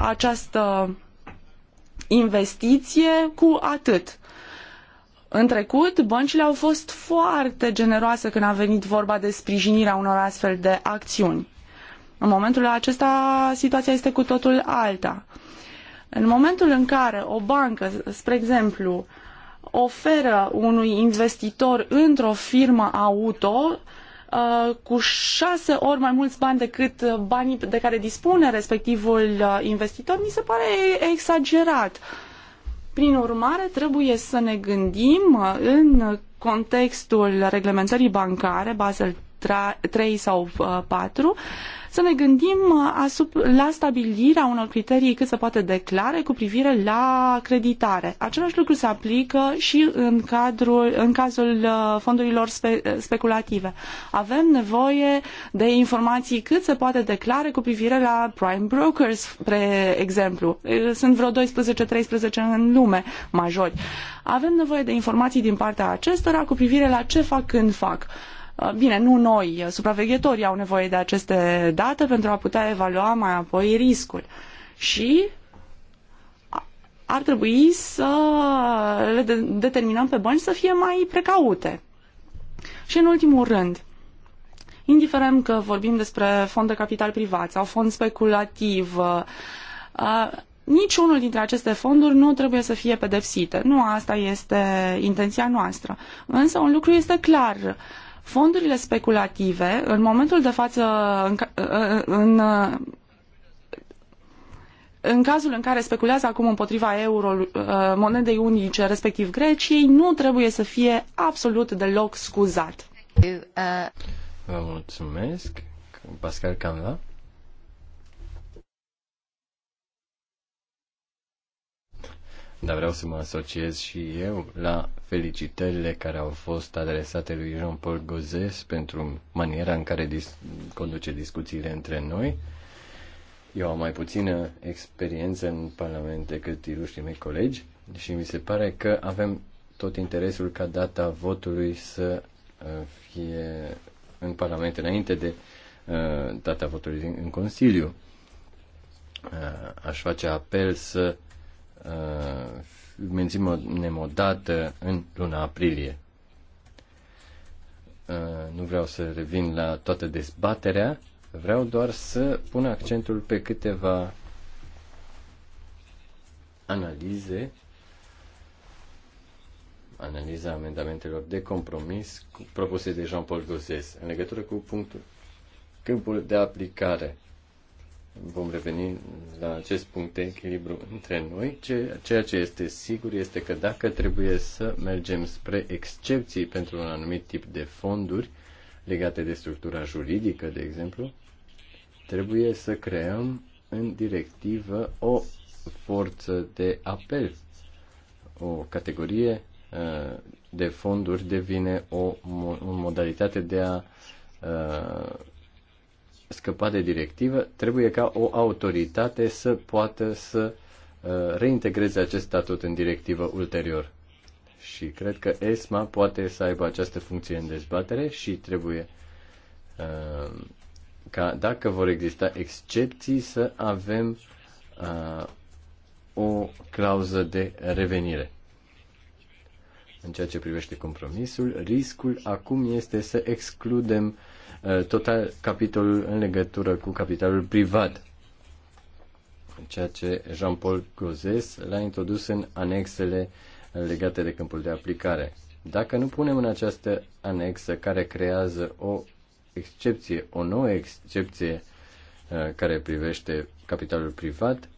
Speaker 4: această investiție cu atât. În trecut, băncile au fost foarte generoase când a venit vorba de sprijinirea unor astfel de acțiuni. În momentul acesta, situația este cu totul alta. În momentul în care o bancă, spre exemplu, oferă unui investitor într-o firmă auto Uh, cu șase ori mai mulți bani decât uh, banii de care dispune respectivul uh, investitor, mi se pare exagerat. Prin urmare, trebuie să ne gândim în contextul reglementării bancare, Basel 3 sau 4, să ne gândim uh, la stabilirea unor criterii cât se poate declare cu privire la creditare. Același lucru se aplică și în, cadrul, în cazul uh, fondurilor spe, uh, speculative. Avem nevoie de informații cât se poate declare cu privire la prime brokers, spre exemplu. Sunt vreo 12-13 în lume majori. Avem nevoie de informații din partea acestora cu privire la ce fac când fac. Uh, Uh, bine, nu noi, uh, supraveghetorii au nevoie de aceste date pentru a putea evalua mai apoi riscul. Și ar trebui să le determinăm pe bani să fie mai precaute. Și în ultimul rând, indiferent că vorbim despre fond de capital privat sau fond speculativ, uh, niciunul dintre aceste fonduri nu trebuie să fie pedepsite. Nu asta este intenția noastră. Însă un lucru este clar. Fondurile speculative, în momentul de față, în, în, în cazul în care speculează acum împotriva euro, uh, monedei unice, respectiv Greciei, nu trebuie să fie absolut deloc scuzat.
Speaker 2: Vă mulțumesc, Pascal Camla. dar vreau să mă asociez și eu la felicitările care au fost adresate lui Jean-Paul Gozes pentru maniera în care dis- conduce discuțiile între noi. Eu am mai puțină experiență în Parlament decât iluștrii mei colegi și mi se pare că avem tot interesul ca data votului să uh, fie în Parlament înainte de uh, data votului în Consiliu. Uh, aș face apel să Uh, menținem o dată în luna aprilie. Uh, nu vreau să revin la toată dezbaterea, vreau doar să pun accentul pe câteva analize analiza amendamentelor de compromis propuse de Jean-Paul Gauzès în legătură cu punctul câmpul de aplicare vom reveni la acest punct de echilibru între noi. Ceea ce este sigur este că dacă trebuie să mergem spre excepții pentru un anumit tip de fonduri legate de structura juridică, de exemplu, trebuie să creăm în directivă o forță de apel. O categorie uh, de fonduri devine o, o modalitate de a uh, scăpat de directivă, trebuie ca o autoritate să poată să uh, reintegreze acest statut în directivă ulterior. Și cred că ESMA poate să aibă această funcție în dezbatere și trebuie uh, ca dacă vor exista excepții să avem uh, o clauză de revenire. În ceea ce privește compromisul, riscul acum este să excludem Eh, tot capitolul în legătură cu capitalul privat, ceea ce Jean-Paul Gozes l-a introdus în anexele legate de câmpul de aplicare. Dacă nu punem în această anexă care creează o excepție, o nouă excepție eh, care privește capitalul privat,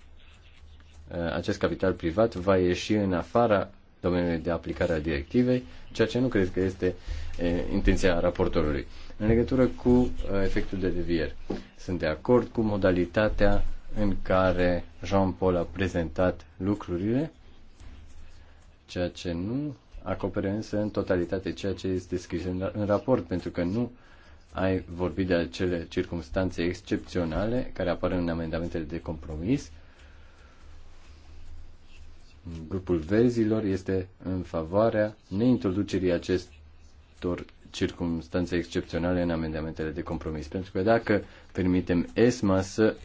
Speaker 2: eh, acest capital privat va ieși în afara domeniului de aplicare a directivei, ceea ce nu cred că este intenția raportorului. În legătură cu uh, efectul de devier, sunt de acord cu modalitatea în care Jean-Paul a prezentat lucrurile, ceea ce nu acoperă însă în totalitate ceea ce este scris în, în raport, pentru că nu ai vorbit de acele circunstanțe excepționale care apar în amendamentele de compromis. Grupul verzilor este în favoarea neintroducerii acestor circumstanțe excepționale în amendamentele de compromis. Pentru că dacă permitem ESMA să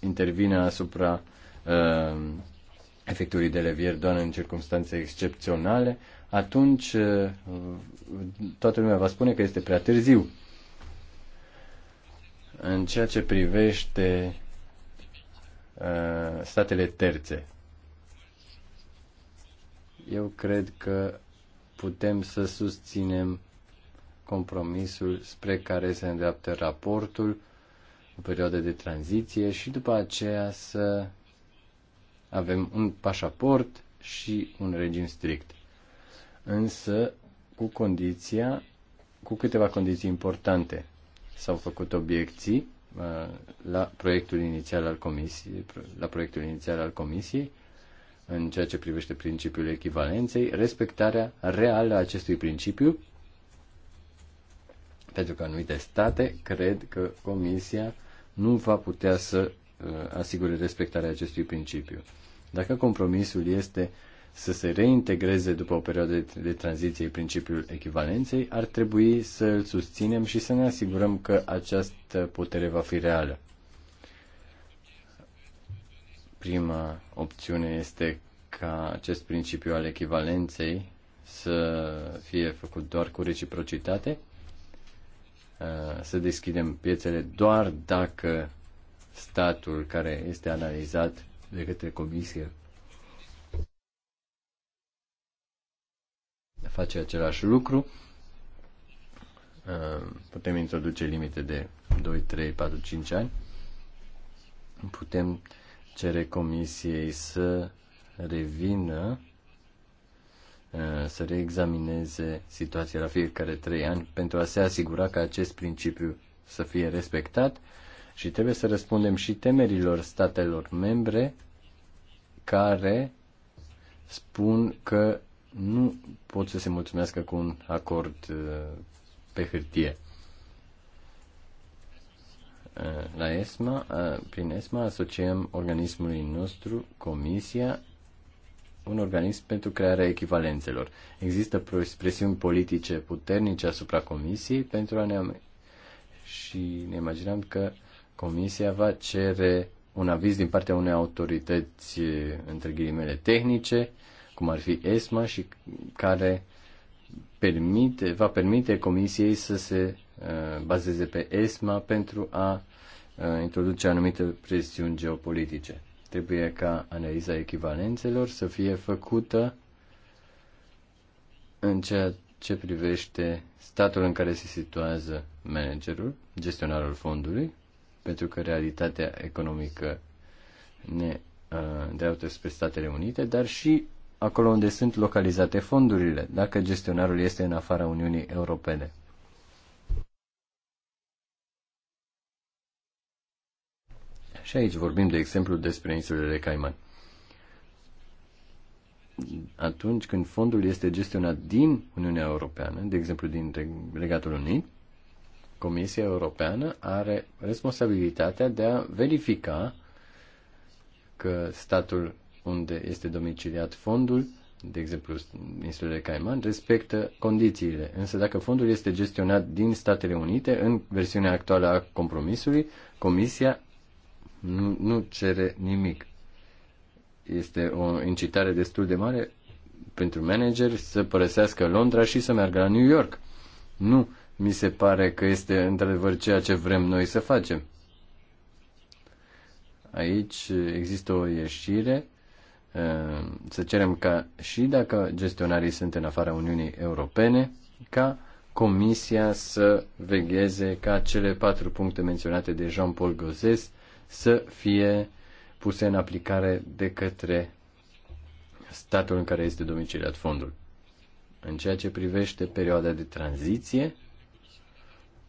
Speaker 2: intervine asupra uh, efectului de levier doar în circunstanțe excepționale, atunci uh, toată lumea va spune că este prea târziu. În ceea ce privește uh, statele terțe, eu cred că putem să susținem compromisul spre care se îndreaptă raportul, o perioadă de tranziție și după aceea să avem un pașaport și un regim strict. Însă cu condiția, cu câteva condiții importante. S-au făcut obiecții uh, la proiectul inițial al comisiei, la proiectul inițial al comisiei în ceea ce privește principiul echivalenței, respectarea reală a acestui principiu pentru că anumite state cred că Comisia nu va putea să uh, asigure respectarea acestui principiu. Dacă compromisul este să se reintegreze după o perioadă de, de tranziție principiul echivalenței, ar trebui să îl susținem și să ne asigurăm că această putere va fi reală. Prima opțiune este ca acest principiu al echivalenței să fie făcut doar cu reciprocitate Uh, să deschidem piețele doar dacă statul care este analizat de către comisie face același lucru. Uh, putem introduce limite de 2, 3, 4, 5 ani. Putem cere comisiei să revină Uh, să reexamineze situația la fiecare trei ani pentru a se asigura că acest principiu să fie respectat și trebuie să răspundem și temerilor statelor membre care spun că nu pot să se mulțumească cu un acord uh, pe hârtie. Uh, la ESMA, prin ESMA asociem organismului nostru Comisia un organism pentru crearea echivalențelor. Există presiuni politice puternice asupra Comisiei pentru a ne și ne imaginăm că Comisia va cere un aviz din partea unei autorități între ghilimele tehnice, cum ar fi ESMA și care permite, va permite Comisiei să se uh, bazeze pe ESMA pentru a uh, introduce anumite presiuni geopolitice. Trebuie ca analiza echivalențelor să fie făcută în ceea ce privește statul în care se situează managerul, gestionarul fondului, pentru că realitatea economică ne uh, îndreaptă spre Statele Unite, dar și acolo unde sunt localizate fondurile, dacă gestionarul este în afara Uniunii Europene. Și aici vorbim, de exemplu, despre insulele Cayman. Atunci când fondul este gestionat din Uniunea Europeană, de exemplu din Regatul Unit, Comisia Europeană are responsabilitatea de a verifica că statul unde este domiciliat fondul, de exemplu insulele Cayman, respectă condițiile. Însă dacă fondul este gestionat din Statele Unite, în versiunea actuală a compromisului, Comisia nu, nu cere nimic. Este o incitare destul de mare pentru manageri să părăsească Londra și să meargă la New York. Nu mi se pare că este într-adevăr ceea ce vrem noi să facem. Aici există o ieșire uh, să cerem ca și dacă gestionarii sunt în afara Uniunii Europene, ca Comisia să vegheze ca cele patru puncte menționate de Jean-Paul Gauzès să fie puse în aplicare de către statul în care este domiciliat fondul. În ceea ce privește perioada de tranziție,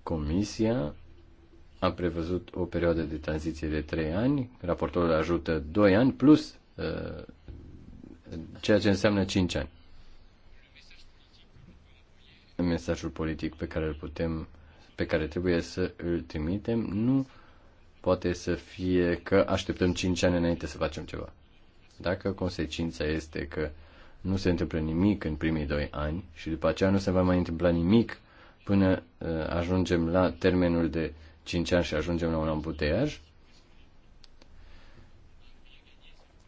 Speaker 2: Comisia a prevăzut o perioadă de tranziție de 3 ani, raportorul ajută 2 ani plus uh, ceea ce înseamnă 5 ani. Mesajul politic pe care îl putem, pe care trebuie să îl trimitem, nu poate să fie că așteptăm 5 ani înainte să facem ceva. Dacă consecința este că nu se întâmplă nimic în primii 2 ani și după aceea nu se va mai întâmpla nimic până uh, ajungem la termenul de 5 ani și ajungem la un ambuteiaj,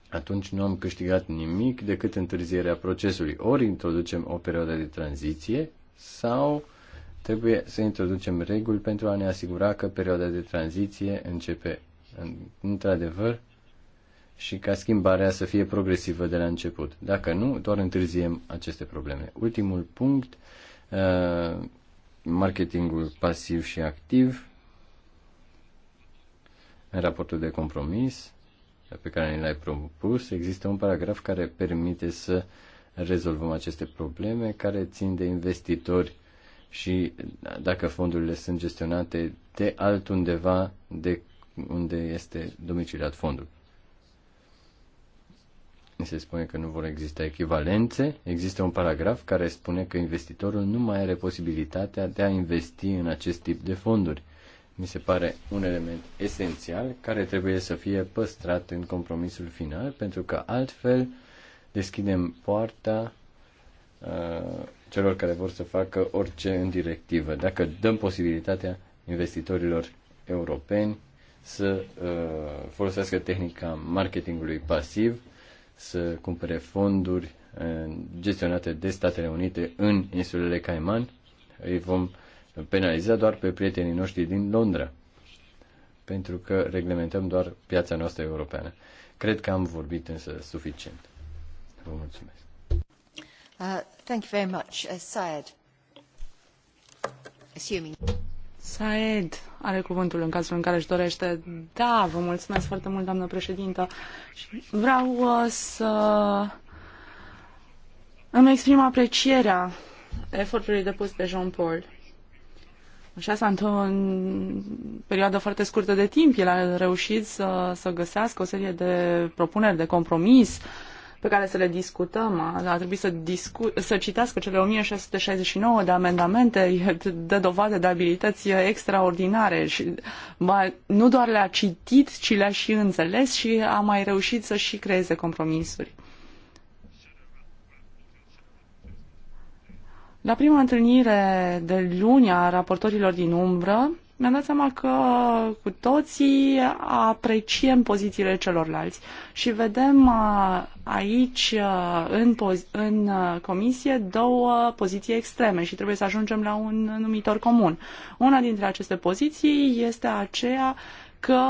Speaker 2: atunci nu am câștigat nimic decât întârzierea procesului. Ori introducem o perioadă de tranziție sau Trebuie să introducem reguli pentru a ne asigura că perioada de tranziție începe într-adevăr și ca schimbarea să fie progresivă de la început. Dacă nu, doar întârziem aceste probleme. Ultimul punct, uh, marketingul pasiv și activ în raportul de compromis pe care ni l-ai propus, există un paragraf care permite să rezolvăm aceste probleme care țin de investitori și dacă fondurile sunt gestionate de altundeva de unde este domiciliat fondul. Se spune că nu vor exista echivalențe. Există un paragraf care spune că investitorul nu mai are posibilitatea de a investi în acest tip de fonduri. Mi se pare un element esențial care trebuie să fie păstrat în compromisul final, pentru că altfel deschidem poarta uh, celor care vor să facă orice în directivă. Dacă dăm posibilitatea investitorilor europeni să uh, folosească tehnica marketingului pasiv, să cumpere fonduri uh, gestionate de Statele Unite în insulele Cayman, îi vom penaliza doar pe prietenii noștri din Londra, pentru că reglementăm doar piața noastră europeană. Cred că am vorbit însă suficient. Vă mulțumesc.
Speaker 1: Uh, thank you very much. Uh, Saed
Speaker 4: are cuvântul în cazul în care își dorește. Da, vă mulțumesc foarte mult, doamnă președintă. Vreau uh, să îmi exprim aprecierea efortului depus de Jean-Paul. Și asta într-o perioadă foarte scurtă de timp. El a reușit să, să găsească o serie de propuneri de compromis uh, pe care să le discutăm, a trebuit să, discu- să citească cele 1669 de amendamente, dă dovadă de abilități extraordinare și ba, nu doar le-a citit, ci le-a și înțeles și a mai reușit să și creeze compromisuri. La prima întâlnire de luni a raportorilor din umbră, mi-am dat seama că cu toții apreciem pozițiile celorlalți și vedem uh, aici uh, în, în uh, comisie două poziții extreme și trebuie să ajungem la un numitor comun. Una dintre aceste poziții este aceea că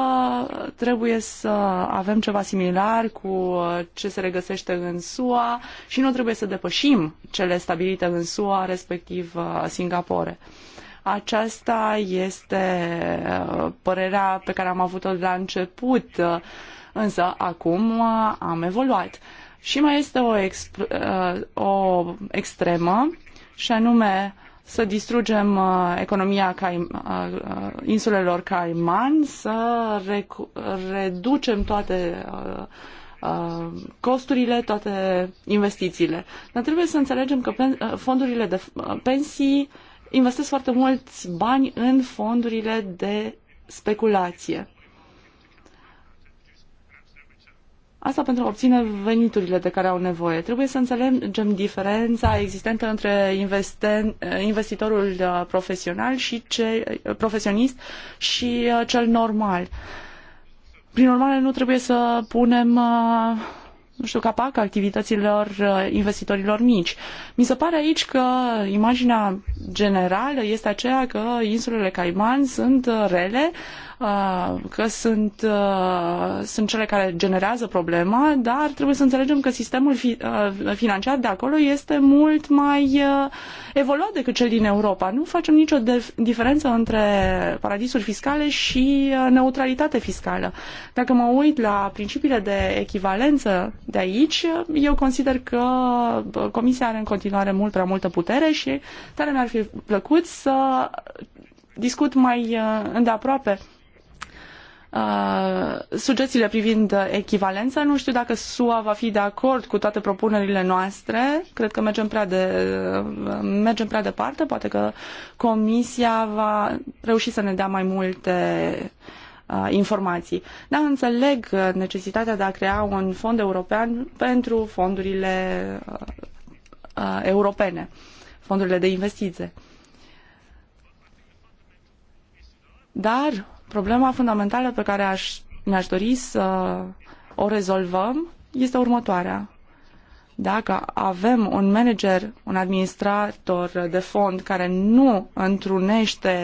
Speaker 4: trebuie să avem ceva similar cu ce se regăsește în SUA și nu trebuie să depășim cele stabilite în SUA, respectiv Singapore. Uh, aceasta este uh, părerea pe care am avut-o de la început, uh, însă acum uh, am evoluat. Și mai este o, o extremă, și anume să distrugem economia Caim, insulelor Caiman, să reducem toate costurile, toate investițiile. Dar trebuie să înțelegem că fondurile de pensii investesc foarte mulți bani în fondurile de speculație. Asta pentru a obține veniturile de care au nevoie. Trebuie să înțelegem diferența existentă între investitorul uh, profesional și ce, uh, profesionist și uh, cel normal. Prin urmare, nu trebuie să punem nu știu, capac activităților uh, investitorilor mici. Mi se pare aici că imaginea generală este aceea că insulele Caiman sunt uh, rele, Uh, că sunt, uh, sunt cele care generează problema, dar trebuie să înțelegem că sistemul uh, financiar de acolo este mult mai evoluat decât cel din Europa. Nu facem nicio diferență între paradisuri fiscale și neutralitate fiscală. Dacă mă uit la principiile de echivalență de aici, eu consider că Comisia are în continuare mult prea multă putere și tare mi-ar fi plăcut să discut mai îndeaproape Uh, sugestiile privind echivalența. Nu știu dacă SUA va fi de acord cu toate propunerile noastre. Cred că mergem prea, de, uh, mergem prea departe. Poate că Comisia va reuși să ne dea mai multe uh, informații. Dar înțeleg necesitatea de a crea un fond european pentru fondurile europene, fondurile de investiție. Dar Problema fundamentală pe care aș, mi-aș dori să o rezolvăm este următoarea. Dacă avem un manager, un administrator de fond care nu întrunește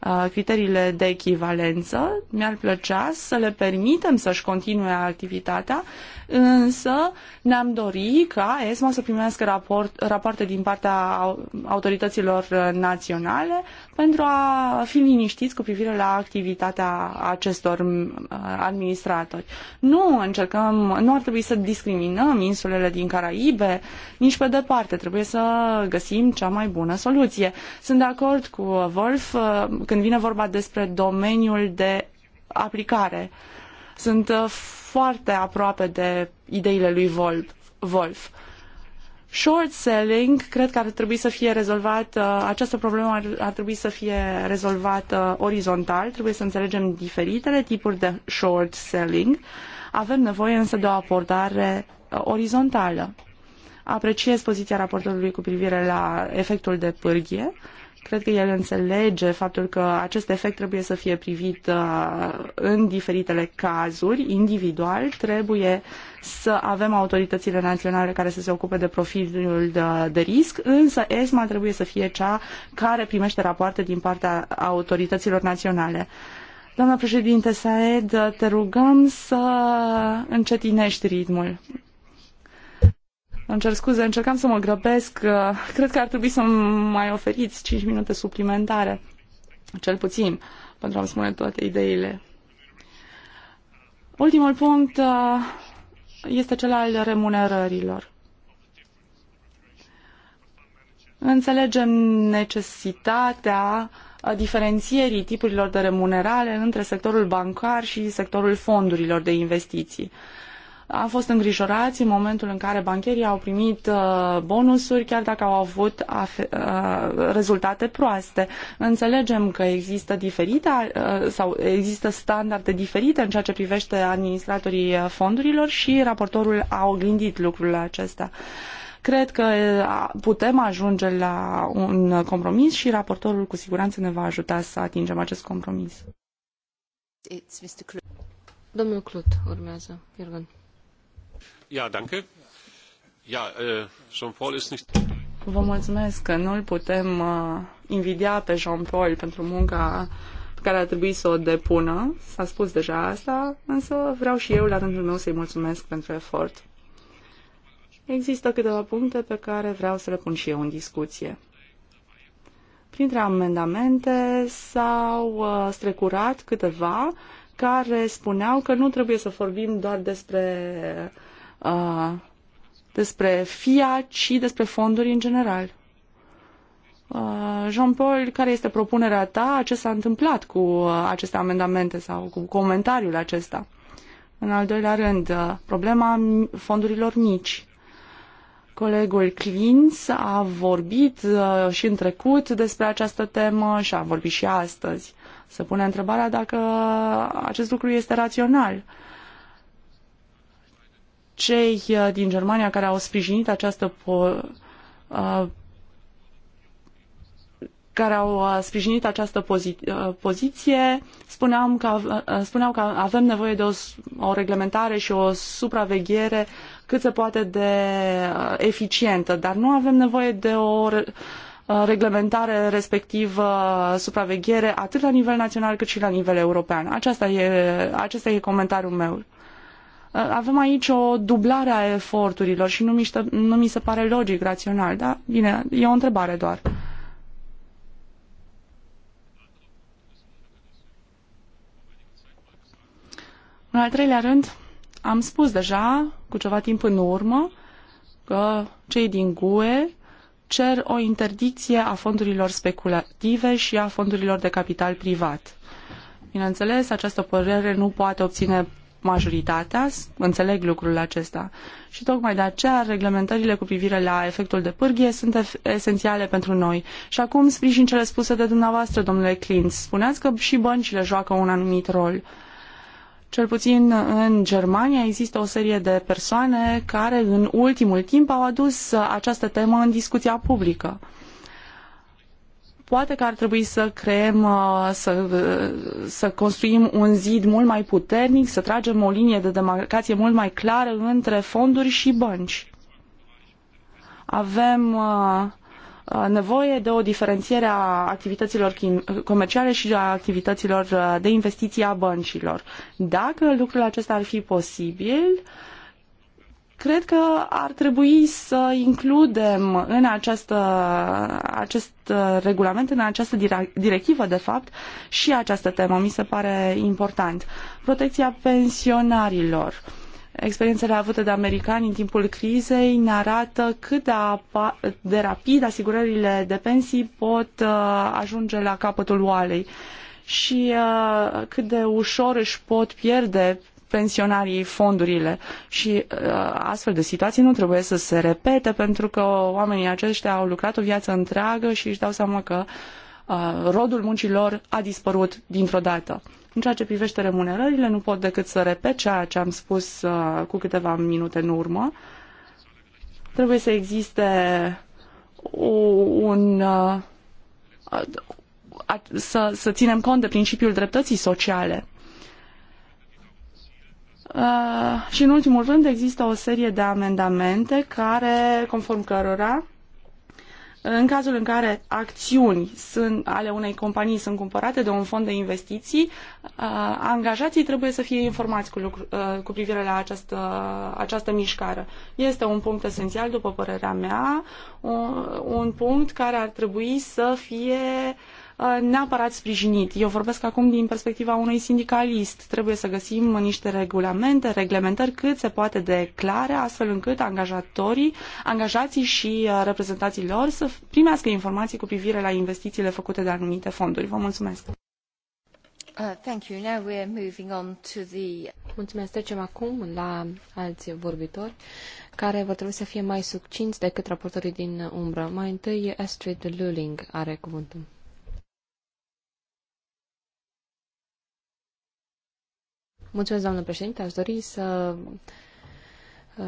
Speaker 4: uh, criteriile de echivalență, mi-ar plăcea să le permitem să-și continue activitatea, însă ne-am dori ca ESMA să primească raport, rapoarte din partea autorităților naționale pentru a fi liniștiți cu privire la activitatea acestor uh, administratori. Nu încercăm, nu ar trebui să discriminăm insulele din Caraibe, nici pe departe. Trebuie să găsim cea mai bună soluție. Sunt de acord cu Wolf uh, când vine vorba despre domeniul de aplicare. Sunt uh, foarte aproape de ideile lui Wolf short selling, cred că ar trebui să fie rezolvat uh, această problemă ar, ar trebui să fie rezolvată orizontal, trebuie să înțelegem diferitele tipuri de short selling. Avem nevoie însă de o abordare uh, orizontală. Apreciez poziția raportorului cu privire la efectul de pârghie. Cred că el înțelege faptul că acest efect trebuie să fie privit uh, în diferitele cazuri, individual, trebuie uh, să avem autoritățile naționale care să se ocupe de profilul de, de risc, însă ESMA trebuie să fie cea care primește rapoarte din partea autorităților naționale. Doamna președinte Saed, te rugăm să încetinești ritmul. Îmi cer scuze, încercam să mă grăbesc. Cred că ar trebui să mai oferiți 5 minute suplimentare, cel puțin, pentru a-mi spune toate ideile. Ultimul punct este cel al remunerărilor. Înțelegem necesitatea diferențierii tipurilor de remunerare între sectorul bancar și sectorul fondurilor de investiții a fost îngrijorați în momentul în care bancherii au primit uh, bonusuri, chiar dacă au avut uh, rezultate proaste. Înțelegem că există diferite uh, sau există standarde diferite în ceea ce privește administratorii fondurilor și raportorul a oglindit lucrurile acesta. Cred că putem ajunge la un compromis și raportorul cu siguranță ne va ajuta să atingem acest compromis.
Speaker 3: Domnul Clut urmează,
Speaker 4: Äh, Vă mulțumesc că nu îl putem uh, invidia pe Jean-Paul pentru munca pe care a trebuit să o depună. S-a spus deja asta, însă vreau și eu la rândul meu să-i mulțumesc pentru efort. Există câteva puncte pe care vreau să le pun și eu în discuție. Printre amendamente s-au uh, strecurat câteva care spuneau că nu trebuie să vorbim doar despre despre FIA, ci despre fonduri în general. Uh, Jean-Paul, care este propunerea ta? Ce s-a întâmplat cu uh, aceste amendamente sau cu comentariul acesta? În al doilea rând, uh, problema fondurilor mici. Colegul Clins a vorbit și în trecut despre această temă și a vorbit și astăzi. Se pune întrebarea dacă acest lucru este rațional. Uh, cei uh, din Germania care au sprijinit această uh, care au uh, sprijinit această pozi- poziție spuneam că, spuneau că avem nevoie de o, o reglementare și o supraveghere cât se poate de eficientă, dar nu avem nevoie de o reglementare respectiv supraveghere atât la nivel național cât și la nivel european. Aceasta e, acesta e comentariul meu. Uh, avem aici o dublare a eforturilor și nu mi, ștă, nu mi se pare logic, rațional, dar bine, e o întrebare doar. În al treilea rând, am spus deja, cu ceva timp în urmă, că cei din GUE cer o interdicție a fondurilor speculative și a fondurilor de capital privat. Bineînțeles, această părere nu poate obține majoritatea, înțeleg lucrul acesta. Și tocmai de aceea reglementările cu privire la efectul de pârghie sunt esențiale pentru noi. Și acum sprijin cele spuse de dumneavoastră, domnule Clint. Spuneați că și băncile joacă un anumit rol. Cel puțin în Germania există o serie de persoane care în ultimul timp au adus această temă în discuția publică. Poate că ar trebui să creăm, uh, să, uh, să construim un zid mult mai puternic, să tragem o linie de demarcație mult mai clară între fonduri și bănci. Avem uh, nevoie de o diferențiere a activităților comerciale și a activităților de investiții a băncilor. Dacă lucrul acesta ar fi posibil, uh, Cred că ar trebui să includem în această, acest uh, regulament, în această directivă, de fapt, și această temă. Mi se pare important. Protecția pensionarilor. Experiențele avute de americani în timpul crizei ne arată cât de, apa, de rapid asigurările de pensii pot uh, ajunge la capătul oalei și uh, cât de ușor își pot pierde pensionarii fondurile și uh, astfel de situații nu trebuie să se repete pentru că oamenii aceștia au lucrat o viață întreagă și își dau seama că uh, rodul muncilor a dispărut dintr-o dată. În ceea ce privește remunerările, nu pot decât să repet ceea ce am spus uh, cu câteva minute în urmă. Trebuie să existe un, să, să ținem cont de principiul dreptății sociale. Uh, și în ultimul rând există o serie de amendamente care, conform cărora, în cazul în care acțiuni sunt, ale unei companii sunt cumpărate de un fond de investiții, uh, angajații trebuie să fie informați cu, lucru, uh, cu privire la această, această mișcare. Este un punct esențial, după părerea mea, un, un punct care ar trebui să fie uh, Uh, neapărat sprijinit. Eu vorbesc acum din perspectiva unui sindicalist. Trebuie să găsim niște regulamente, reglementări cât se poate de clare, astfel încât angajatorii, angajații și uh, reprezentanții lor să primească informații cu privire la investițiile făcute de anumite fonduri. Vă mulțumesc!
Speaker 1: Uh, thank you. Now we're
Speaker 3: moving on to the... Mulțumesc. Trecem acum la alți vorbitori care vor trebui să fie mai succinți decât raportorii din umbră. Mai întâi Astrid Luling are cuvântul. Mulțumesc, doamnă președinte. Aș dori să uh,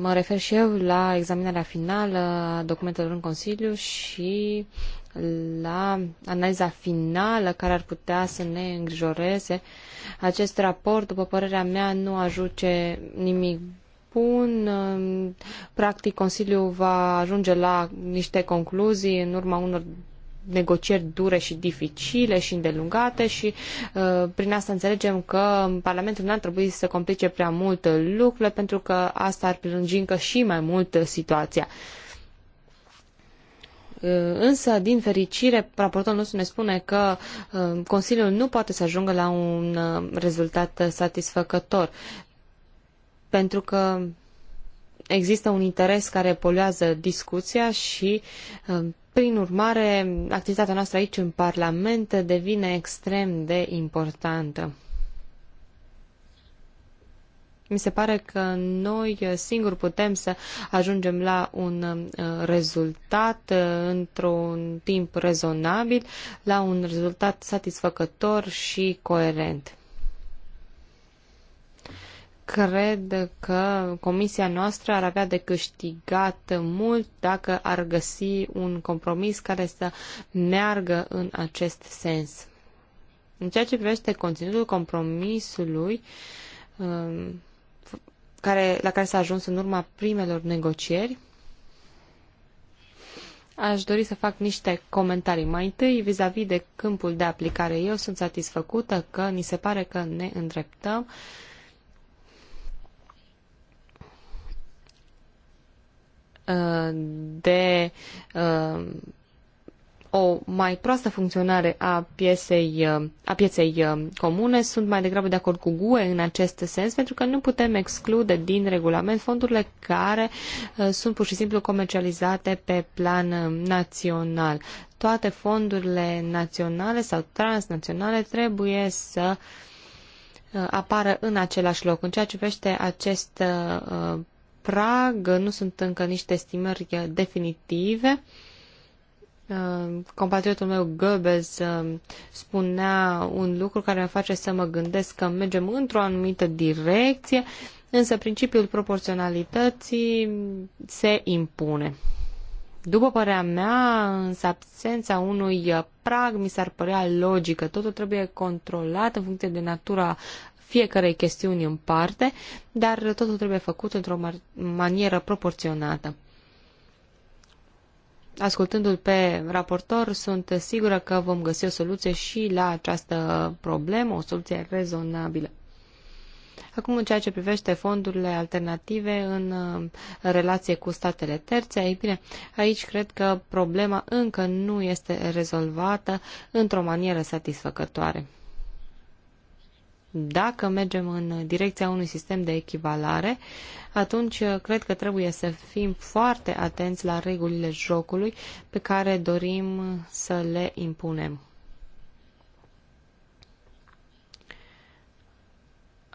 Speaker 3: mă refer și eu la examinarea finală a documentelor în Consiliu și la analiza finală care ar putea să ne îngrijoreze. Acest raport, după părerea mea, nu ajuce nimic bun. Practic, Consiliul va ajunge la niște concluzii în urma unor negocieri dure și dificile și îndelungate și uh, prin asta înțelegem că Parlamentul nu ar trebui să complice prea mult lucrurile pentru că asta ar prelungi încă și mai mult situația. Uh, însă, din fericire, raportorul nostru ne spune că uh, Consiliul nu poate să ajungă la un rezultat satisfăcător, pentru că există un interes care poluează discuția și prin urmare, activitatea noastră aici în Parlament devine extrem de importantă. Mi se pare că noi singuri putem să ajungem la un uh, rezultat uh, într-un timp rezonabil, la un rezultat satisfăcător și coerent cred că comisia noastră ar avea de câștigat mult dacă ar găsi un compromis care să meargă în acest sens. În ceea ce privește conținutul compromisului um, care, la care s-a ajuns în urma primelor negocieri, aș dori să fac niște comentarii. Mai întâi, vis-a-vis -vis de câmpul de aplicare, eu sunt satisfăcută că ni se pare că ne îndreptăm uh, de uh, o mai proastă funcționare a, piesei, uh, a pieței uh, comune. Sunt mai degrabă de acord cu GUE în acest sens, pentru că nu putem exclude din regulament fondurile care sunt pur și simplu comercializate pe plan național. Toate fondurile naționale sau transnaționale trebuie să apară în același loc. În ceea ce privește acest prag, nu sunt încă niște estimări definitive. Uh, compatriotul meu Goebbels uh, spunea un lucru care mă face să mă gândesc că mergem într-o anumită direcție, însă principiul proporționalității se impune. După părerea mea, însă absența unui prag mi s-ar părea logică. Totul trebuie controlat în funcție de natura fiecarei chestiuni în parte, dar totul trebuie făcut într-o manieră proporționată. Ascultându-l pe raportor, sunt sigură că vom găsi o soluție și la această problemă, o soluție rezonabilă. Acum, în ceea ce privește fondurile alternative în uh, relație cu statele terțe, ei bine, aici cred că problema încă nu este rezolvată într-o manieră satisfăcătoare. Dacă mergem în direcția unui sistem de echivalare, atunci uh, cred că trebuie să fim foarte atenți la regulile jocului pe care dorim să le impunem.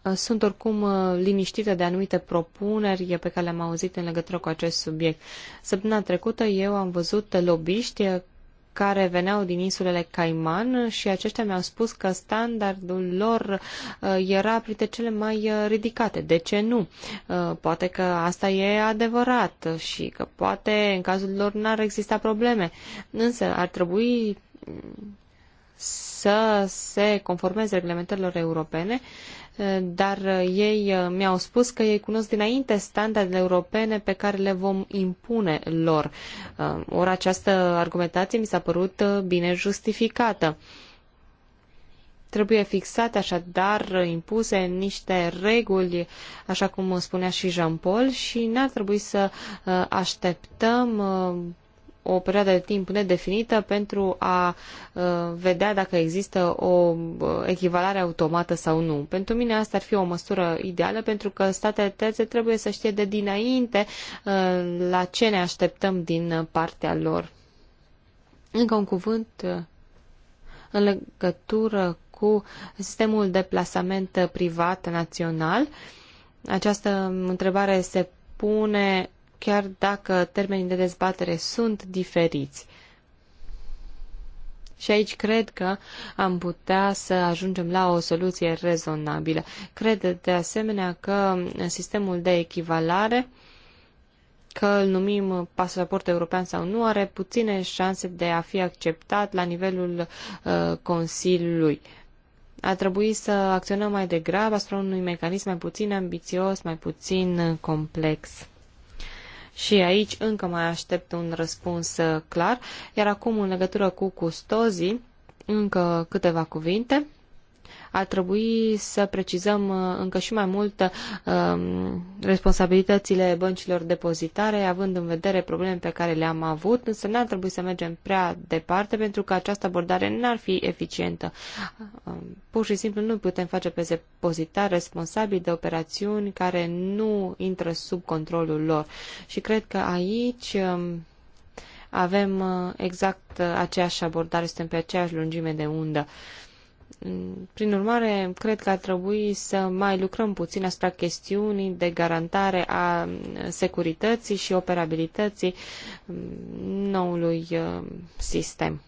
Speaker 3: Uh, sunt oricum uh, liniștită de anumite propuneri pe care le-am auzit în legătură cu acest subiect. Săptămâna trecută eu am văzut lobiști care veneau din insulele Caiman și aceștia mi-au spus că standardul lor uh, era printre cele mai uh, ridicate. De ce nu? Uh, poate că asta e adevărat și că poate în cazul lor n-ar exista probleme. Însă ar trebui mm, să se conformeze reglementărilor europene uh, dar uh, ei uh, mi-au spus că ei cunosc dinainte standardele europene pe care le vom impune lor. Uh, ori această argumentație mi s-a părut bine justificată. Trebuie fixate așadar impuse niște reguli, așa cum spunea și Jean-Paul, și n-ar trebui să așteptăm o perioadă de timp nedefinită pentru a uh, vedea dacă există o uh, echivalare automată sau nu. Pentru mine asta ar fi o măsură ideală pentru că statele terțe trebuie să știe de dinainte uh, la ce ne așteptăm din partea lor. Încă un cuvânt uh, în legătură cu sistemul de plasament privat național. Această întrebare se pune chiar dacă termenii de dezbatere sunt diferiți. Și aici cred că am putea să ajungem la o soluție rezonabilă. Cred de asemenea că sistemul de echivalare că îl numim pasaport european sau nu, are puține șanse de a fi acceptat la nivelul uh, Consiliului. A trebui să acționăm mai degrabă asupra unui mecanism mai puțin ambițios, mai puțin complex. Și aici încă mai aștept un răspuns uh, clar. Iar acum, în legătură cu custozii, încă câteva cuvinte. Ar trebui să precizăm uh, încă și mai mult uh, um, responsabilitățile băncilor depozitare, având în vedere probleme pe care le-am avut, însă n-ar trebui să mergem prea departe, pentru că această abordare n-ar fi eficientă. Uh, um, pur și simplu nu putem face pe depozitar responsabili de operațiuni care nu intră sub controlul lor. Și cred că aici um, avem exact aceeași abordare, suntem pe aceeași lungime de undă. Prin urmare, cred că ar trebui să mai lucrăm puțin asupra chestiunii de garantare a securității și operabilității mm, noului uh, sistem.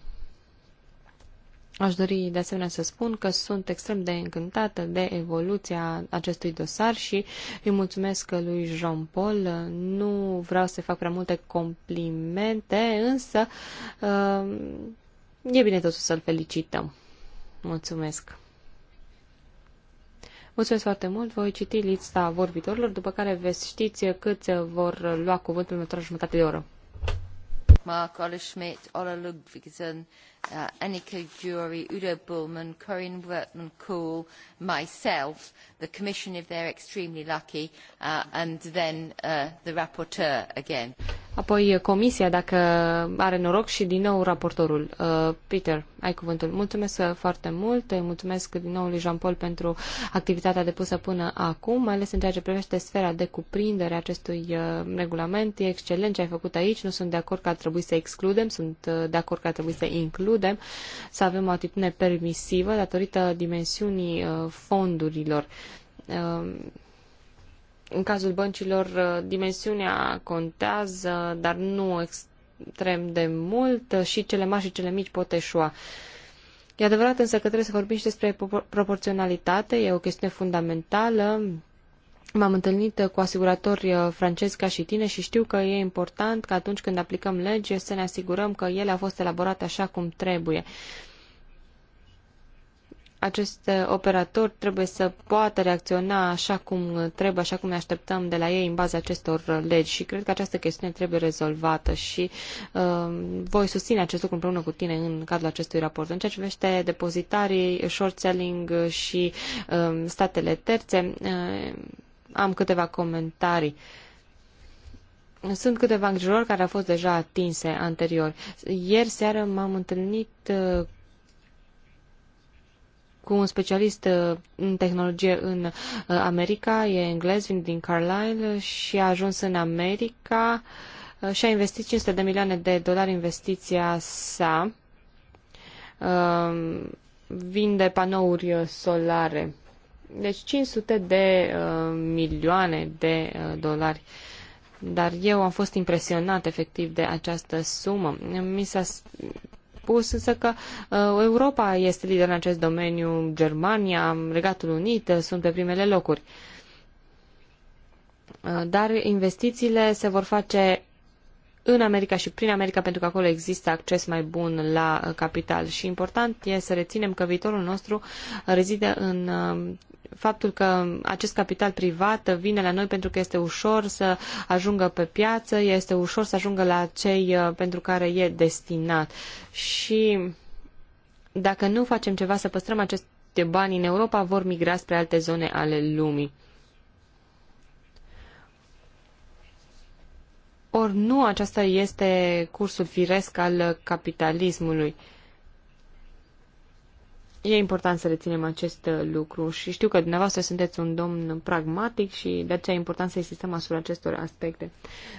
Speaker 3: Aș dori de asemenea să spun că sunt extrem de încântată de evoluția acestui dosar și îi mulțumesc lui Jean-Paul. Nu vreau să fac prea multe complimente, însă uh, e bine totuși să-l felicităm. Mulțumesc. Mulțumesc foarte mult. Voi citi lista vorbitorilor, după care veți știți câți vor lua cuvântul în următoarea jumătate de oră.
Speaker 1: Mark Schmidt, Ola Uh, Annika Jury, Udo Bullmann, corien wortmann kool myself, the Commission if are extremely lucky, uh, and then uh, the rapporteur again.
Speaker 3: Apoi uh, Comisia, dacă are noroc, și din nou raportorul. Uh, Peter, ai cuvântul. Mulțumesc uh, foarte mult, mulțumesc din nou lui Jean-Paul pentru activitatea depusă până acum, mai ales în ceea ce privește sfera de cuprindere a acestui uh, regulament. E excelent ce ai făcut aici, nu sunt de acord că ar trebui să excludem, sunt de acord că ar trebui să includem includem, să avem o atitudine permisivă datorită dimensiunii uh, fondurilor. Uh, în cazul băncilor, uh, dimensiunea contează, dar nu extrem de mult și cele mari și cele mici pot eșua. E adevărat însă că trebuie să vorbim și despre proporționalitate, e o chestiune fundamentală M-am întâlnit cu asiguratori uh, francezi ca și tine și știu că e important că atunci când aplicăm lege să ne asigurăm că ele au fost elaborate așa cum trebuie. Acest uh, operator trebuie să poată reacționa așa cum trebuie, așa cum ne așteptăm de la ei în baza acestor uh, legi și cred că această chestiune trebuie rezolvată și uh, voi susține acest lucru împreună cu tine în cadrul acestui raport. În ceea ce privește depozitarii, short selling și uh, statele terțe, uh, am câteva comentarii. Sunt câteva îngrijorări care au fost deja atinse anterior. Ieri seară m-am întâlnit uh, cu un specialist uh, în tehnologie în uh, America, e englez, vine din Carlisle și a ajuns în America și a investit 500 de milioane de dolari investiția sa. Vinde panouri solare. Deci 500 de uh, milioane de uh, dolari. Dar eu am fost impresionat efectiv de această sumă. Mi s-a spus însă că uh, Europa este lider în acest domeniu, Germania, Regatul Unit uh, sunt pe primele locuri. Uh, dar investițiile se vor face în America și prin America, pentru că acolo există acces mai bun la uh, capital. Și important e să reținem că viitorul nostru rezide în faptul că acest capital privat vine la noi pentru că este ușor să ajungă pe piață, este ușor să ajungă la cei uh, pentru care e destinat. Și dacă nu facem ceva să păstrăm aceste bani în Europa, vor migra spre alte zone ale lumii. Ori nu, aceasta este cursul firesc al capitalismului. E important să reținem acest uh, lucru și știu că dumneavoastră sunteți un domn pragmatic și de aceea e important să insistăm asupra acestor aspecte.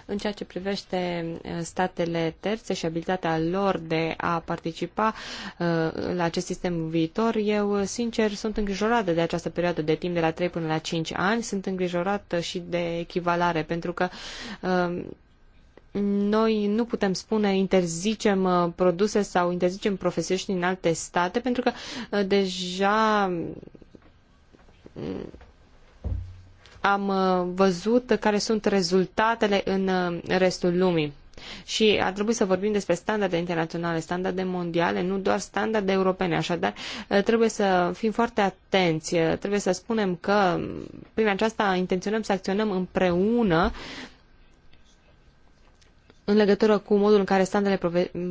Speaker 3: În ceea ce privește uh, statele terțe și abilitatea lor de a participa uh, la acest sistem viitor, eu sincer sunt îngrijorată de această perioadă de timp de la 3 până la 5 ani, sunt îngrijorată și de echivalare pentru că noi nu putem spune interzicem uh, produse sau interzicem profesiști din alte state, pentru că uh, deja mm, am uh, văzut care sunt rezultatele în restul lumii. Și ar trebui să vorbim despre standarde internaționale, standarde mondiale, nu doar standarde europene. Așadar, trebuie să fim foarte atenți, trebuie să spunem că mm, prin aceasta intenționăm să acționăm împreună uh, în legătură cu modul în care standele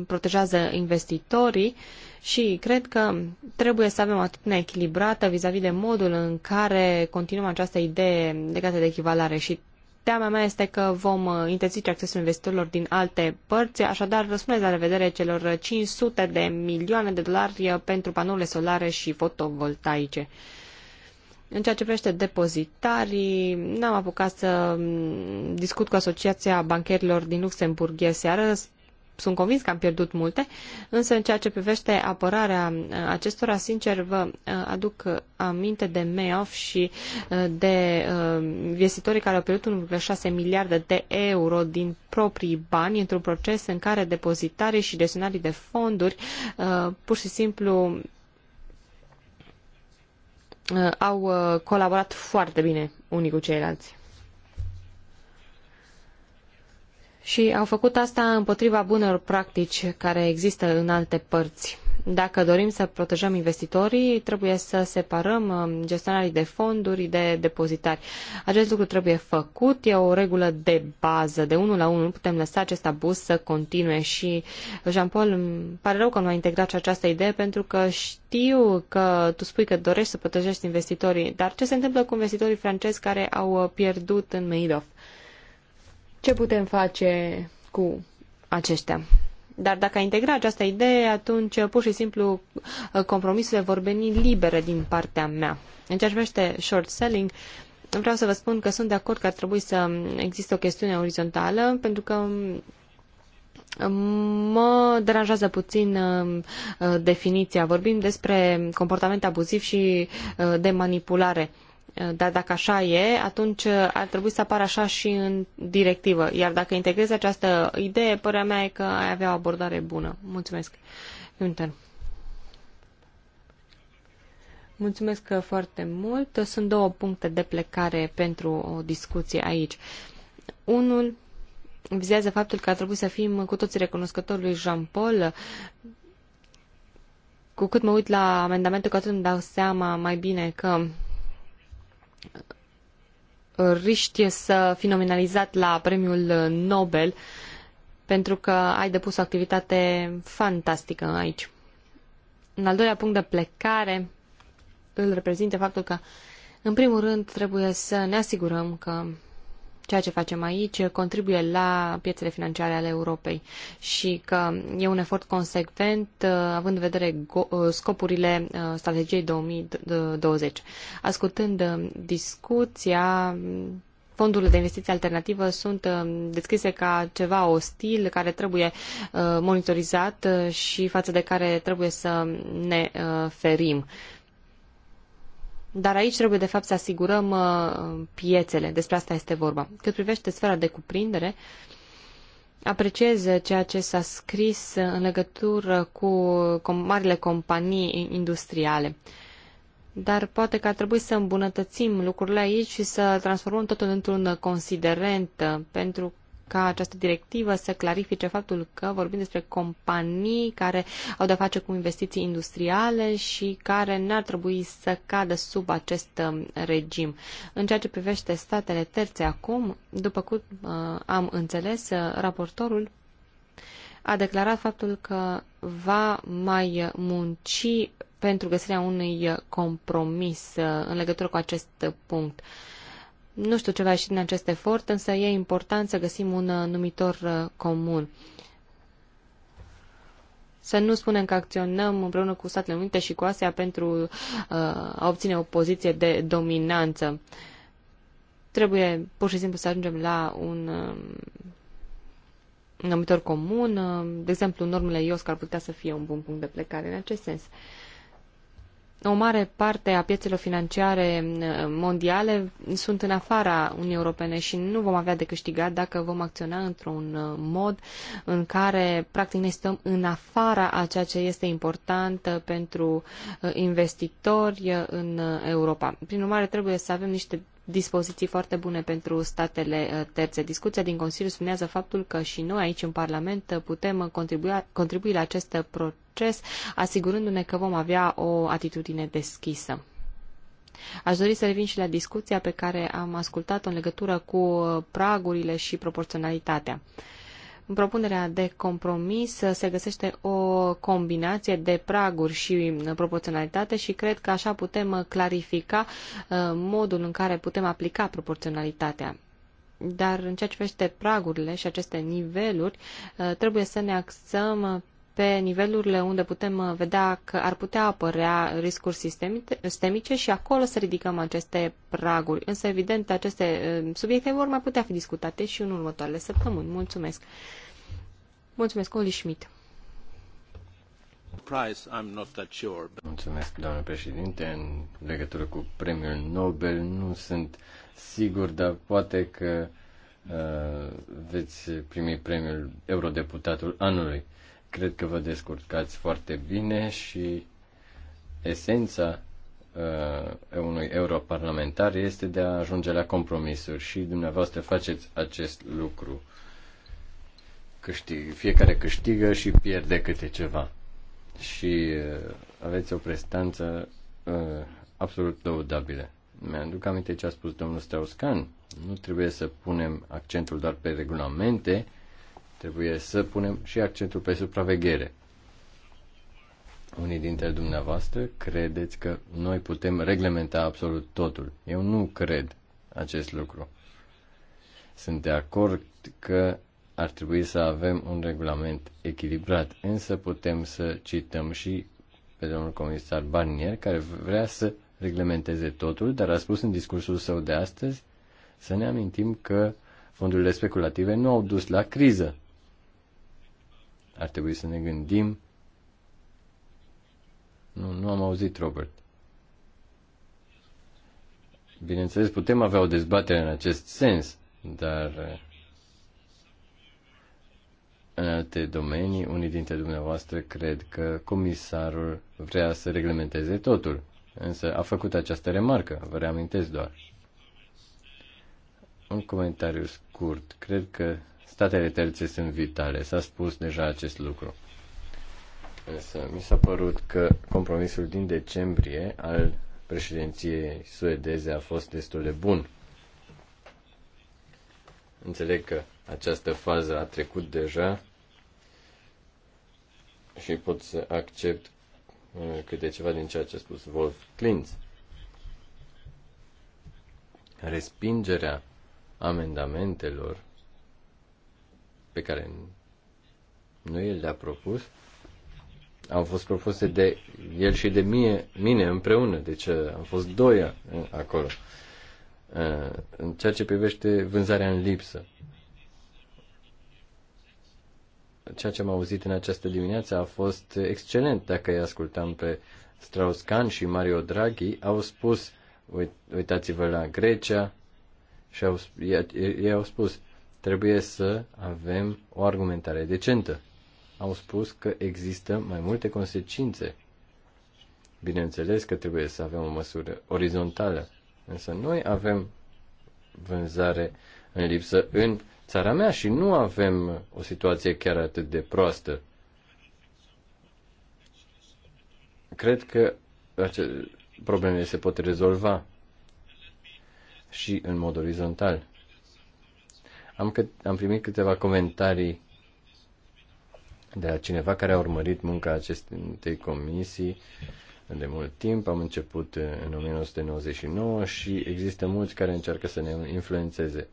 Speaker 3: protejează investitorii și cred că trebuie să avem o atitudine echilibrată vis-a-vis -vis de modul în care continuăm această idee legată de echivalare și Teama mea este că vom uh, interzice accesul investitorilor din alte părți, așadar răspundeți la revedere celor 500 de milioane de dolari uh, pentru panourile solare și fotovoltaice. În ceea ce privește depozitarii, n-am apucat să mm, discut cu Asociația Bancherilor din Luxemburg ieri seară. Sunt convins că am pierdut multe, însă în ceea ce privește apărarea uh, acestora, sincer, vă uh, aduc aminte de Mayoff și uh, de investitorii care au pierdut 1,6 miliarde de euro din proprii bani într-un proces în care depozitarii și gestionarii de fonduri pur și simplu Uh, au uh, colaborat foarte bine unii cu ceilalți. Și au făcut asta împotriva bunelor practici care există în alte părți. Dacă dorim să protejăm investitorii, trebuie să separăm um, gestionarii de fonduri de depozitari. Acest lucru trebuie făcut, e o regulă de bază, de unul la unul. Nu putem lăsa acest abuz să continue și, Jean-Paul, îmi pare rău că nu a integrat și această idee pentru că știu că tu spui că dorești să protejești investitorii, dar ce se întâmplă cu investitorii francezi care au uh, pierdut în Madoff? Ce putem face cu aceștia? Dar dacă a integra această idee, atunci pur și simplu compromisurile vor veni libere din partea mea. În ceea ce privește short selling, vreau să vă spun că sunt de acord că ar trebui să existe o chestiune orizontală, pentru că Mă deranjează puțin uh, definiția. Vorbim despre comportament abuziv și uh, de manipulare. Eh, dar dacă așa e, atunci eh, ar trebui să apară așa și în directivă. Iar dacă integrezi această idee, părerea mea e că ai avea o abordare bună. Mulțumesc, Günther. Mulțumesc eh, foarte mult. Sunt două puncte de plecare pentru o discuție aici. Unul vizează faptul că ar trebui să fim cu toții recunoscători lui Jean-Paul cu cât mă uit la amendamente, cu atât îmi dau seama mai bine că riști să fii nominalizat la premiul Nobel pentru că ai depus o activitate fantastică aici. Un al doilea punct de plecare îl reprezintă faptul că, în primul rând, trebuie să ne asigurăm că ceea ce facem aici contribuie la piețele financiare ale Europei și că e un efort consecvent uh, având în vedere uh, scopurile uh, strategiei 2020. Ascultând discuția, fondurile de investiție alternativă sunt descrise ca ceva ostil care trebuie monitorizat și față de care trebuie să ne ferim. Dar aici trebuie, de fapt, să asigurăm uh, piețele. Despre asta este vorba. Cât privește sfera de cuprindere, apreciez ceea ce s-a scris în legătură cu marile companii industriale. Dar poate că ar trebui să îmbunătățim lucrurile aici și să transformăm totul într-un considerent, uh, pentru ca această directivă să clarifice faptul că vorbim despre companii care au de-a face cu investiții industriale și care n-ar trebui să cadă sub acest um, regim. În ceea ce privește statele terțe acum, după cum uh, am înțeles, uh, raportorul a declarat faptul că va mai munci pentru găsirea unui uh, compromis în legătură cu acest punct. Nu știu ce va ieși din acest efort, însă e important să găsim un uh, numitor uh, comun. Să nu spunem că acționăm împreună cu Statele Unite și cu Asia pentru uh, a obține o poziție de dominanță. Trebuie pur și simplu să ajungem la un um, numitor comun. De exemplu, normele IOSC ar putea să fie un bun punct de plecare în acest sens o mare parte a piețelor financiare uh, mondiale sunt în afara Uniunii Europene și nu vom avea de câștigat dacă vom acționa într-un uh, mod în care, practic, ne stăm în afara a ceea ce este important uh, pentru investitori în Europa. Prin urmare, trebuie să avem niște dispoziții foarte bune pentru statele uh, terțe. Discuția din Consiliu subliniază faptul că și noi aici în Parlament uh, putem contribui, contribui la acest proces, asigurându-ne că vom avea o atitudine deschisă. Aș dori să revin și la discuția pe care am ascultat-o în legătură cu uh, pragurile și proporționalitatea. Uh, în propunerea de compromis uh, se găsește o combinație de praguri și uh, proporționalitate și cred că așa putem uh, clarifica modul în care putem aplica proporționalitatea dar în ceea ce privește pragurile și aceste niveluri, trebuie să ne axăm pe nivelurile unde putem uh, vedea că ar putea apărea riscuri sistemice și acolo să ridicăm aceste praguri. Însă, evident, aceste uh, subiecte vor mai putea fi discutate și în următoarele săptămâni. Mulțumesc! Mulțumesc, Oli Schmidt!
Speaker 2: Mulțumesc, doamnă președinte. În legătură cu premiul Nobel nu sunt sigur, dar poate că uh, veți primi premiul eurodeputatul anului. Cred că vă descurcați foarte bine și esența uh, unui europarlamentar este de a ajunge la compromisuri și dumneavoastră faceți acest lucru. Câștig, fiecare câștigă și pierde câte ceva. Și uh, aveți o prestanță uh, absolut lăudabilă. Mi-aduc aminte ce a spus domnul Strauscan. Nu trebuie să punem accentul doar pe regulamente, uh, Trebuie să punem și accentul pe supraveghere. Unii dintre dumneavoastră credeți că noi putem reglementa absolut totul. Eu nu cred acest lucru. Sunt de acord că ar trebui să avem un regulament echilibrat, însă putem să cităm și pe domnul comisar Barnier, care vrea să reglementeze totul, dar a spus în discursul său de astăzi să ne amintim că fondurile speculative nu au dus la criză. Ar trebui să ne gândim. Nu, nu am auzit, Robert. Bineînțeles, putem avea o dezbatere în acest sens, dar eh, în alte domenii, unii dintre dumneavoastră cred că comisarul vrea să reglementeze totul. Însă a făcut această remarcă, vă reamintesc doar. Un comentariu scurt. Cred că Statele terțe sunt vitale, s-a spus deja acest lucru. Însă mi s-a părut că compromisul din decembrie al președinției suedeze a fost destul de bun. Înțeleg că această fază a trecut deja și pot să accept uh, câte ceva din ceea ce a spus Wolf Klintz. Respingerea amendamentelor pe care nu el le-a propus, au fost propuse de el și de mie, mine împreună, deci uh, am fost doi uh, acolo. Uh, în ceea ce privește vânzarea în lipsă. Ceea ce am auzit în această dimineață a fost excelent. Dacă îi ascultam pe Strauss-Kahn și Mario Draghi, au spus, uitați-vă la Grecia, și au, ei, ei au spus, trebuie să avem o argumentare decentă. Au spus că există mai multe consecințe. Bineînțeles că trebuie să avem o măsură orizontală, însă noi avem vânzare în lipsă în țara mea și nu avem o situație chiar atât de proastă. Cred că probleme se pot rezolva și în mod orizontal. Am, cât, am primit câteva comentarii de la cineva care a urmărit munca acestei comisii de mult timp. Am început în 1999 și există mulți care încearcă să ne influențeze.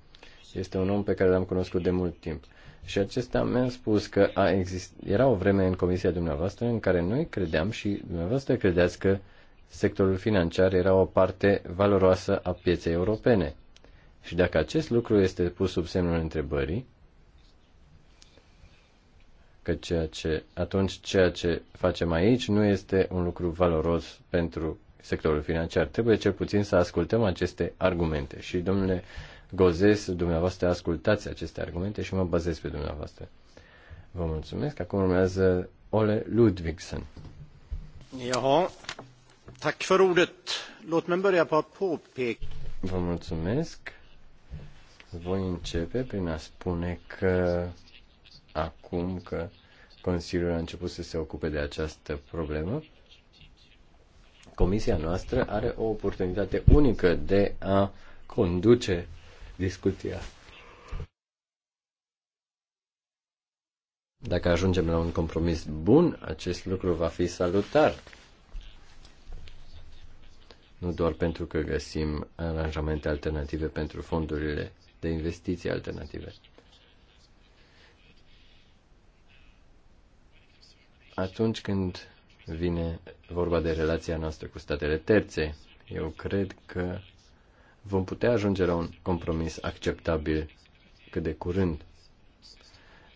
Speaker 2: Este un om pe care l-am cunoscut de mult timp. Și acesta mi-a spus că a exist... era o vreme în comisia dumneavoastră în care noi credeam și dumneavoastră credeați că sectorul financiar era o parte valoroasă a pieței europene. Și dacă acest lucru este pus sub semnul întrebării, că ceea ce, atunci ceea ce facem aici nu este un lucru valoros pentru sectorul financiar. Trebuie cel puțin să ascultăm aceste argumente. Și, domnule Gozes, dumneavoastră ascultați aceste argumente și mă bazez pe dumneavoastră. Vă mulțumesc. Acum urmează Ole Ludvigsen. Jaha, tack för ordet. Låt mig börja på att påpeka... Vă mulțumesc. Voi începe prin a spune că acum că Consiliul a început să se ocupe de această problemă, Comisia noastră are o oportunitate unică de a conduce discuția. Dacă ajungem la un compromis bun, acest lucru va fi salutar. Nu doar pentru că găsim aranjamente alternative pentru fondurile de investiții alternative. Atunci când vine vorba de relația noastră cu statele terțe, eu cred că vom putea ajunge la un compromis acceptabil cât de curând.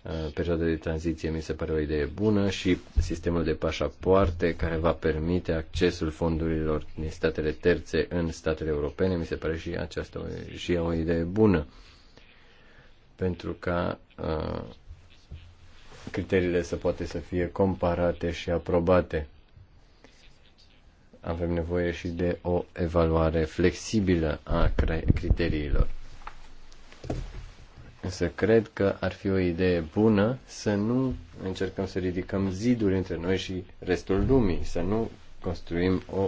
Speaker 2: Uh, perioada de tranziție mi se pare o idee bună și sistemul de pașapoarte care va permite accesul fondurilor din statele terțe în statele europene mi se pare și aceasta și o idee bună pentru ca uh, criteriile să poate să fie comparate și aprobate. Avem nevoie și de o evaluare flexibilă a criteriilor. Însă cred că ar fi o idee bună să nu încercăm să ridicăm ziduri între noi și restul lumii, să nu construim o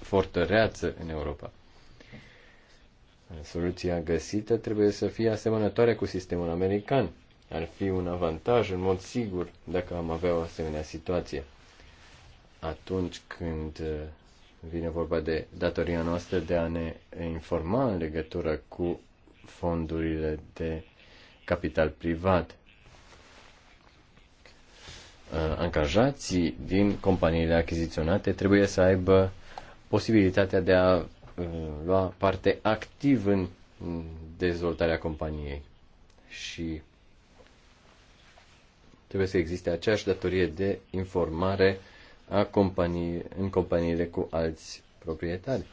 Speaker 2: fortăreață în Europa. Soluția găsită trebuie să fie asemănătoare cu sistemul american. Ar fi un avantaj, în mod sigur, dacă am avea o asemenea situație. Atunci când uh, vine vorba de datoria noastră de a ne informa în legătură cu fondurile de capital privat. Uh, angajații din companiile achiziționate trebuie să aibă posibilitatea de a uh, lua parte activ în dezvoltarea companiei și trebuie să existe aceeași datorie de informare a companii, în companiile cu alți proprietari.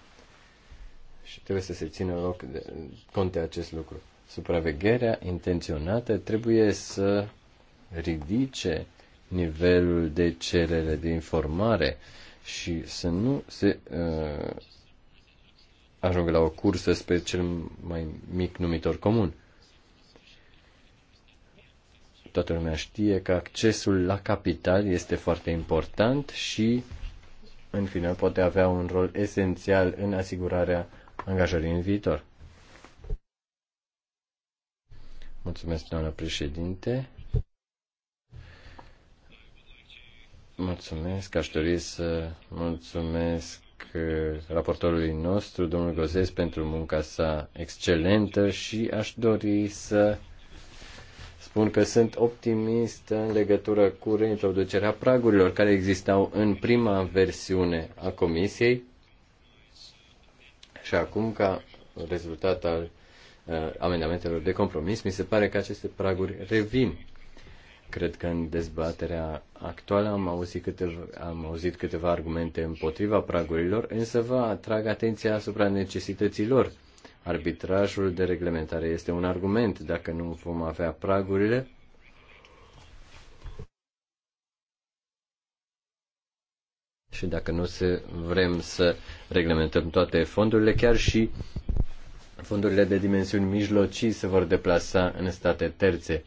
Speaker 2: Și trebuie să se țină loc de, cont de acest lucru. Supravegherea intenționată trebuie să ridice nivelul de cerere de informare și să nu se uh, ajungă la o cursă spre cel mai mic numitor comun. Toată lumea știe că accesul la capital este foarte important și, în final, poate avea un rol esențial în asigurarea angajării în viitor. Mulțumesc, doamnă președinte. Mulțumesc, aș dori să mulțumesc uh, raportorului nostru, domnul Gozes, pentru munca sa excelentă și aș dori să spun că sunt optimist în legătură cu reintroducerea pragurilor care existau în prima versiune a comisiei și acum ca rezultat al Uh, amendamentelor de compromis, mi se pare că aceste praguri revin. Cred că în dezbaterea actuală am auzit câteva, am auzit câteva argumente împotriva pragurilor, însă vă atrag atenția asupra necesităților. Arbitrajul de reglementare este un argument. Dacă nu vom avea pragurile, și dacă nu se vrem să reglementăm toate fondurile, chiar și fondurile de dimensiuni mijlocii se vor deplasa în state terțe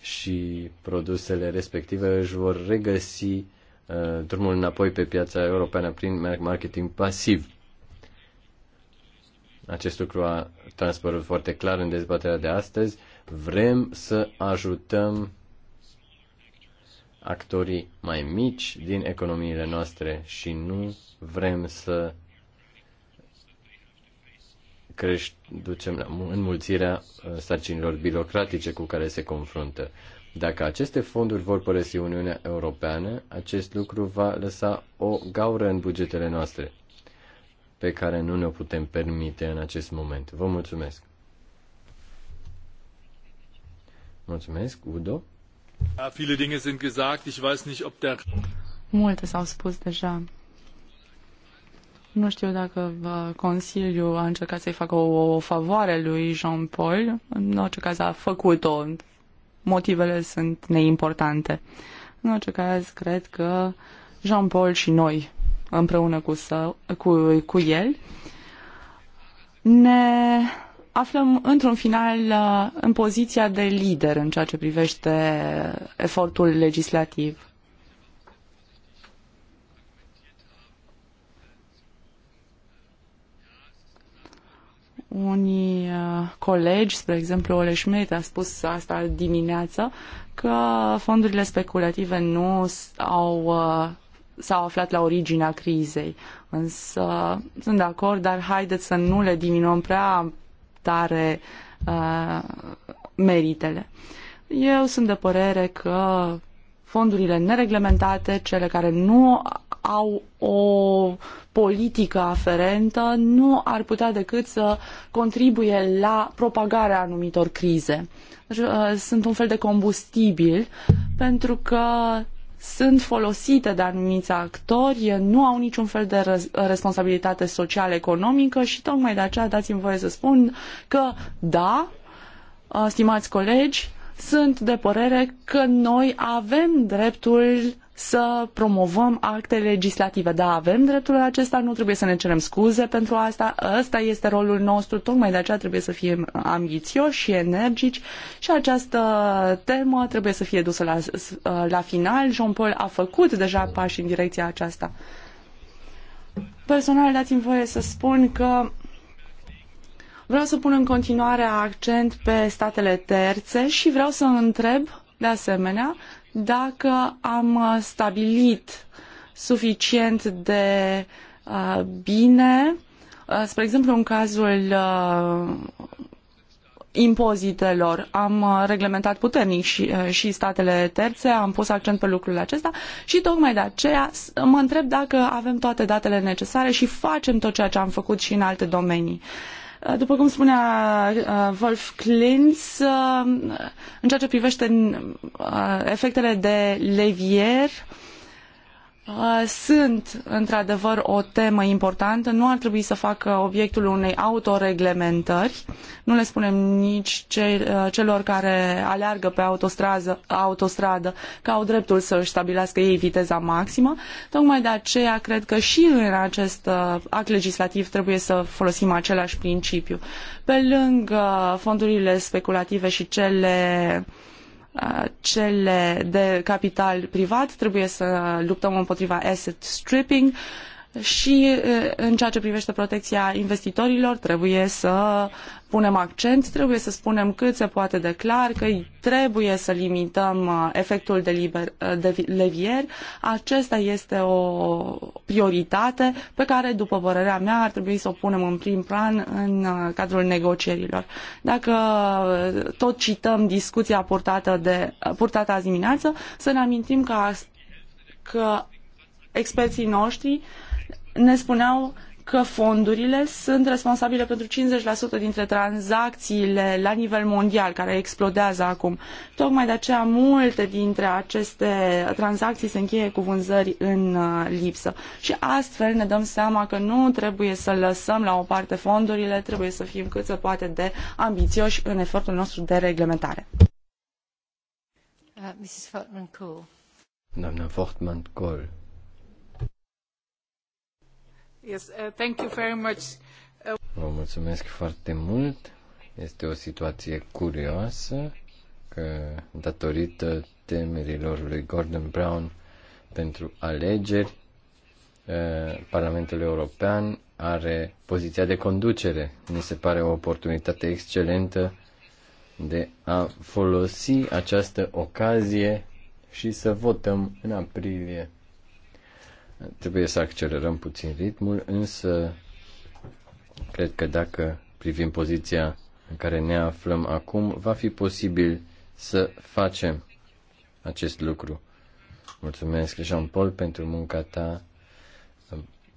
Speaker 2: și produsele respective își vor regăsi uh, drumul înapoi pe piața europeană prin marketing pasiv. Acest lucru a transpărut foarte clar în dezbaterea de astăzi. Vrem să ajutăm actorii mai mici din economiile noastre și nu vrem să creș- ducem la înmulțirea uh, sarcinilor birocratice cu care se confruntă. Dacă aceste fonduri vor părăsi Uniunea Europeană, acest lucru va lăsa o gaură în bugetele noastre, pe care nu ne o putem permite în acest moment. Vă mulțumesc! Mulțumesc, Udo.
Speaker 4: Multe s-au spus deja. Nu știu dacă uh, Consiliul a încercat să-i facă o, o favoare lui Jean-Paul. În orice caz a făcut-o. Motivele sunt neimportante. În orice caz, cred că Jean-Paul și noi, împreună cu, să, cu, cu el, ne aflăm într-un final uh, în poziția de lider în ceea ce privește efortul legislativ. Unii uh, colegi, spre exemplu Ole Schmidt, a spus asta dimineață, că fondurile speculative nu au uh, s-au aflat la originea crizei. Însă sunt de acord, dar haideți să nu le diminuăm prea tare uh, meritele. Eu sunt de părere că fondurile nereglementate, cele care nu au o politică aferentă, nu ar putea decât să contribuie la propagarea anumitor crize. Deci, uh, sunt un fel de combustibil pentru că sunt folosite de anumiți actori, nu au niciun fel de responsabilitate social-economică și tocmai de aceea dați-mi voie să spun că da, uh, stimați colegi, sunt de părere că noi avem dreptul să promovăm acte legislative. Da, avem dreptul acesta, nu trebuie să ne cerem scuze pentru asta, ăsta este rolul nostru, tocmai de aceea trebuie să fim ambițioși și energici și această temă trebuie să fie dusă la, la final. Jean-Paul a făcut deja pași în direcția aceasta. Personal, dați-mi voie să spun că vreau să pun în continuare accent pe statele terțe și vreau să întreb, de asemenea, dacă am uh, stabilit suficient de uh, bine, uh, spre exemplu în cazul uh, impozitelor. Am uh, reglementat puternic și, uh, și statele terțe, am pus accent pe lucrul acesta și tocmai de aceea mă întreb dacă avem toate datele necesare și facem tot ceea ce am făcut și în alte domenii. Uh, Uh, după cum spunea uh, Wolf Klintz, uh, în ceea ce privește efectele de levier, Uh, sunt într-adevăr o temă importantă, nu ar trebui să facă obiectul unei autoreglementări. Nu le spunem nici uh, celor care aleargă pe autostradă, că au dreptul să își stabilească ei viteza maximă. Tocmai de aceea cred că și în acest uh, act legislativ trebuie să folosim același principiu. Pe lângă fondurile speculative și cele uh, cele de capital privat, trebuie să luptăm împotriva asset stripping, și în ceea ce privește protecția investitorilor trebuie să punem accent, trebuie să spunem cât se poate de clar că trebuie să limităm uh, efectul de, liber, uh, de levier. Acesta este o prioritate pe care, după părerea mea, ar trebui să o punem în prim plan în uh, cadrul negocierilor. Dacă tot cităm discuția purtată, de, purtată azi dimineață, să ne amintim că, că experții noștri ne spuneau că fondurile sunt responsabile pentru 50% dintre tranzacțiile la nivel mondial care explodează acum. Tocmai de aceea multe dintre aceste tranzacții se încheie cu vânzări în uh, lipsă. Și astfel ne dăm seama că nu trebuie să lăsăm la o parte fondurile, trebuie să fim cât se poate de ambițioși în efortul nostru de reglementare.
Speaker 1: Uh, Mrs. Fortman-Cole.
Speaker 2: Doamna Fortman-Cole.
Speaker 1: Yes, uh, thank you very much.
Speaker 2: Vă mulțumesc foarte mult. Este o situație curioasă că datorită temerilor lui Gordon Brown pentru alegeri, uh, Parlamentul European are poziția de conducere. Mi se pare o oportunitate excelentă de a folosi această ocazie și să votăm în aprilie. Trebuie să accelerăm puțin ritmul, însă cred că dacă privim poziția în care ne aflăm acum, va fi posibil să facem acest lucru. Mulțumesc, Jean-Paul, pentru munca ta.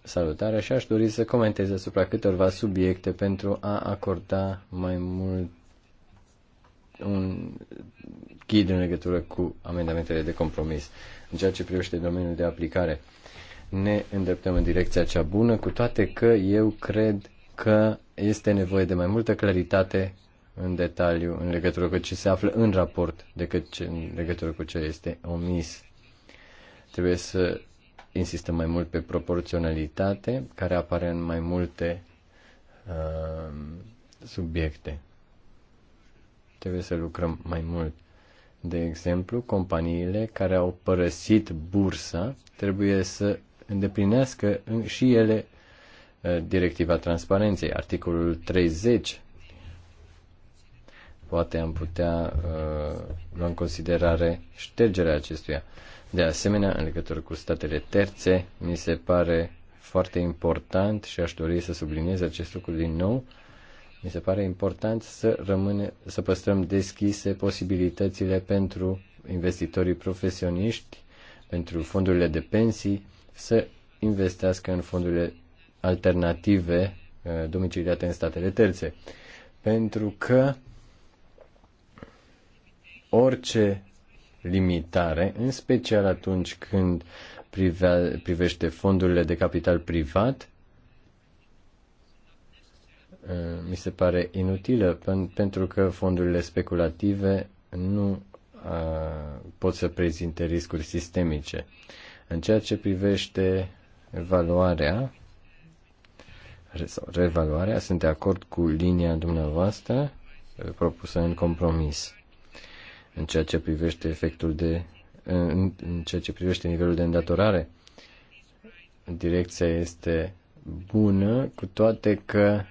Speaker 2: Salutare și aș dori să comentez asupra câteva subiecte pentru a acorda mai mult un ghid în legătură cu amendamentele de compromis. În ceea ce privește domeniul de aplicare, ne îndreptăm în direcția cea bună, cu toate că eu cred că este nevoie de mai multă claritate în detaliu în legătură cu ce se află în raport decât ce, în legătură cu ce este omis. Trebuie să insistăm mai mult pe proporționalitate care apare în mai multe uh, subiecte. Trebuie să lucrăm mai mult. De exemplu, companiile care au părăsit bursa trebuie să îndeplinească și ele uh, directiva transparenței, articolul 30. Poate am putea uh, lua în considerare ștergerea acestuia. De asemenea, în legătură cu statele terțe, mi se pare foarte important și aș dori să subliniez acest lucru din nou. Mi se pare important să, rămâne, să păstrăm deschise posibilitățile pentru investitorii profesioniști, pentru fondurile de pensii, să investească în fondurile alternative uh, domiciliate în statele terțe. Pentru că orice limitare, în special atunci când privea, privește fondurile de capital privat, uh, mi se pare inutilă, pentru că fondurile speculative nu uh, pot să prezinte riscuri sistemice. În ceea ce privește evaluarea sau revaluarea, sunt de acord cu linia dumneavoastră uh, propusă în compromis. În ceea ce privește efectul de în, în ceea ce privește nivelul de îndatorare, direcția este bună, cu toate că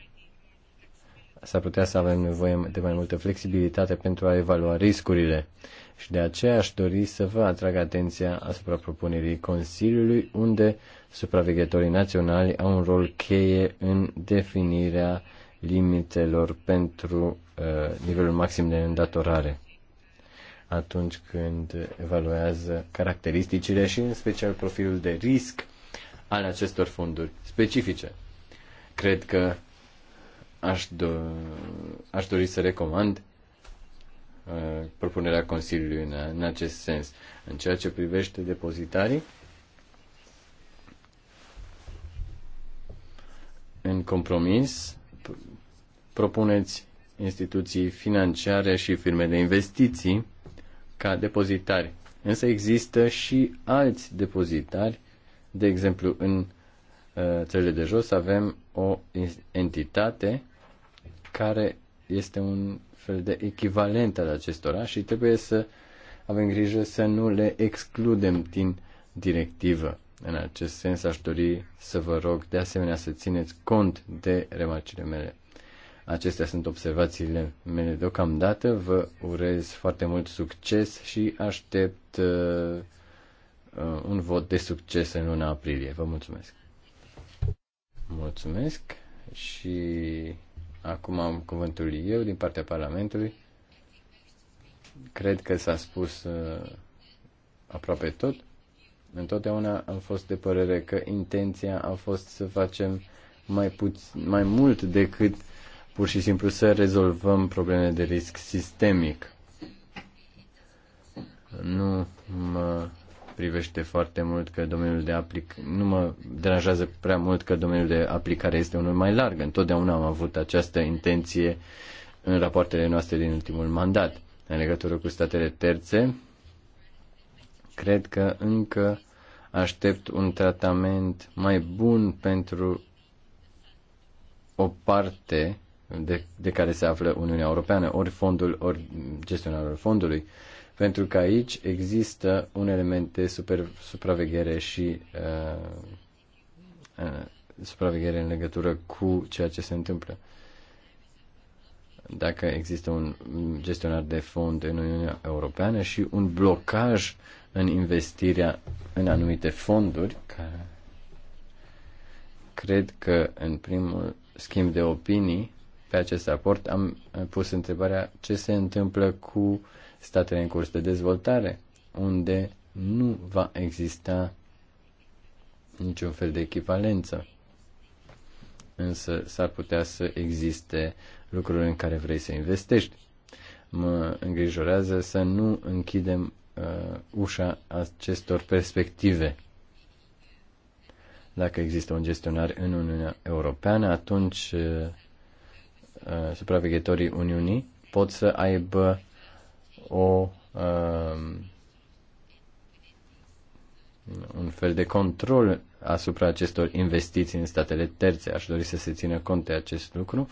Speaker 2: s-ar putea să avem nevoie de mai multă flexibilitate pentru a evalua riscurile. Și de aceea aș dori să vă atrag atenția asupra propunerii Consiliului, unde supraveghetorii naționali au un rol cheie în definirea limitelor pentru uh, nivelul maxim de îndatorare atunci când evaluează caracteristicile și în special profilul de risc al acestor fonduri specifice. Cred că aș, do- aș dori să recomand Uh, propunerea Consiliului în, în acest sens. În ceea ce privește depozitarii, în compromis, propuneți instituții financiare și firme de investiții ca depozitari. Însă există și alți depozitari, de exemplu, în uh, țările de jos avem o entitate care este un fel de echivalent al acestora și trebuie să avem grijă să nu le excludem din directivă. În acest sens aș dori să vă rog de asemenea să țineți cont de remarcile mele. Acestea sunt observațiile mele deocamdată. Vă urez foarte mult succes și aștept uh, uh un vot de succes în luna aprilie. Vă mulțumesc! Mulțumesc și Acum am cuvântul eu din partea Parlamentului. Cred că s-a spus uh, aproape tot. Întotdeauna am fost de părere că intenția a fost să facem mai, puț- mai mult decât pur și simplu să rezolvăm probleme de risc sistemic. Nu mă privește foarte mult că domeniul de aplic nu mă deranjează prea mult că domeniul de aplicare este unul mai larg. Întotdeauna am avut această intenție în rapoartele noastre din ultimul mandat. În legătură cu statele terțe, cred că încă aștept un tratament mai bun pentru o parte de, de care se află Uniunea Europeană, ori fondul, ori gestionarul fondului. Uh, pentru că aici există un element de super, supraveghere și uh, uh, supraveghere în legătură cu ceea ce se întâmplă. Dacă există un gestionar de fond în Uniunea Europeană și un blocaj în investirea în anumite fonduri, care cred că în primul schimb de opinii pe acest raport am pus întrebarea ce se întâmplă cu uh, statele în curs de dezvoltare, unde nu va exista niciun fel de echivalență. Însă s-ar putea să existe lucruri în care vrei să investești. Mă îngrijorează să nu închidem uh, ușa acestor perspective. Dacă există un gestionar în Uniunea Europeană, atunci uh, uh supraveghetorii Uniunii pot să aibă o um, un fel de control asupra acestor investiții în statele terțe. Aș dori să se țină cont de acest lucru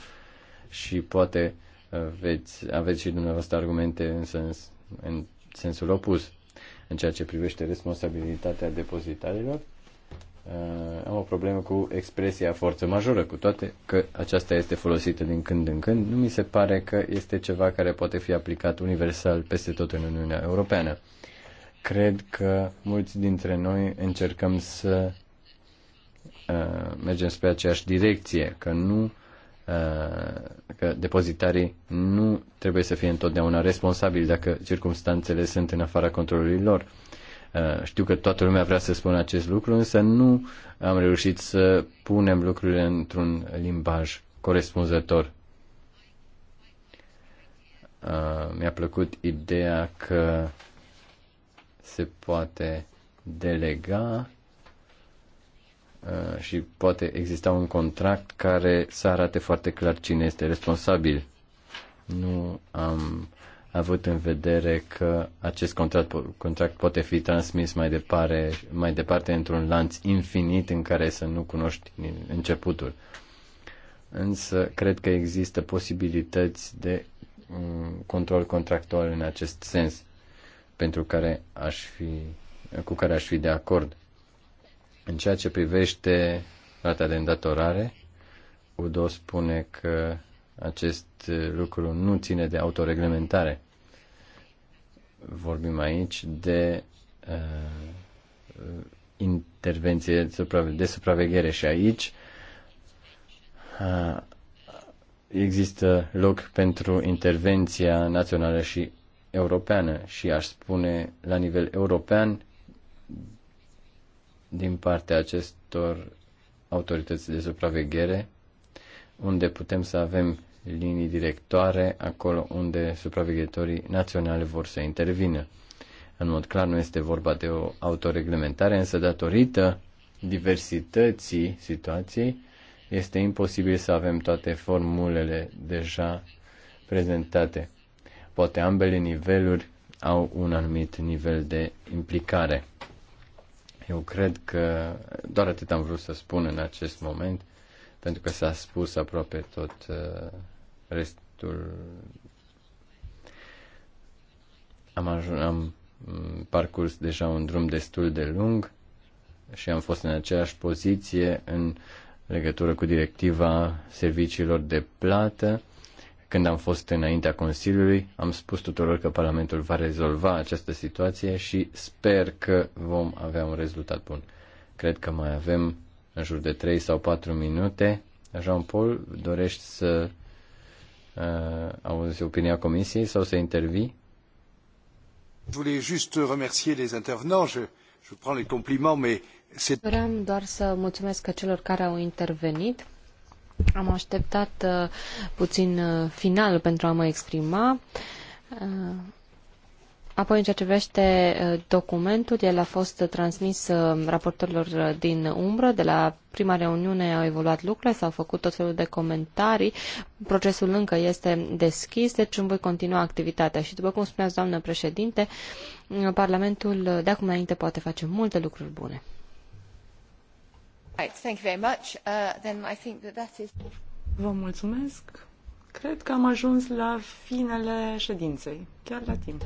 Speaker 2: și poate aveți, aveți și dumneavoastră argumente în, sens, în sensul opus în ceea ce privește responsabilitatea depozitarilor uh, am o problemă cu expresia forță majoră, cu toate că aceasta este folosită din când în când, nu mi se pare că este ceva care poate fi aplicat universal peste tot în Uniunea Europeană. Cred că mulți dintre noi încercăm să uh, mergem spre aceeași direcție, că nu eh, că depozitarii nu trebuie să fie întotdeauna responsabili dacă circumstanțele sunt în afara controlului lor Eh, știu că toată lumea vrea să spună acest lucru, însă nu am reușit să punem lucrurile într-un limbaj corespunzător. Eh, mi-a plăcut ideea că se poate delega eh, și poate exista un contract care să arate foarte clar cine este responsabil. Nu am avut în vedere că acest contract, contract poate fi transmis mai departe, mai departe într-un lanț infinit în care să nu cunoști începutul. Însă cred că există posibilități de mm, control contractual în acest sens pentru care aș fi, cu care aș fi de acord. În ceea ce privește rata de îndatorare, Udo spune că acest uh, lucru nu ține de autoreglementare. Vorbim aici de uh, intervenție de supraveghere și aici uh, există loc pentru intervenția națională și europeană și aș spune la nivel european din partea acestor autorități de supraveghere unde putem să avem linii directoare acolo unde supraveghetorii naționale vor să intervină. În mod clar nu este vorba de o autoreglementare, însă datorită diversității situației este imposibil să avem toate formulele deja prezentate. Poate ambele niveluri au un anumit nivel de implicare. Eu cred că doar atât am vrut să spun în acest moment pentru că s-a spus aproape tot uh, restul. Am, ajuns, am mm, parcurs deja un drum destul de lung și am fost în aceeași poziție în legătură cu directiva serviciilor de plată. Când am fost înaintea Consiliului, am spus tuturor că Parlamentul va rezolva această situație și sper că vom avea un rezultat bun. Cred că mai avem în jur de 3 sau 4 minute. Jean-Paul, dorești să uh, auzi opinia comisiei sau să intervii? Je voulais
Speaker 3: juste remercier les intervenants. Je, je prends les compliments, mais c'est... Vreau doar să mulțumesc celor care au intervenit. Am așteptat uh, puțin uh, final pentru a mă exprima. Uh, Apoi, în ceea ce privește uh, documentul, el a fost transmis uh, raportorilor uh, din umbră. De la prima reuniune au evoluat lucrurile, s-au făcut tot felul de comentarii. Procesul încă este deschis, deci îmi voi continua activitatea. Și după cum spuneați, doamnă președinte, Parlamentul de acum înainte poate face multe lucruri bune.
Speaker 4: Vă mulțumesc. Cred că am ajuns la finele ședinței, chiar la timp.